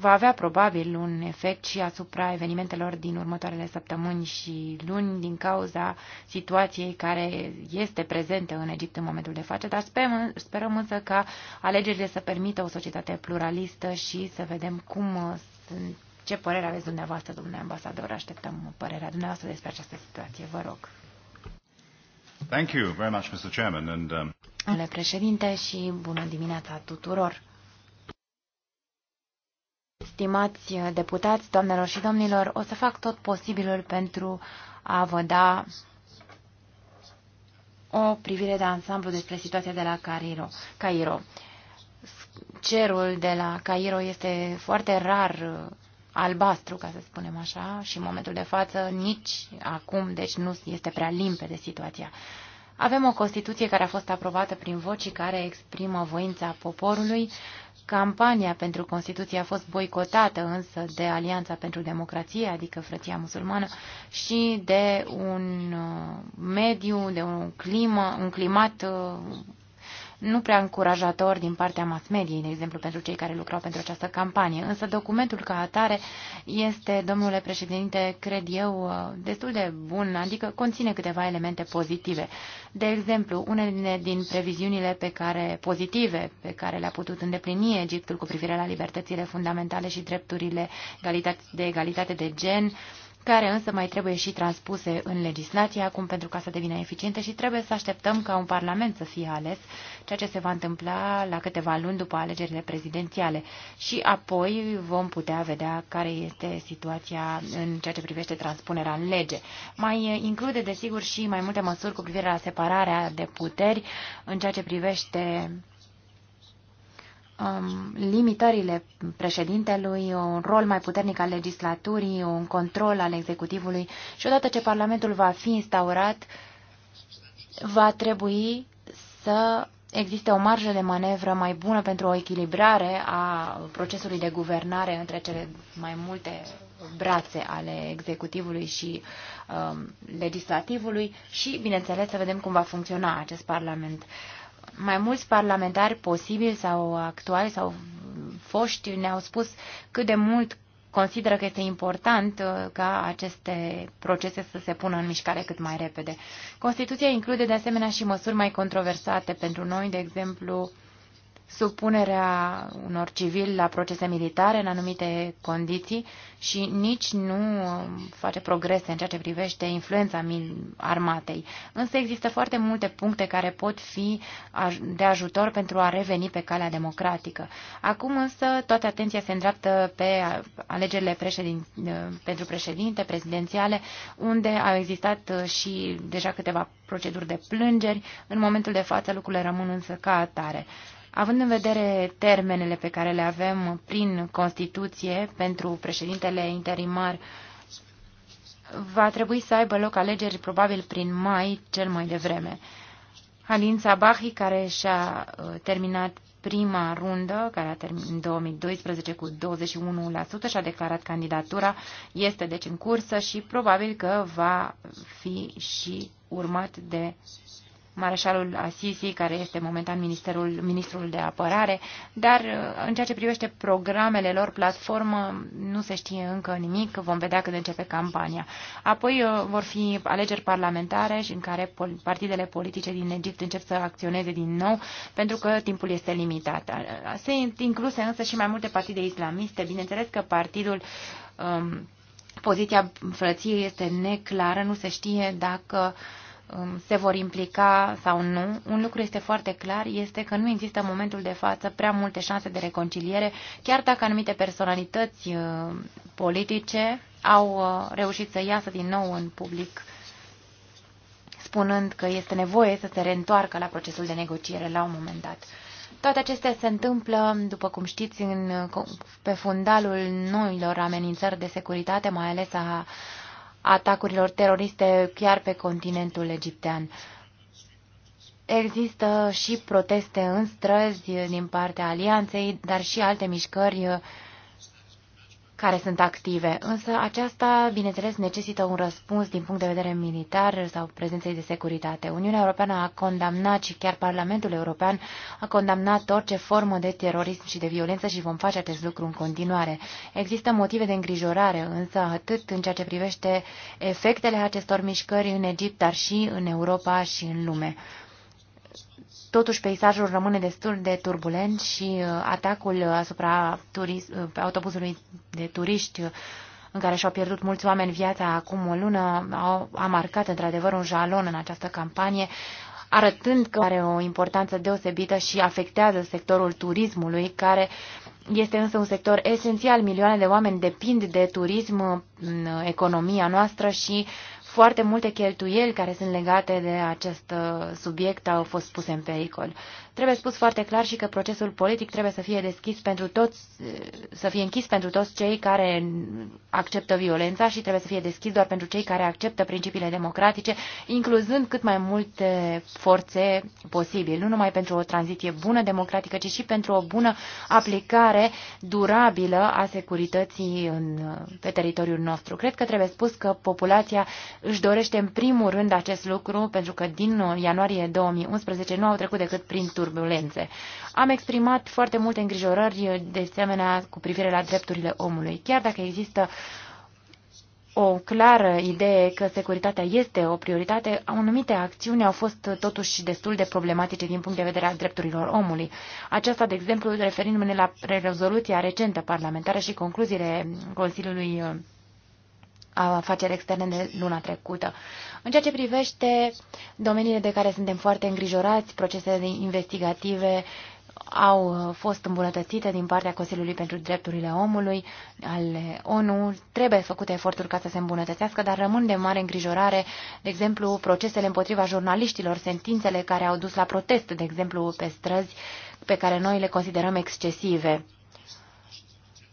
va avea probabil un efect și asupra evenimentelor din următoarele săptămâni și luni din cauza situației care este prezentă în Egipt în momentul de față, dar sperăm, sperăm însă ca alegerile să permită o societate pluralistă și să vedem cum uh, sunt, ce părere aveți dumneavoastră, domnule ambasador. Așteptăm părerea dumneavoastră despre această situație. Vă rog. Thank you very much, Mr. Chairman, and, um... Domnule președinte și bună dimineața tuturor. Stimați eh, deputați, doamnelor și domnilor, o să fac tot posibilul pentru a vă da o privire de ansamblu despre situația de la Cairo. Cairo. Cerul de la Cairo este foarte rar eh, albastru, ca să spunem așa, și în momentul de față nici acum, deci nu este prea limpede situația. Avem o Constituție care a fost aprobată prin voci care exprimă voința poporului Campania pentru Constituție a fost boicotată însă de Alianța pentru Democrație, adică Frăția Musulmană, și de un uh, mediu, de un, climă, un climat uh, nu prea încurajator din partea mass mediei, de exemplu, pentru cei care lucrau pentru această campanie. Însă documentul ca atare este, domnule președinte, cred eu, destul de bun, adică conține câteva elemente pozitive. De exemplu, unele din previziunile pe care, pozitive pe care le-a putut îndeplini Egiptul cu privire la libertățile fundamentale și drepturile de egalitate de gen, uh, care însă mai trebuie și transpuse în legislație acum pentru ca să devină eficiente și trebuie să așteptăm ca un Parlament să fie ales, ceea ce se va întâmpla la câteva luni după alegerile prezidențiale. Și apoi vom putea vedea care este situația în ceea ce privește transpunerea în lege. Mai include, desigur, și mai multe măsuri cu privire la separarea de puteri în ceea ce privește um, limitările președintelui, un rol mai puternic al legislaturii, un control al executivului și odată ce Parlamentul va fi instaurat, va trebui să existe o marjă de manevră mai bună pentru o echilibrare a procesului de guvernare între cele mai multe brațe ale executivului și um, legislativului și, bineînțeles, să vedem cum va funcționa acest Parlament. Uh, mai mulți parlamentari posibili sau actuali sau foști ne-au spus cât de mult consideră că este important uh, ca aceste procese să se pună în mișcare cât mai repede. Constituția include de asemenea și măsuri mai controversate pentru noi, de exemplu, supunerea unor civili la procese militare în anumite condiții și nici nu face progrese în ceea ce privește influența armatei. Însă există foarte multe puncte care pot fi de ajutor pentru a reveni pe calea democratică. Acum însă toată atenția se îndreaptă pe alegerile președin... pentru președinte, prezidențiale, unde au existat uh, și deja câteva proceduri de plângeri. În momentul de față lucrurile rămân însă ca atare. Având în vedere termenele pe care le avem prin Constituție pentru președintele interimar, va trebui să aibă loc alegeri probabil prin mai, cel mai devreme. Halin Sabahi, care și-a uh, terminat prima rundă, care a terminat în 2012 cu 21%, și-a declarat candidatura, este deci în cursă și probabil că va fi și urmat de mareșalul Sisi, care este momentan ministerul, ministrul de apărare, dar uh, în ceea ce privește programele lor, platformă, nu se știe încă nimic, vom vedea când începe campania. Apoi uh, vor fi alegeri parlamentare și în care partidele politice din Egipt încep să acționeze din nou, pentru că timpul este limitat. Uh, se incluse însă și mai multe partide islamiste, bineînțeles că partidul um, Poziția frăției este neclară, nu se știe dacă uh, Um, se vor implica sau nu, un lucru este foarte clar, este că nu există în momentul de față prea multe șanse de reconciliere, chiar dacă anumite personalități uh, politice au uh, reușit să iasă din nou în public spunând că este nevoie să se reîntoarcă la procesul de negociere la un moment dat. Toate acestea se întâmplă, după cum știți, în, pe fundalul noilor amenințări de securitate, mai ales a atacurilor teroriste chiar pe continentul egiptean. Există și proteste în străzi din partea alianței, dar și alte mișcări care sunt active, însă aceasta, bineînțeles, necesită un răspuns din punct de vedere militar sau prezenței de securitate. Uniunea Europeană a condamnat și chiar Parlamentul European a condamnat orice formă de terorism și de violență și vom face acest lucru în continuare. Există motive de îngrijorare, însă, atât în ceea ce privește efectele acestor mișcări în Egipt, dar și în Europa și în lume Totuși, peisajul rămâne destul de turbulent și uh, atacul asupra uh, autobuzului de turiști uh, în care și-au pierdut mulți oameni viața acum o lună au, a marcat într-adevăr un jalon în această campanie, arătând că are o importanță deosebită și afectează sectorul turismului, care este însă un sector esențial. Milioane de oameni depind de turism în economia noastră și uh, foarte multe cheltuieli care sunt legate de acest uh, subiect au fost puse în pericol. Trebuie spus foarte clar și că procesul politic trebuie să fie deschis pentru toți, să fie închis pentru toți cei care acceptă violența și trebuie să fie deschis doar pentru cei care acceptă principiile democratice, incluzând cât mai multe forțe posibil, nu numai pentru o tranziție bună democratică, ci și pentru o bună aplicare durabilă a securității în, pe teritoriul nostru. Cred că trebuie spus că populația își dorește în primul rând acest lucru, pentru că din ianuarie 2011 nu au trecut decât prin tur turbulențe. Am exprimat foarte multe îngrijorări, de asemenea, cu privire la drepturile omului. Chiar dacă există o clară idee că securitatea este o prioritate, anumite acțiuni au fost totuși destul de problematice din punct de vedere al drepturilor omului. Aceasta, de exemplu, referindu-ne la rezoluția recentă parlamentară și concluziile Consiliului afaceri externe de luna trecută. În ceea ce privește domeniile de care suntem foarte îngrijorați, procesele investigative au fost îmbunătățite din partea Consiliului pentru Drepturile Omului al ONU. Trebuie făcute eforturi ca să se îmbunătățească, dar rămân de mare îngrijorare, de exemplu, procesele împotriva jurnaliștilor, sentințele care au dus la protest, de exemplu, pe străzi, pe care noi le considerăm excesive.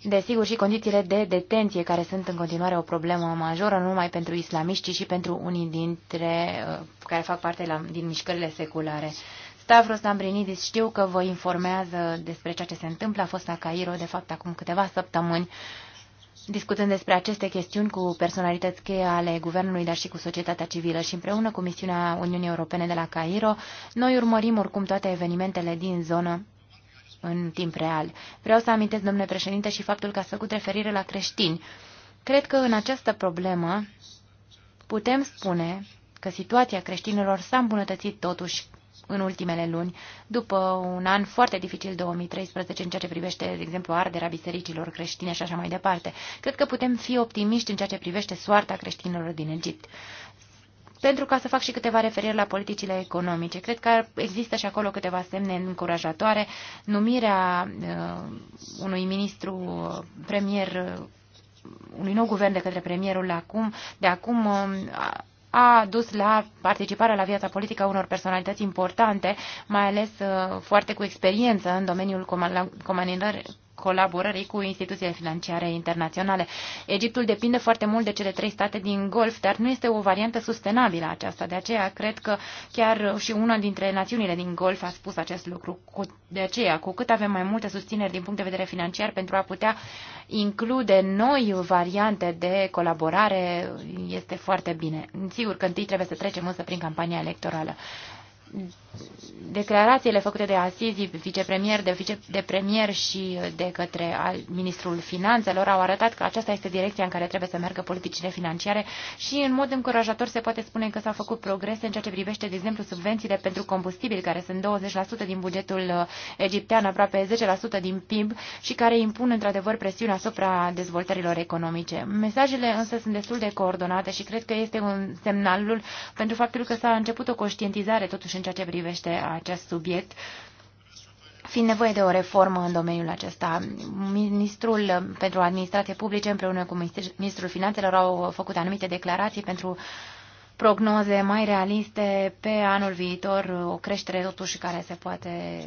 Desigur, și condițiile de detenție, care sunt în continuare o problemă majoră, nu numai pentru islamiști, ci și pentru unii dintre uh, care fac parte la, din mișcările seculare. Stavros Lambrinidis știu că vă informează despre ceea ce se întâmplă. A fost la Cairo, de fapt, acum câteva săptămâni, discutând despre aceste chestiuni cu personalități cheie ale guvernului, dar și cu societatea civilă și împreună cu misiunea Uniunii Europene de la Cairo, noi urmărim oricum toate evenimentele din zonă în timp real. Vreau să amintesc, domnule președinte, și faptul că ați făcut referire la creștini. Cred că în această problemă putem spune că situația creștinilor s-a îmbunătățit totuși în ultimele luni, după un an foarte dificil 2013 în ceea ce privește, de exemplu, arderea bisericilor creștine și așa mai departe. Cred că putem fi optimiști în ceea ce privește soarta creștinilor din Egipt pentru ca să fac și câteva referiri la politicile economice. Cred că există și acolo câteva semne încurajatoare. Numirea uh, unui ministru uh, premier uh, unui nou guvern de către premierul acum, de acum a dus la participarea la viața politică a unor personalități importante, mai ales foarte cu experiență în domeniul colaborării cu instituțiile financiare internaționale. Egiptul depinde foarte mult de cele trei state din Golf, dar nu este o variantă sustenabilă aceasta. De aceea cred că chiar și una dintre națiunile din Golf a spus acest lucru. De aceea, cu cât avem mai multe susțineri din punct de vedere financiar pentru a putea include noi variante de colaborare, este foarte bine. Sigur că întâi trebuie să trecem însă prin campania electorală declarațiile făcute de Asizi, vicepremier, de, vice, de premier și de către al, ministrul finanțelor au arătat că aceasta este direcția în care trebuie să meargă politicile financiare și în mod încurajator se poate spune că s-au făcut progrese în ceea ce privește, de exemplu, subvențiile pentru combustibil, care sunt 20% din bugetul uh, egiptean, aproape 10% din PIB și care impun într-adevăr presiune asupra dezvoltărilor economice. Mesajele însă sunt destul de coordonate și cred că este un semnalul pentru faptul că s-a început o conștientizare totuși în ceea ce privește acest subiect fiind nevoie de o reformă în domeniul acesta. Ministrul pentru administrație publice împreună cu ministrul finanțelor au făcut anumite declarații pentru prognoze mai realiste pe anul viitor, o creștere totuși care se poate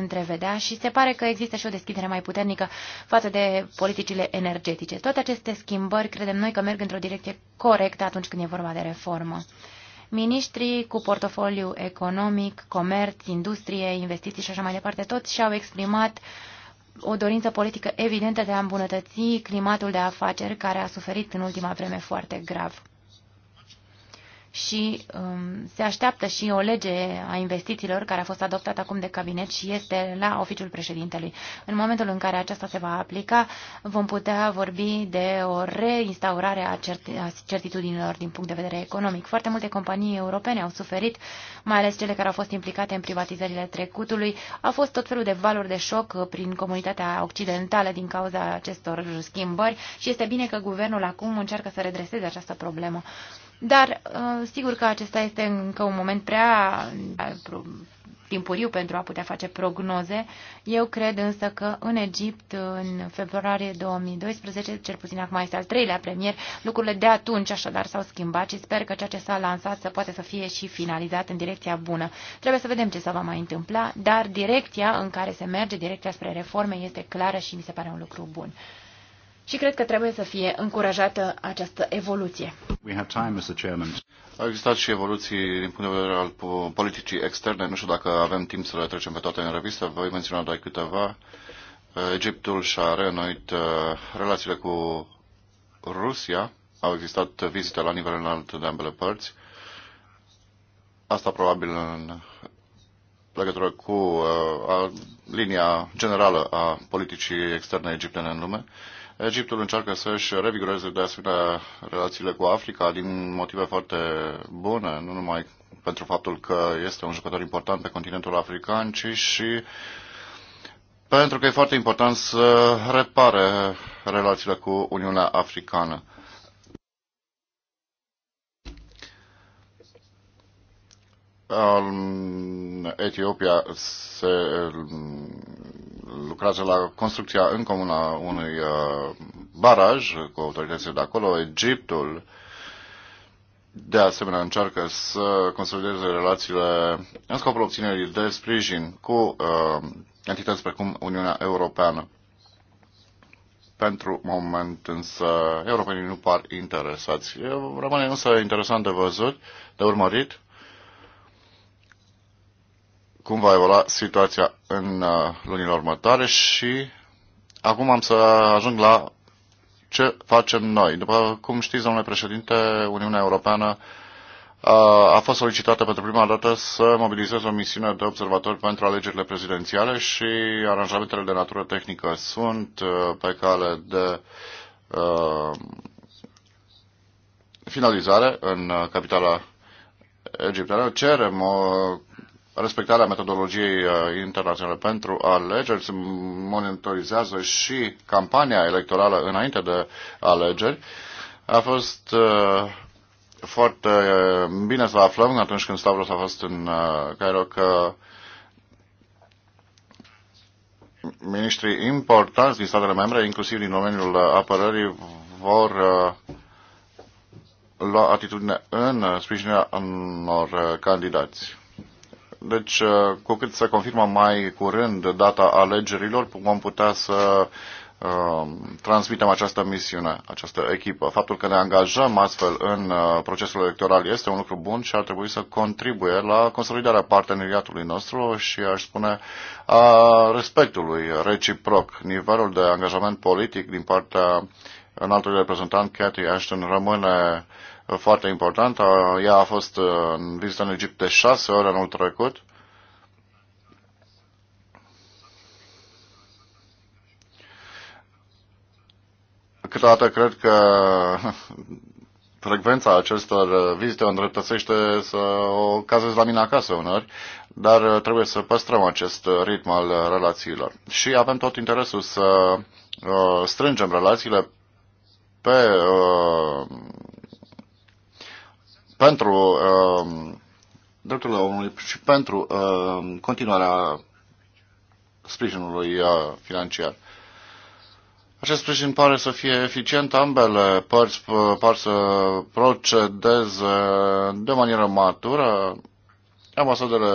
întrevedea și se pare că există și o deschidere mai puternică față de politicile energetice. Toate aceste schimbări credem noi că merg într-o direcție corectă atunci când e vorba de reformă. Ministrii cu portofoliu economic, comerț, industrie, investiții și așa mai departe, toți și-au exprimat o dorință politică evidentă de a îmbunătăți climatul de afaceri care a suferit în ultima vreme foarte grav și um, se așteaptă și o lege a investițiilor care a fost adoptată acum de cabinet și este la oficiul președintelui. În momentul în care aceasta se va aplica, vom putea vorbi de o reinstaurare a, cert- a certitudinilor din punct de vedere economic. Foarte multe companii europene au suferit, mai ales cele care au fost implicate în privatizările trecutului. A fost tot felul de valuri de șoc prin comunitatea occidentală din cauza acestor schimbări și este bine că guvernul acum încearcă să redreseze această problemă. Dar uh, sigur că acesta este încă un moment prea uh, timpuriu pentru a putea face prognoze. Eu cred însă că în Egipt, în februarie 2012, cel puțin acum este al treilea premier, lucrurile de atunci așadar s-au schimbat și sper că ceea ce s-a lansat să poate să fie și finalizat în direcția bună. Trebuie să vedem ce se va mai întâmpla, dar direcția în care se merge, direcția spre reforme, este clară și mi se pare un lucru bun și cred că trebuie să fie încurajată această evoluție. A Au existat și evoluții din punct de vedere al politicii externe. Nu știu dacă avem timp să le trecem pe toate în revistă. Voi menționa doar câteva. Uh, Egiptul și-a reînnoit uh, relațiile cu Rusia. Au existat vizite la nivel înalt de ambele părți. Asta probabil în legătură cu uh, a, linia generală a politicii externe egiptene în lume. Uh, Egiptul încearcă să-și revigoreze de asemenea relațiile cu Africa din motive foarte bune, nu numai pentru faptul că este un jucător important pe continentul african, ci și pentru că e foarte important să repare relațiile cu Uniunea Africană. Etiopia se lucrează la construcția în comuna unui uh, baraj cu autoritățile de acolo. Egiptul, de asemenea, încearcă să consolideze relațiile în scopul obținerii de sprijin cu uh, entități precum Uniunea Europeană. Pentru moment însă europenii nu par interesați. Rămâne însă interesant de văzut, de urmărit cum va evolua situația în uh, lunile următoare și acum am să ajung la ce facem noi. După cum știți, domnule președinte, Uniunea Europeană uh, a fost solicitată pentru prima dată să mobilizeze o misiune de observatori pentru alegerile prezidențiale și aranjamentele de natură tehnică sunt uh, pe cale de uh, finalizare în capitala egipteană. Cerem o respectarea metodologiei uh, internaționale pentru alegeri, se monitorizează și campania electorală înainte de alegeri. A fost uh, foarte bine să aflăm atunci când Stavros a fost în uh, Cairo că ministrii importanți din statele membre, inclusiv din domeniul apărării, vor lua atitudine în sprijinirea unor candidați. Deci, uh, cu cât se confirmă mai curând data alegerilor, vom putea să uh, transmitem această misiune, această echipă. Faptul că ne angajăm astfel în uh, procesul electoral este un lucru bun și ar trebui să contribuie la consolidarea parteneriatului nostru și, aș spune, a respectului reciproc. Nivelul de angajament politic din partea înaltului reprezentant, Cathy Ashton, rămâne foarte importantă. Ea a fost uh, în vizită în Egipt de șase ore anul trecut. Câteodată cred că <laughs> frecvența acestor uh, vizite o îndreptățește să o cazez la mine acasă uneori, dar uh, trebuie să păstrăm acest ritm al relațiilor. Și avem tot interesul să strângem relațiile pe pentru uh, drepturile omului și pentru uh, continuarea sprijinului uh, financiar. Acest sprijin pare să fie eficient, ambele părți uh, par să procedeze de manieră matură. Ambasadele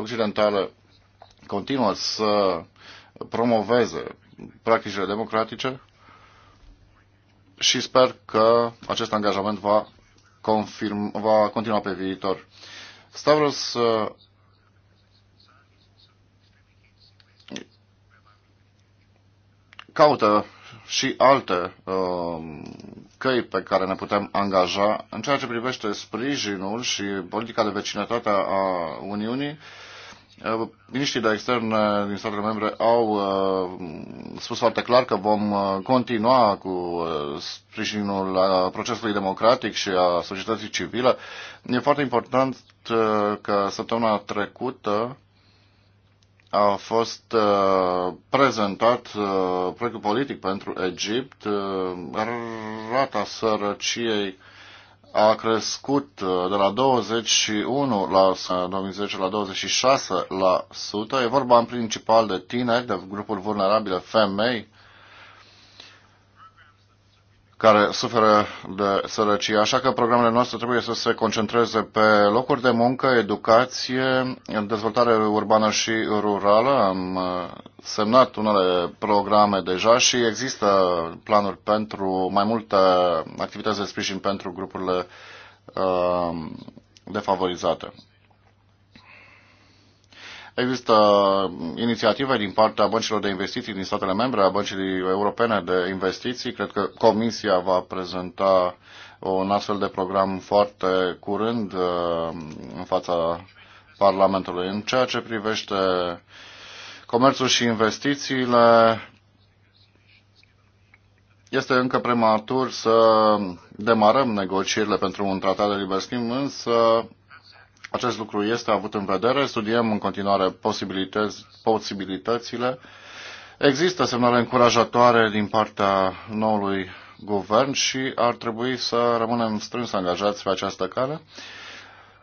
occidentale continuă să promoveze practicile democratice și sper că acest angajament va confirm, va continua pe viitor. Stavros uh, caută și alte uh, căi pe care ne putem angaja în ceea ce privește sprijinul și politica de vecinătate a Uniunii Uh, miniștrii de externe uh, din statele membre au uh, spus foarte clar că vom continua cu sprijinul procesului democratic și a societății civile. E foarte important că săptămâna trecută a fost prezentat proiectul politic pentru Egipt. Rata sărăciei a crescut uh, de la 21 la 2010 uh, la 26 la sută. E vorba în principal de tineri, de grupuri vulnerabile, femei, care suferă de sărăcie. Așa că programele noastre trebuie să se concentreze pe locuri de muncă, educație, dezvoltare urbană și rurală. Am uh, semnat unele programe deja și există planuri pentru mai multe activități de sprijin pentru grupurile uh, defavorizate. Există inițiative din partea băncilor de investiții din statele membre, a băncii europene de investiții. Cred că Comisia va prezenta un astfel de program foarte curând uh, în fața Parlamentului. În ceea ce privește comerțul și investițiile, este încă prematur să demarăm negocierile pentru un tratat de liber schimb, însă acest lucru este avut în vedere, studiem în continuare posibilități, posibilitățile. Există semnale încurajatoare din partea noului guvern și ar trebui să rămânem strâns angajați pe această cale.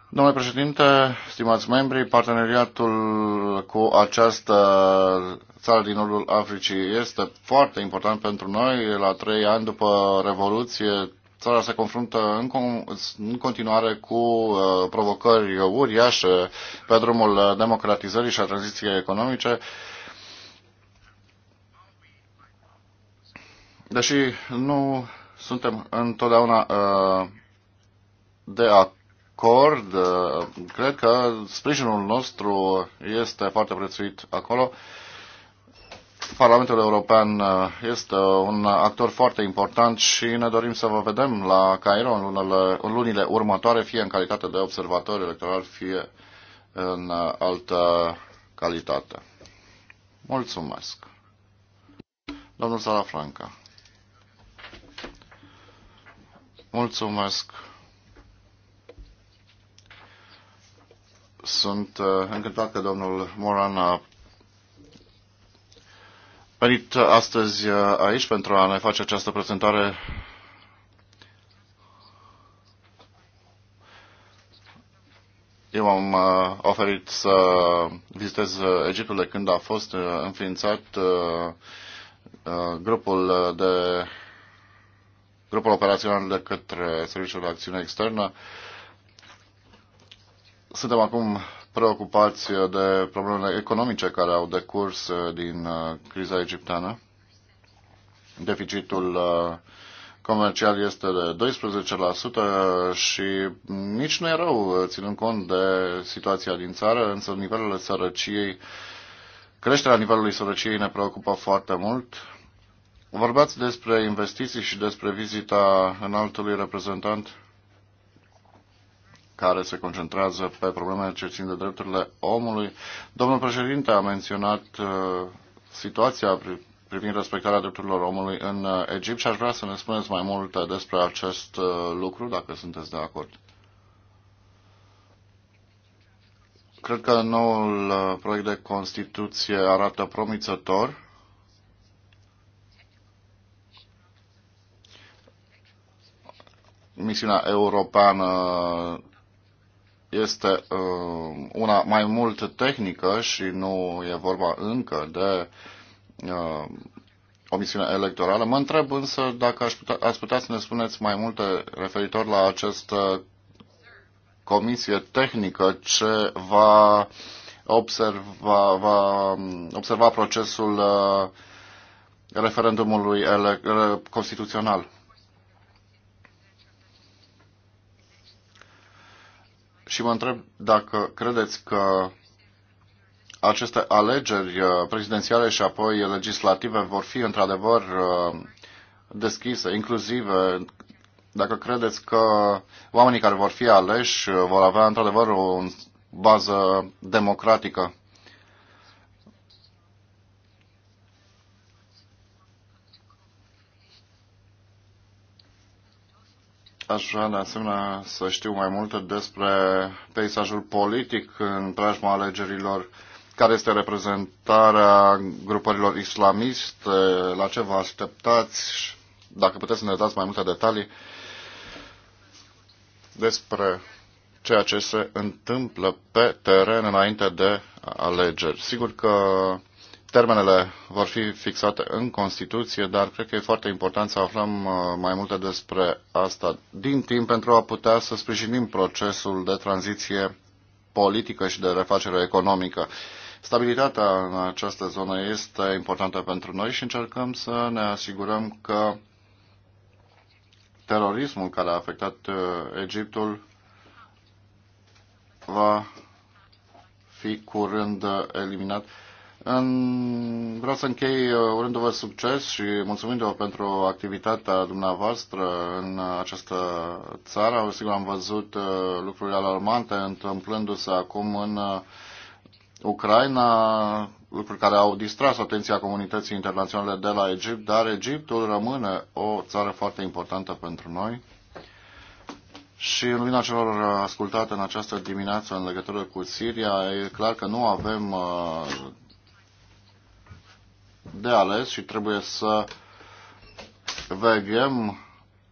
Domnule președinte, stimați membri, parteneriatul cu această țară din nordul Africii este foarte important pentru noi. La trei ani după Revoluție țara se confruntă în, în continuare cu uh, provocări uriașe pe drumul democratizării și a tranziției economice. Deși nu suntem întotdeauna uh, de acord, uh, cred că sprijinul nostru este foarte prețuit acolo. Parlamentul European uh, este un actor foarte important și ne dorim să vă vedem la Cairo în lunile, în lunile următoare, fie în calitate de observator electoral, fie în altă calitate. Mulțumesc. Domnul Salafranca. Mulțumesc. Sunt uh, încântat că domnul Moran a venit astăzi uh, aici pentru a ne face această prezentare Eu am uh, oferit să vizitez Egiptul de când a fost uh, înființat grupul de grupul operațional de către Serviciul de Acțiune Externă. Suntem acum preocupați de problemele economice care au decurs uh, din uh, criza egipteană. Deficitul uh, comercial este de 12% și nici nu e rău, ținând cont de situația din țară, însă nivelul sărăciei, creșterea nivelului sărăciei ne preocupă foarte mult. Vorbați despre investiții și despre vizita înaltului reprezentant care se concentrează pe problemele ce țin de drepturile omului. Domnul președinte a menționat uh, situația privind respectarea drepturilor omului în uh, Egipt și aș vrea să ne spuneți mai multe despre acest uh, lucru, dacă sunteți de acord. Cred că noul proiect de Constituție arată promițător. Misiunea europeană este um, una mai mult tehnică și nu e vorba încă de um, o misiune electorală. Mă întreb însă dacă aș putea, ați putea să ne spuneți mai multe referitor la această comisie tehnică ce va observa, va observa procesul uh, referendumului ele, uh, constituțional. și mă întreb dacă credeți că aceste alegeri uh, prezidențiale și apoi legislative vor fi într-adevăr uh, deschise, inclusive, dacă credeți că oamenii care vor fi aleși uh, vor avea într-adevăr o bază democratică. Aș vrea de asemenea să știu mai multe despre peisajul politic în preajma alegerilor, care este reprezentarea grupărilor islamiste, la ce vă așteptați, dacă puteți să ne dați mai multe detalii despre ceea ce se întâmplă pe teren înainte de alegeri. Sigur că Termenele vor fi fixate în Constituție, dar cred că e foarte important să aflăm uh, mai multe despre asta din timp pentru a putea să sprijinim procesul de tranziție politică și de refacere economică. Stabilitatea în această zonă este importantă pentru noi și încercăm să ne asigurăm că terorismul care a afectat uh, Egiptul va fi curând uh, eliminat. În, vreau să închei uh, urându-vă succes și mulțumindu-vă pentru activitatea dumneavoastră în această țară. Sigur am văzut uh, lucruri alarmante întâmplându-se acum în uh, Ucraina, lucruri care au distras atenția comunității internaționale de la Egipt, dar Egiptul rămâne o țară foarte importantă pentru noi. Și în lumina celor ascultate în această dimineață în legătură cu Siria, e clar că nu avem de ales și trebuie să vegem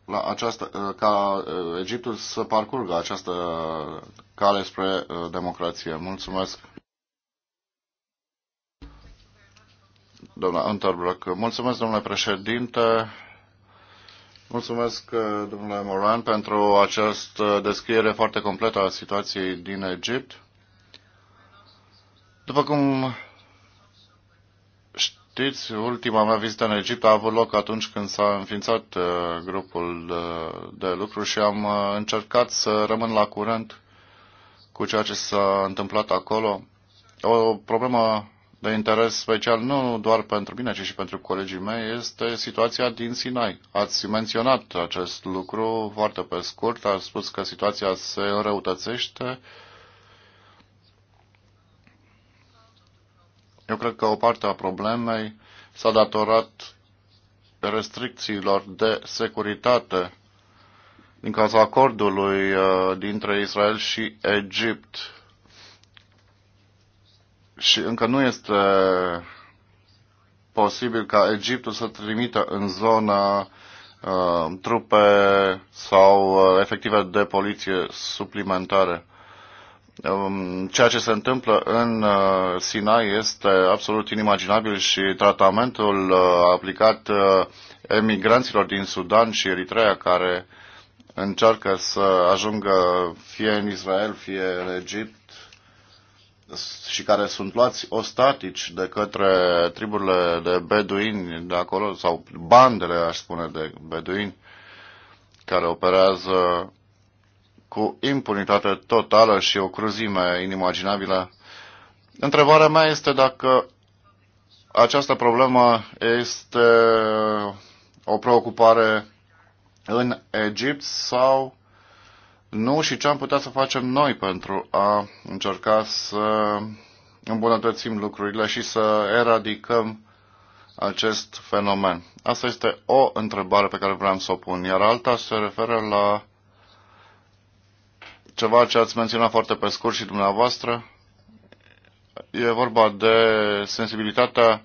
la această, uh, ca uh, Egiptul să parcurgă această uh, cale spre democrație. Mulțumesc! Doamna Unterbrock, mulțumesc, domnule președinte, mulțumesc, domnule Moran, pentru această descriere foarte completă a situației din Egipt. După cum știți, ultima mea vizită în Egipt a avut loc atunci când s-a înființat uh, grupul uh, de lucru și am uh, încercat să rămân la curent cu ceea ce s-a întâmplat acolo. O problemă de interes special, nu doar pentru mine, ci și pentru colegii mei, este situația din Sinai. Ați menționat acest lucru foarte pe scurt, ați spus că situația se înrăutățește Eu cred că o parte a problemei s-a datorat restricțiilor de securitate din cauza acordului uh, dintre Israel și Egipt. Și încă nu este posibil ca Egiptul să trimită în zona uh, trupe sau uh, efective de poliție suplimentare. Um, ceea ce se întâmplă în uh, Sinai este absolut inimaginabil și tratamentul uh, aplicat uh, emigranților din Sudan și Eritrea care încearcă să ajungă fie în Israel, fie în Egipt și care sunt luați ostatici de către triburile de beduini de acolo, sau bandele, aș spune, de beduini, care operează cu impunitate totală și o cruzime inimaginabilă. Întrebarea mea este dacă această problemă este o preocupare în Egipt sau nu și ce am putea să facem noi pentru a încerca să îmbunătățim lucrurile și să eradicăm acest fenomen. Asta este o întrebare pe care vreau să o pun, iar alta se referă la ceva ce ați menționat foarte pe scurt și dumneavoastră. E vorba de sensibilitatea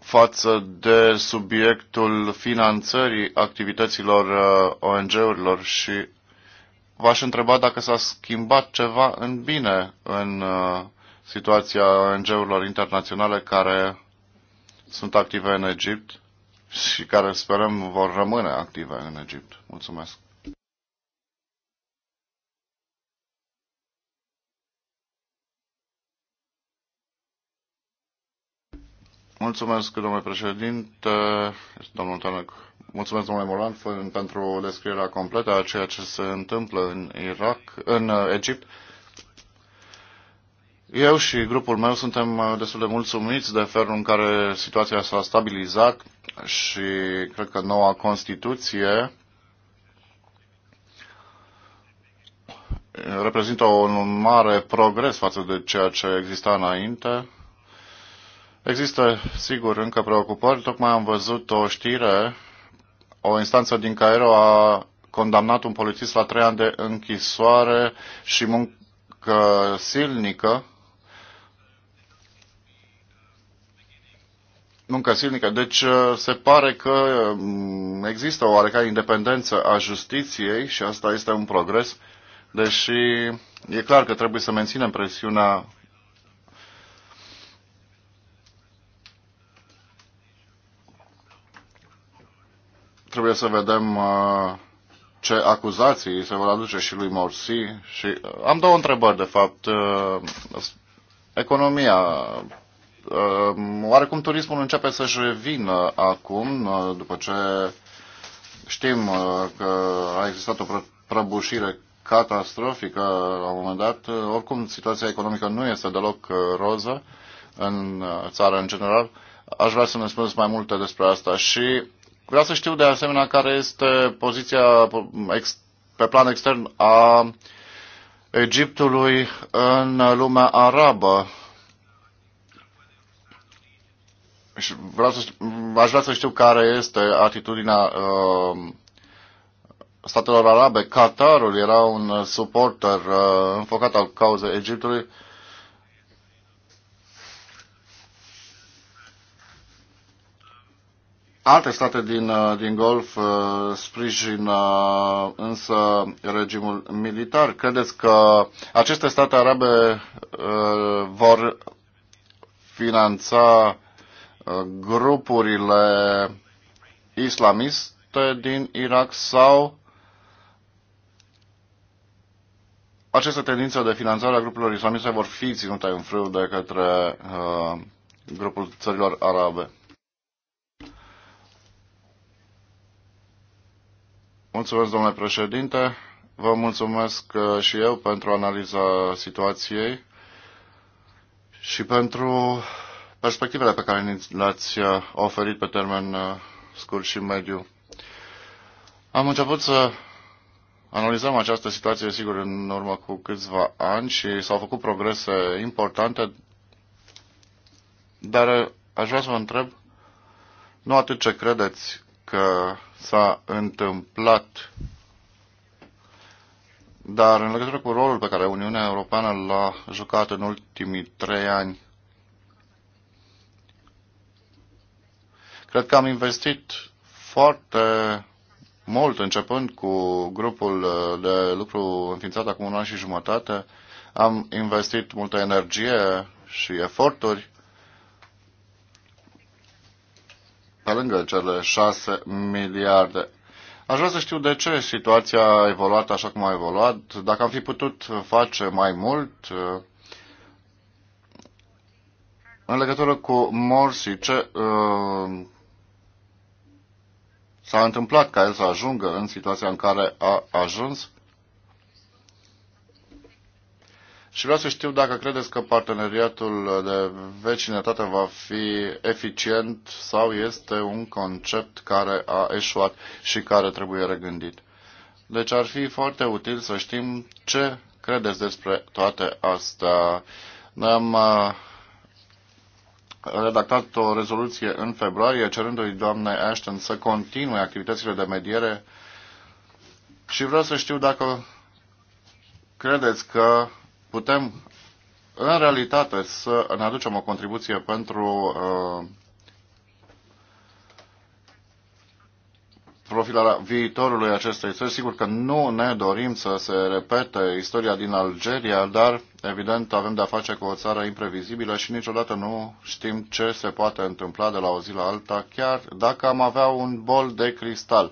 față de subiectul finanțării activităților uh, ONG-urilor și v-aș întreba dacă s-a schimbat ceva în bine în uh, situația ONG-urilor internaționale care sunt active în Egipt și care sperăm vor rămâne active în Egipt. Mulțumesc! Mulțumesc, domnule președinte, domnul Tanăc. Mulțumesc, domnule Moran, pentru descrierea completă a ceea ce se întâmplă în Irak, în Egipt. Eu și grupul meu suntem uh, destul de mulțumiți de felul în care situația s-a stabilizat și cred că noua Constituție uh, reprezintă un mare progres față de ceea ce exista înainte. Există, sigur, încă preocupări. Tocmai am văzut o știre. O instanță din Cairo a condamnat un polițist la trei ani de închisoare și muncă silnică muncă silnică. Deci uh, se pare că um, există o oarecare independență a justiției și asta este un progres, deși e clar că trebuie să menținem presiunea Trebuie să vedem uh, ce acuzații se vor aduce și lui Morsi. Și uh, am două întrebări, de fapt. Economia Ehm, oarecum turismul începe să-și revină acum, după ce știm că a existat o prăbușire catastrofică la un moment dat. Oricum, situația economică nu este deloc uh, roză în uh, țară în general. Aș vrea să ne spuneți mai multe despre asta și vreau să știu de asemenea care este poziția um, pe plan extern a Egiptului în uh, lumea arabă Și vreau să, aș vrea să știu care este atitudinea uh, statelor arabe. Qatarul era un suporter uh, înfocat al cauzei Egiptului. Alte state din, uh, din Golf uh, sprijină uh, însă regimul militar. Credeți că aceste state arabe vor finanța grupurile islamiste din Irak sau aceste tendințe de finanțare a grupurilor islamiste vor fi ținute în frâu de către uh, grupul țărilor arabe. Mulțumesc, domnule președinte. Vă mulțumesc uh, și eu pentru analiza situației și pentru perspectivele pe care le-ați uh, oferit pe termen uh, scurt și mediu. Am început să analizăm această situație, sigur, în urmă cu câțiva ani și s-au făcut progrese importante, dar uh, aș vrea să vă întreb nu atât ce credeți că s-a întâmplat, dar în legătură cu rolul pe care Uniunea Europeană l-a jucat în ultimii trei ani Cred că am investit foarte mult, începând cu grupul uh, de lucru înființat acum un an și jumătate. Am investit multă energie și eforturi pe lângă cele 6 miliarde. Aș vrea să știu de ce situația a evoluat așa cum a evoluat, dacă am fi putut face mai mult uh, în legătură cu Morsi, ce uh, s-a întâmplat ca el să ajungă în situația în care a ajuns. Și vreau să știu dacă credeți că parteneriatul de vecinătate va fi eficient sau este un concept care a eșuat și care trebuie regândit. Deci ar fi foarte util să știm ce credeți despre toate astea. Ne-am uh, redactat o rezoluție în februarie cerându-i doamnei Ashton să continue activitățile de mediere și vreau să știu dacă credeți că putem în realitate să ne aducem o contribuție pentru uh, profilarea viitorului acestei țări. Sigur că nu ne dorim să se repete istoria din Algeria, dar evident avem de-a face cu o țară imprevizibilă și niciodată nu știm ce se poate întâmpla de la o zi la alta, chiar dacă am avea un bol de cristal.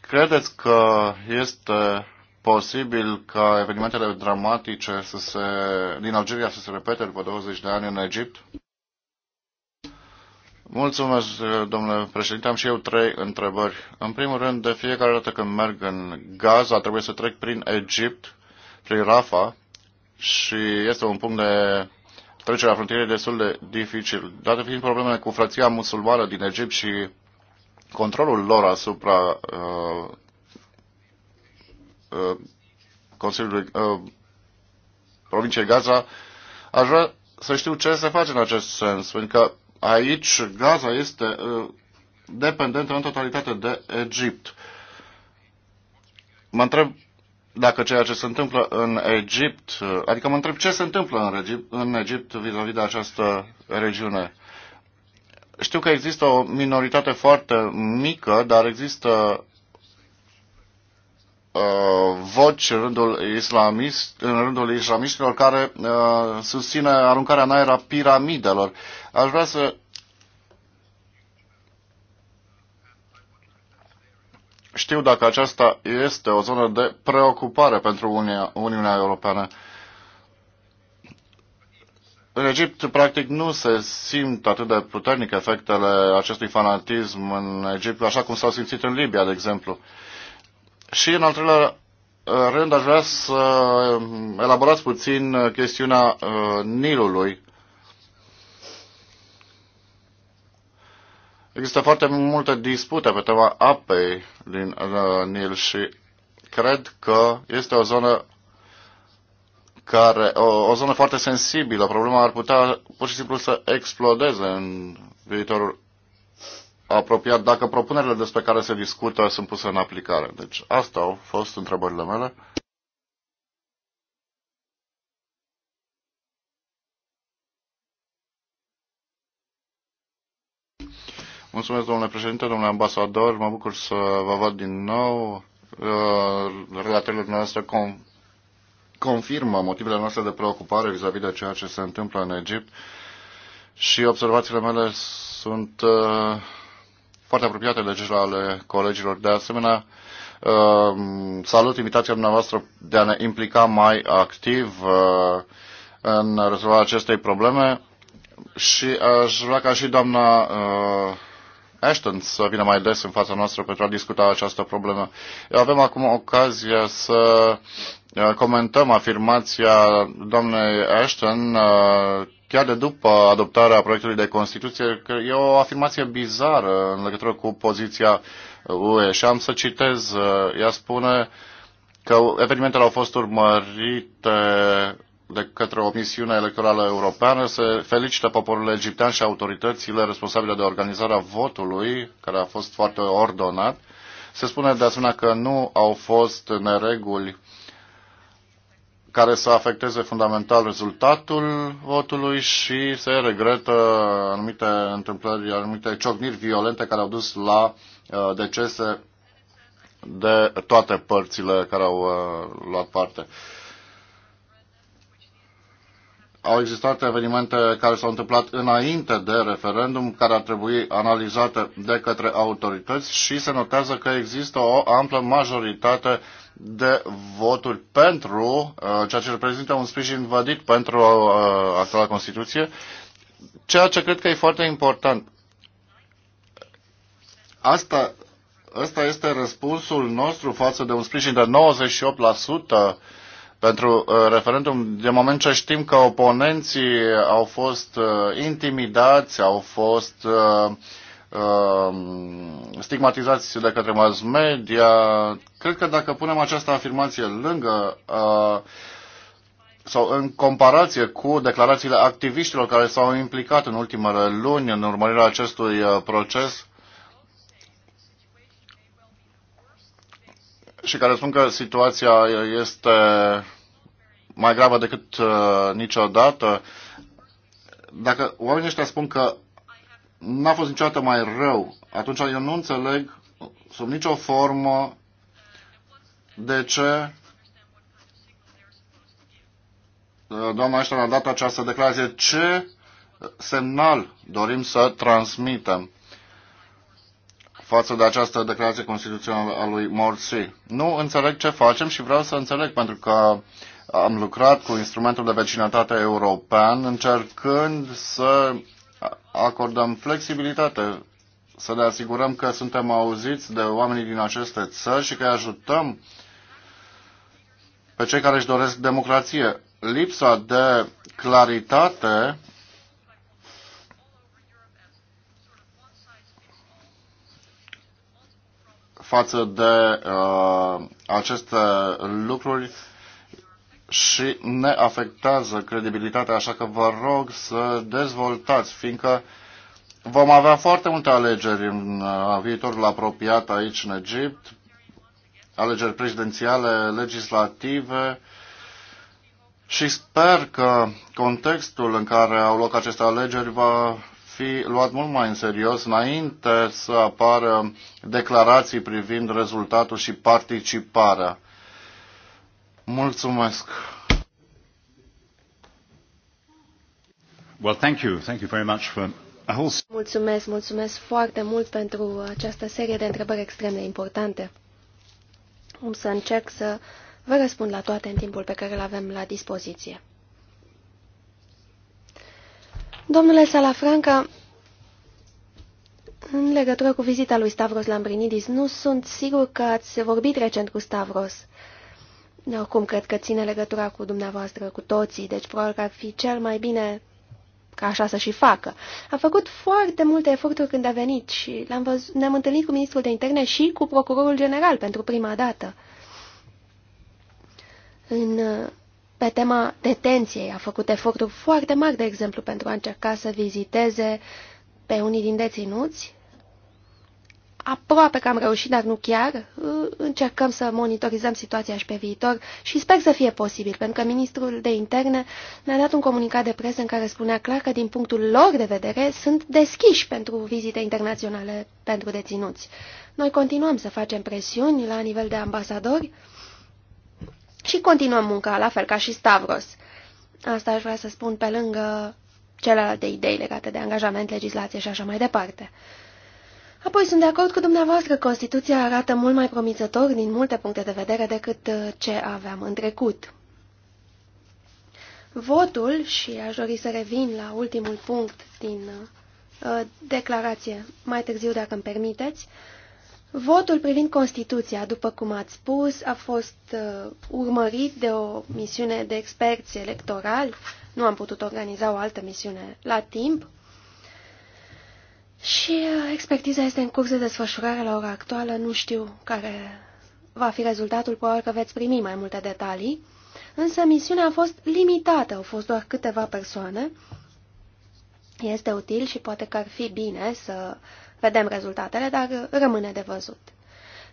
Credeți că este posibil ca evenimentele dramatice să se, din Algeria să se repete după 20 de ani în Egipt? Mulțumesc, domnule președinte. Am și eu trei întrebări. În primul rând, de fiecare dată când merg în Gaza, trebuie să trec prin Egipt, prin Rafa, și este un punct de trecere a frontierei destul de dificil. Dată fiind problemele cu frăția musulmană din Egipt și controlul lor asupra uh, uh, uh, Provinciei Gaza, aș vrea să știu ce se face în acest sens, pentru că aici Gaza este uh, dependentă în totalitate de Egipt. Mă întreb dacă ceea ce se întâmplă în Egipt, uh, adică mă întreb ce se întâmplă în Egipt, în Egipt vis-a-vis -vis de această regiune. Știu că există o minoritate foarte mică, dar există uh, voci în rândul, islamist, în rândul islamiștilor care uh, susține aruncarea în aer a piramidelor. Aș vrea să știu dacă aceasta este o zonă de preocupare pentru Uni Uniunea Europeană. În Egipt, practic, nu se simt atât de puternic efectele acestui fanatism în Egipt, așa cum s-au simțit în Libia, de exemplu. Și, în al treilea rând, aș vrea să elaborați puțin chestiunea uh, Nilului. Există foarte multe dispute pe tema apei din uh, Nil și cred că este o zonă care, o, o zonă foarte sensibilă. Problema ar putea pur și simplu să explodeze în viitorul apropiat dacă propunerile despre care se discută sunt puse în aplicare. Deci asta au fost întrebările mele. Mulțumesc, domnule președinte, domnule ambasador. Mă bucur să vă văd din nou. Uh, Relatările noastre confirmă motivele noastre de preocupare vis-a-vis -vis de ceea ce se întâmplă în Egipt și observațiile mele sunt uh, foarte apropiate de cele ale colegilor. De asemenea, uh, salut invitația dumneavoastră de a ne implica mai activ în rezolvarea acestei probleme și aș vrea ca și doamna uh, Ashton să vină mai des în fața noastră pentru a discuta această problemă. Avem acum ocazia să uh, comentăm afirmația doamnei Ashton uh, chiar de după adoptarea proiectului de Constituție, că e o afirmație bizară în legătură cu poziția UE. Și am să citez, uh, ea spune că evenimentele au fost urmărite de către o misiune electorală europeană se felicită poporul egiptean și autoritățile responsabile de organizarea votului, care a fost foarte ordonat. Se spune de asemenea că nu au fost nereguli care să afecteze fundamental rezultatul votului și se regretă anumite întâmplări, anumite ciocniri violente care au dus la uh, decese de toate părțile care au uh, luat parte au existat evenimente care s-au întâmplat înainte de referendum, care ar trebui analizate de către autorități și se notează că există o amplă majoritate de voturi pentru, uh, ceea ce reprezintă un sprijin vădit pentru uh, actuala Constituție, ceea ce cred că e foarte important. Asta, asta este răspunsul nostru față de un sprijin de 98% pentru uh, referendum, de moment ce știm că oponenții au fost uh, intimidați, au fost uh, stigmatizați de către mass media. Cred că dacă punem această afirmație lângă sau în comparație cu declarațiile activiștilor care s-au implicat în ultimele luni în urmărirea acestui proces, și care spun că situația este mai gravă decât uh, niciodată. Dacă oamenii ăștia spun că n-a fost niciodată mai rău, atunci eu nu înțeleg sub nicio formă de ce uh, doamna Ashton a dat această declarație. Ce semnal dorim să transmitem? față de această declarație constituțională a lui Morsi. Nu înțeleg ce facem și vreau să înțeleg, pentru că am lucrat cu instrumentul de vecinătate european, încercând să acordăm flexibilitate, să ne asigurăm că suntem auziți de oamenii din aceste țări și că îi ajutăm pe cei care își doresc democrație. Lipsa de claritate față de uh, aceste lucruri și ne afectează credibilitatea, așa că vă rog să dezvoltați, fiindcă vom avea foarte multe alegeri în uh, viitorul apropiat aici în Egipt, alegeri prezidențiale, legislative și sper că contextul în care au loc aceste alegeri va fi luat mult mai în serios înainte să apară declarații privind rezultatul și participarea. Mulțumesc! Well, thank you. Thank you very much for a whole... Mulțumesc, mulțumesc foarte mult pentru această serie de întrebări extrem de importante. Um, să încerc să vă răspund la toate în timpul pe care îl avem la dispoziție. Domnule Salafranca, în legătură cu vizita lui Stavros Lambrinidis, nu sunt sigur că ați vorbit recent cu Stavros. Oricum, cred că ține legătura cu dumneavoastră, cu toții, deci probabil că ar fi cel mai bine ca așa să și facă. A făcut foarte multe eforturi când a venit și ne-am ne întâlnit cu ministrul de interne și cu procurorul general pentru prima dată. În pe tema detenției. A făcut eforturi foarte mari, de exemplu, pentru a încerca să viziteze pe unii din deținuți. Aproape că am reușit, dar nu chiar. Încercăm să monitorizăm situația și pe viitor și sper să fie posibil, pentru că ministrul de interne ne-a dat un comunicat de presă în care spunea clar că, din punctul lor de vedere, sunt deschiși pentru vizite internaționale pentru deținuți. Noi continuăm să facem presiuni la nivel de ambasadori, și continuăm munca, la fel ca și Stavros. Asta aș vrea să spun pe lângă celelalte idei legate de angajament, legislație și așa mai departe. Apoi sunt de acord cu dumneavoastră că Constituția arată mult mai promițător din multe puncte de vedere decât uh, ce aveam în trecut. Votul, și aș dori să revin la ultimul punct din uh, declarație mai târziu, dacă îmi permiteți, uh, Votul privind Constituția, după cum ați spus, a fost uh, urmărit de o misiune de experți electorali. Nu am putut organiza o altă misiune la timp. Și uh, expertiza este în curs de desfășurare la ora actuală. Nu știu care va fi rezultatul, probabil că veți primi mai multe detalii. Însă misiunea a fost limitată, au fost doar câteva persoane. Este util și poate că ar fi bine să Vedem rezultatele, dar rămâne de văzut.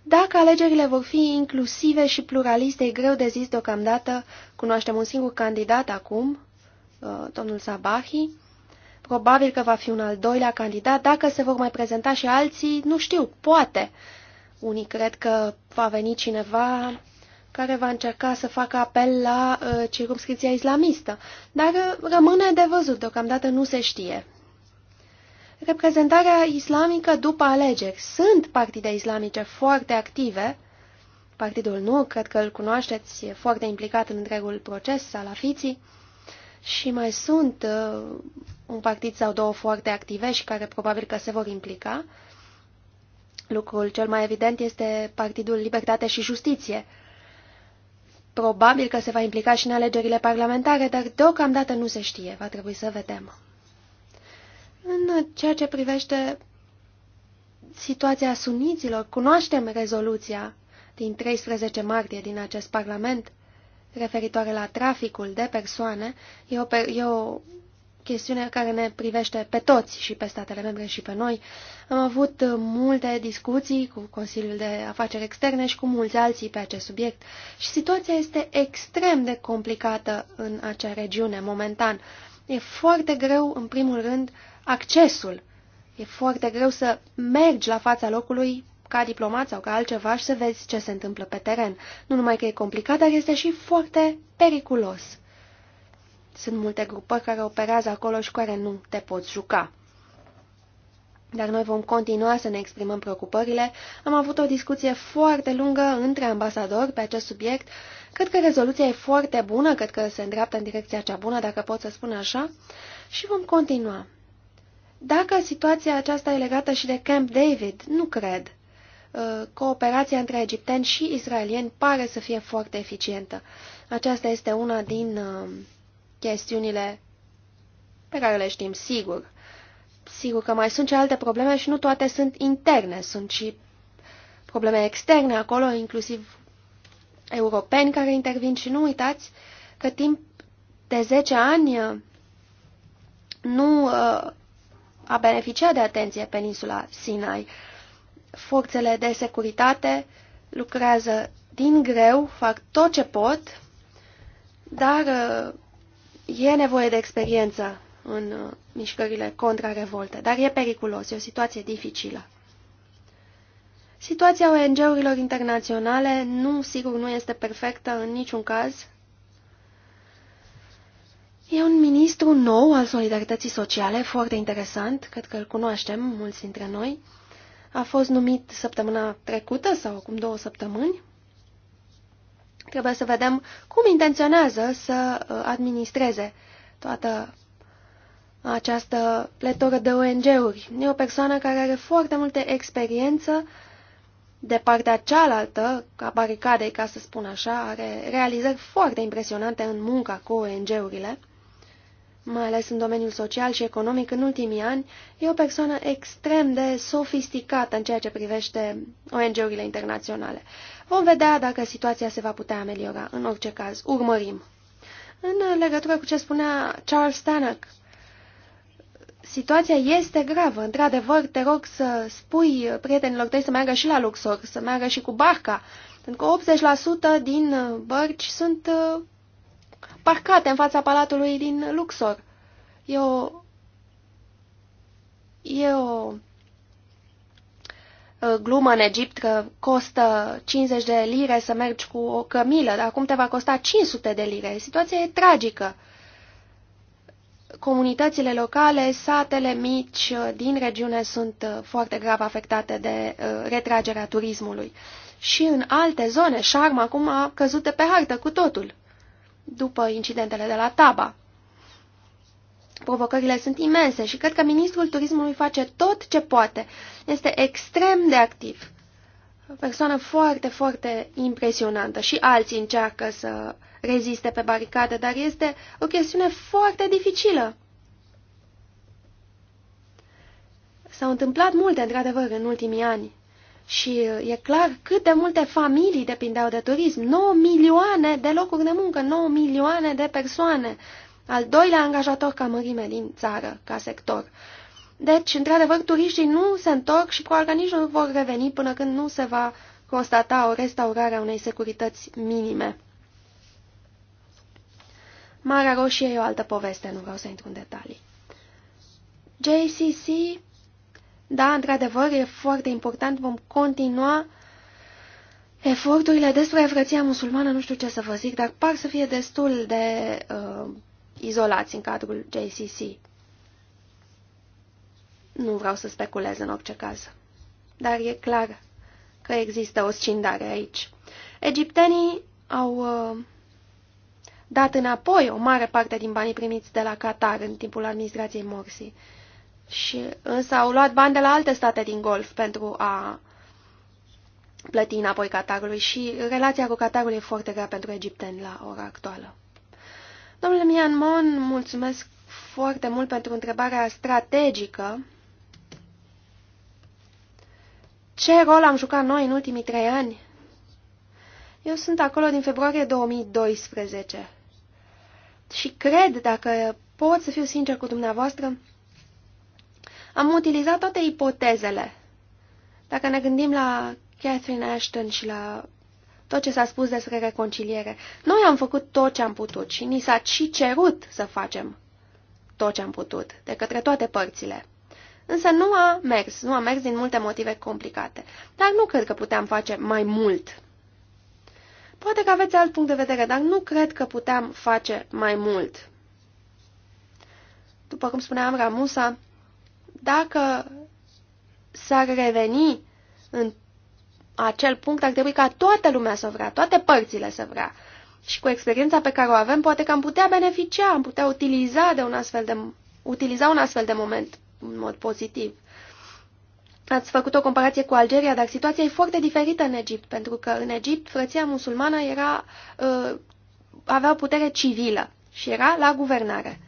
Dacă alegerile vor fi inclusive și pluraliste, e greu de zis deocamdată. Cunoaștem un singur candidat acum, uh, domnul Sabahi. Probabil că va fi un al doilea candidat. Dacă se vor mai prezenta și alții, nu știu, poate. Unii cred că va veni cineva care va încerca să facă apel la uh, circumscripția islamistă. Dar uh, rămâne de văzut, deocamdată nu se știe reprezentarea islamică după alegeri. Sunt partide islamice foarte active, partidul nu, cred că îl cunoașteți, e foarte implicat în întregul proces, salafiții, și mai sunt uh, un partid sau două foarte active și care probabil că se vor implica. Lucrul cel mai evident este Partidul Libertate și Justiție. Probabil că se va implica și în alegerile parlamentare, dar deocamdată nu se știe, va trebui să vedem. În ceea ce privește situația suniților, cunoaștem rezoluția din 13 martie din acest Parlament referitoare la traficul de persoane. E o, e o chestiune care ne privește pe toți și pe statele membre și pe noi. Am avut multe discuții cu Consiliul de Afaceri Externe și cu mulți alții pe acest subiect și situația este extrem de complicată în acea regiune momentan. E foarte greu, în primul rând, accesul. E foarte greu să mergi la fața locului ca diplomat sau ca altceva și să vezi ce se întâmplă pe teren. Nu numai că e complicat, dar este și foarte periculos. Sunt multe grupări care operează acolo și care nu te poți juca. Dar noi vom continua să ne exprimăm preocupările. Am avut o discuție foarte lungă între ambasadori pe acest subiect. Cred că rezoluția e foarte bună, cred că se îndreaptă în direcția cea bună, dacă pot să spun așa, și vom continua. Dacă situația aceasta e legată și de Camp David, nu cred. Uh, cooperația între egipteni și israelieni pare să fie foarte eficientă. Aceasta este una din uh, chestiunile pe care le știm sigur. Sigur că mai sunt și alte probleme și nu toate sunt interne, sunt și probleme externe acolo, inclusiv europeni care intervin și nu uitați că timp de 10 ani uh, nu uh, a beneficiat de atenție peninsula Sinai. Forțele de securitate lucrează din greu, fac tot ce pot, dar uh, e nevoie de experiență în uh, mișcările contra-revolte, dar e periculos, e o situație dificilă. Situația ONG-urilor internaționale nu, sigur, nu este perfectă în niciun caz, E un ministru nou al solidarității sociale, foarte interesant, cred că îl cunoaștem mulți dintre noi. A fost numit săptămâna trecută sau acum două săptămâni. Trebuie să vedem cum intenționează să uh, administreze toată această pletoră de ONG-uri. E o persoană care are foarte multă experiență de partea cealaltă, a baricadei, ca să spun așa, are realizări foarte impresionante în munca cu ONG-urile mai ales în domeniul social și economic, în ultimii ani, e o persoană extrem de sofisticată în ceea ce privește ONG-urile internaționale. Vom vedea dacă situația se va putea ameliora. În orice caz, urmărim. În legătură cu ce spunea Charles Tannock, situația este gravă. Într-adevăr, te rog să spui prietenilor tăi să meargă și la Luxor, să meargă și cu barca, pentru că 80% din bărci sunt parcate în fața palatului din Luxor. E o... E o uh, glumă în Egipt că costă 50 de lire să mergi cu o cămilă, dar acum te va costa 500 de lire. Situația e tragică. Comunitățile locale, satele mici uh, din regiune sunt uh, foarte grav afectate de retragerea turismului. Și în alte zone, Sharm acum a căzut de pe hartă cu totul după incidentele de la Taba. Provocările sunt imense și cred că ministrul turismului face tot ce poate. Este extrem de activ. O persoană foarte, foarte impresionantă și alții încearcă să reziste pe baricadă, dar este o chestiune foarte dificilă. S-au întâmplat multe, într-adevăr, în ultimii ani și uh, e clar cât de multe familii depindeau de turism. 9 milioane de locuri de muncă, 9 milioane de persoane. Al doilea angajator ca mărime din țară, ca sector. Deci, într-adevăr, turiștii nu se întorc și probabil nici nu vor reveni până când nu se va constata o restaurare a unei securități minime. Marea Roșie e o altă poveste, nu vreau să intru în detalii. JCC da, într-adevăr, e foarte important, vom continua eforturile despre frăția musulmană, nu știu ce să vă zic, dar par să fie destul de uh, izolați în cadrul JCC. Nu vreau să speculez în orice caz, dar e clar că există o scindare aici. Egiptenii au uh, dat înapoi o mare parte din banii primiți de la Qatar în timpul administrației Morsi. Și însă, au luat bani de la alte state din Golf pentru a plăti înapoi Catarului și relația cu Catarul e foarte grea pentru egipteni la ora actuală. Domnule Mian Mon, mulțumesc foarte mult pentru întrebarea strategică. Ce rol am jucat noi în ultimii trei ani? Eu sunt acolo din februarie 2012 și cred, dacă pot să fiu sincer cu dumneavoastră, am utilizat toate ipotezele. Dacă ne gândim la Catherine Ashton și la tot ce s-a spus despre reconciliere, noi am făcut tot ce am putut și ni s-a și cerut să facem tot ce am putut, de către toate părțile. Însă nu a mers, nu a mers din multe motive complicate, dar nu cred că puteam face mai mult. Poate că aveți alt punct de vedere, dar nu cred că puteam face mai mult. După cum spuneam Ramusa, dacă s-ar reveni în acel punct, ar trebui ca toată lumea să vrea, toate părțile să vrea. Și cu experiența pe care o avem, poate că am putea beneficia, am putea utiliza, de un astfel de, utiliza un astfel de moment în mod pozitiv. Ați făcut o comparație cu Algeria, dar situația e foarte diferită în Egipt, pentru că în Egipt frăția musulmană era, uh, avea o putere civilă și era la guvernare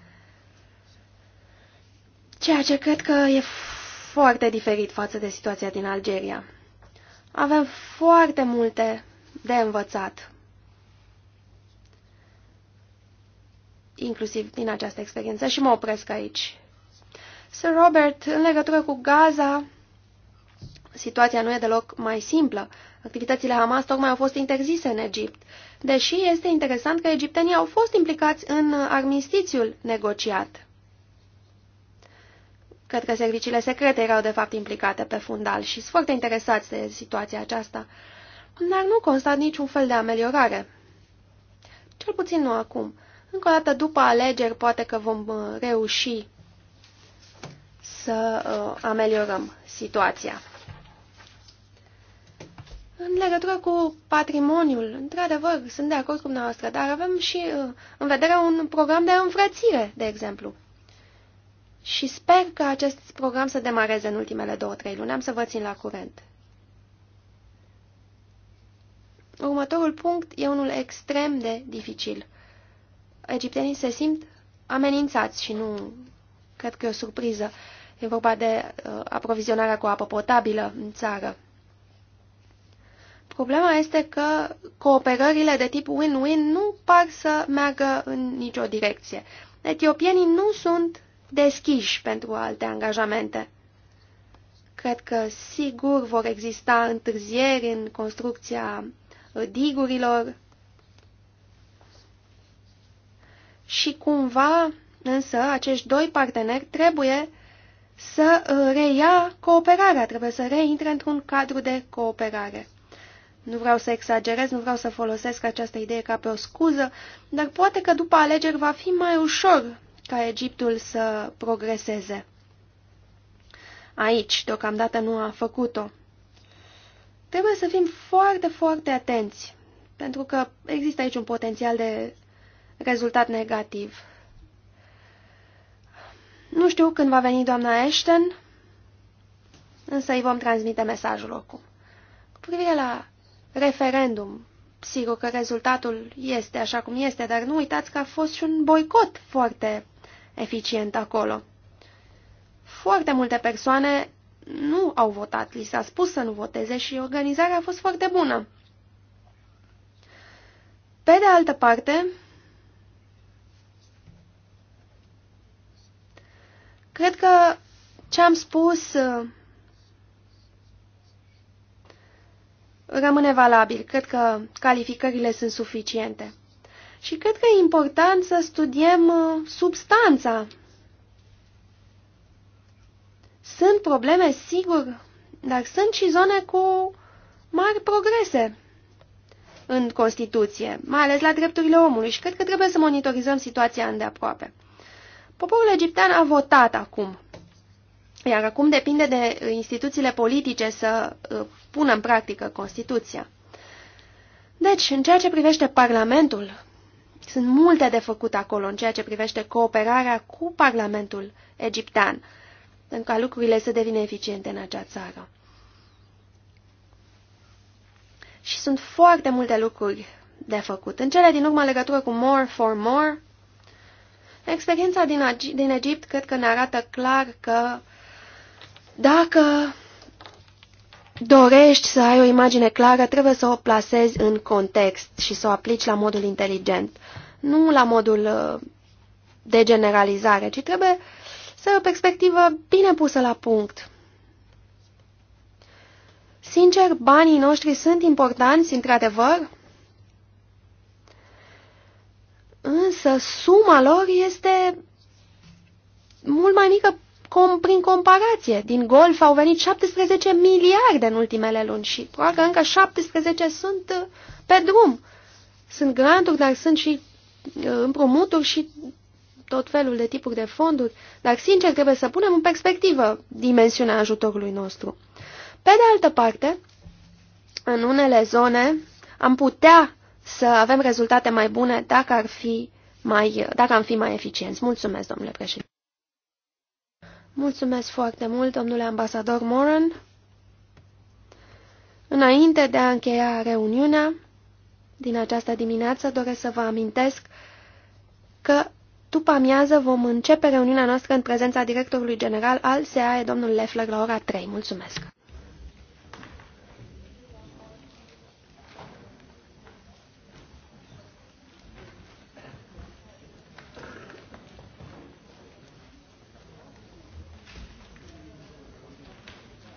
ceea ce cred că e foarte diferit față de situația din Algeria. Avem foarte multe de învățat, inclusiv din această experiență și mă opresc aici. Sir Robert, în legătură cu Gaza, situația nu e deloc mai simplă. Activitățile Hamas tocmai au fost interzise în Egipt, deși este interesant că egiptenii au fost implicați în armistițiul negociat. Cred că serviciile secrete erau de fapt implicate pe fundal și sunt foarte interesați de situația aceasta. Dar nu constat niciun fel de ameliorare. Cel puțin nu acum. Încă o dată, după alegeri, poate că vom uh, reuși să uh, ameliorăm situația. În legătură cu patrimoniul, într-adevăr, sunt de acord cu dumneavoastră, dar avem și uh, în vedere un program de înfrățire, de exemplu și sper că acest program să demareze în ultimele două-trei luni. Am să vă țin la curent. Următorul punct e unul extrem de dificil. Egiptenii se simt amenințați și nu cred că e o surpriză. E vorba de uh, aprovizionarea cu apă potabilă în țară. Problema este că cooperările de tip win-win nu par să meargă în nicio direcție. Etiopienii nu sunt deschiși pentru alte angajamente. Cred că sigur vor exista întârzieri în construcția uh, digurilor și cumva însă acești doi parteneri trebuie să uh, reia cooperarea, trebuie să reintre într-un cadru de cooperare. Nu vreau să exagerez, nu vreau să folosesc această idee ca pe o scuză, dar poate că după alegeri va fi mai ușor ca Egiptul să progreseze. Aici, deocamdată, nu a făcut-o. Trebuie să fim foarte, foarte atenți, pentru că există aici un potențial de rezultat negativ. Nu știu când va veni doamna Ashton, însă îi vom transmite mesajul oricum. Cu privire la referendum, sigur că rezultatul este așa cum este, dar nu uitați că a fost și un boicot foarte eficient acolo. Foarte multe persoane nu au votat, li s-a spus să nu voteze și organizarea a fost foarte bună. Pe de altă parte, cred că ce am spus uh, rămâne valabil. Cred că calificările sunt suficiente. Și cred că e important să studiem uh, substanța. Sunt probleme, sigur, dar sunt și zone cu mari progrese în Constituție, mai ales la drepturile omului și cred că trebuie să monitorizăm situația îndeaproape. Poporul egiptean a votat acum, iar acum depinde de instituțiile politice să uh, pună în practică Constituția. Deci, în ceea ce privește Parlamentul, sunt multe de făcut acolo în ceea ce privește cooperarea cu Parlamentul egiptean, în ca lucrurile să devină eficiente în acea țară. Și sunt foarte multe lucruri de făcut. În cele din urmă, legătură cu More for More, experiența din, din Egipt cred că ne arată clar că dacă dorești să ai o imagine clară, trebuie să o plasezi în context și să o aplici la modul inteligent. Nu la modul uh, de generalizare, ci trebuie să ai o perspectivă bine pusă la punct. Sincer, banii noștri sunt importanți, într-adevăr, însă suma lor este mult mai mică com, prin comparație, din golf au venit 17 miliarde în ultimele luni și probabil că încă 17 sunt uh, pe drum. Sunt granturi, dar sunt și uh, împrumuturi și tot felul de tipuri de fonduri, dar sincer trebuie să punem în perspectivă dimensiunea ajutorului nostru. Pe de altă parte, în unele zone am putea să avem rezultate mai bune dacă ar fi mai, dacă am fi mai eficienți. Mulțumesc, domnule președinte. Mulțumesc foarte mult, domnule ambasador Moran. Înainte de a încheia reuniunea din această dimineață, doresc să vă amintesc că după amiază vom începe reuniunea noastră în prezența directorului general al SEAE, domnul Leffler, la ora 3. Mulțumesc!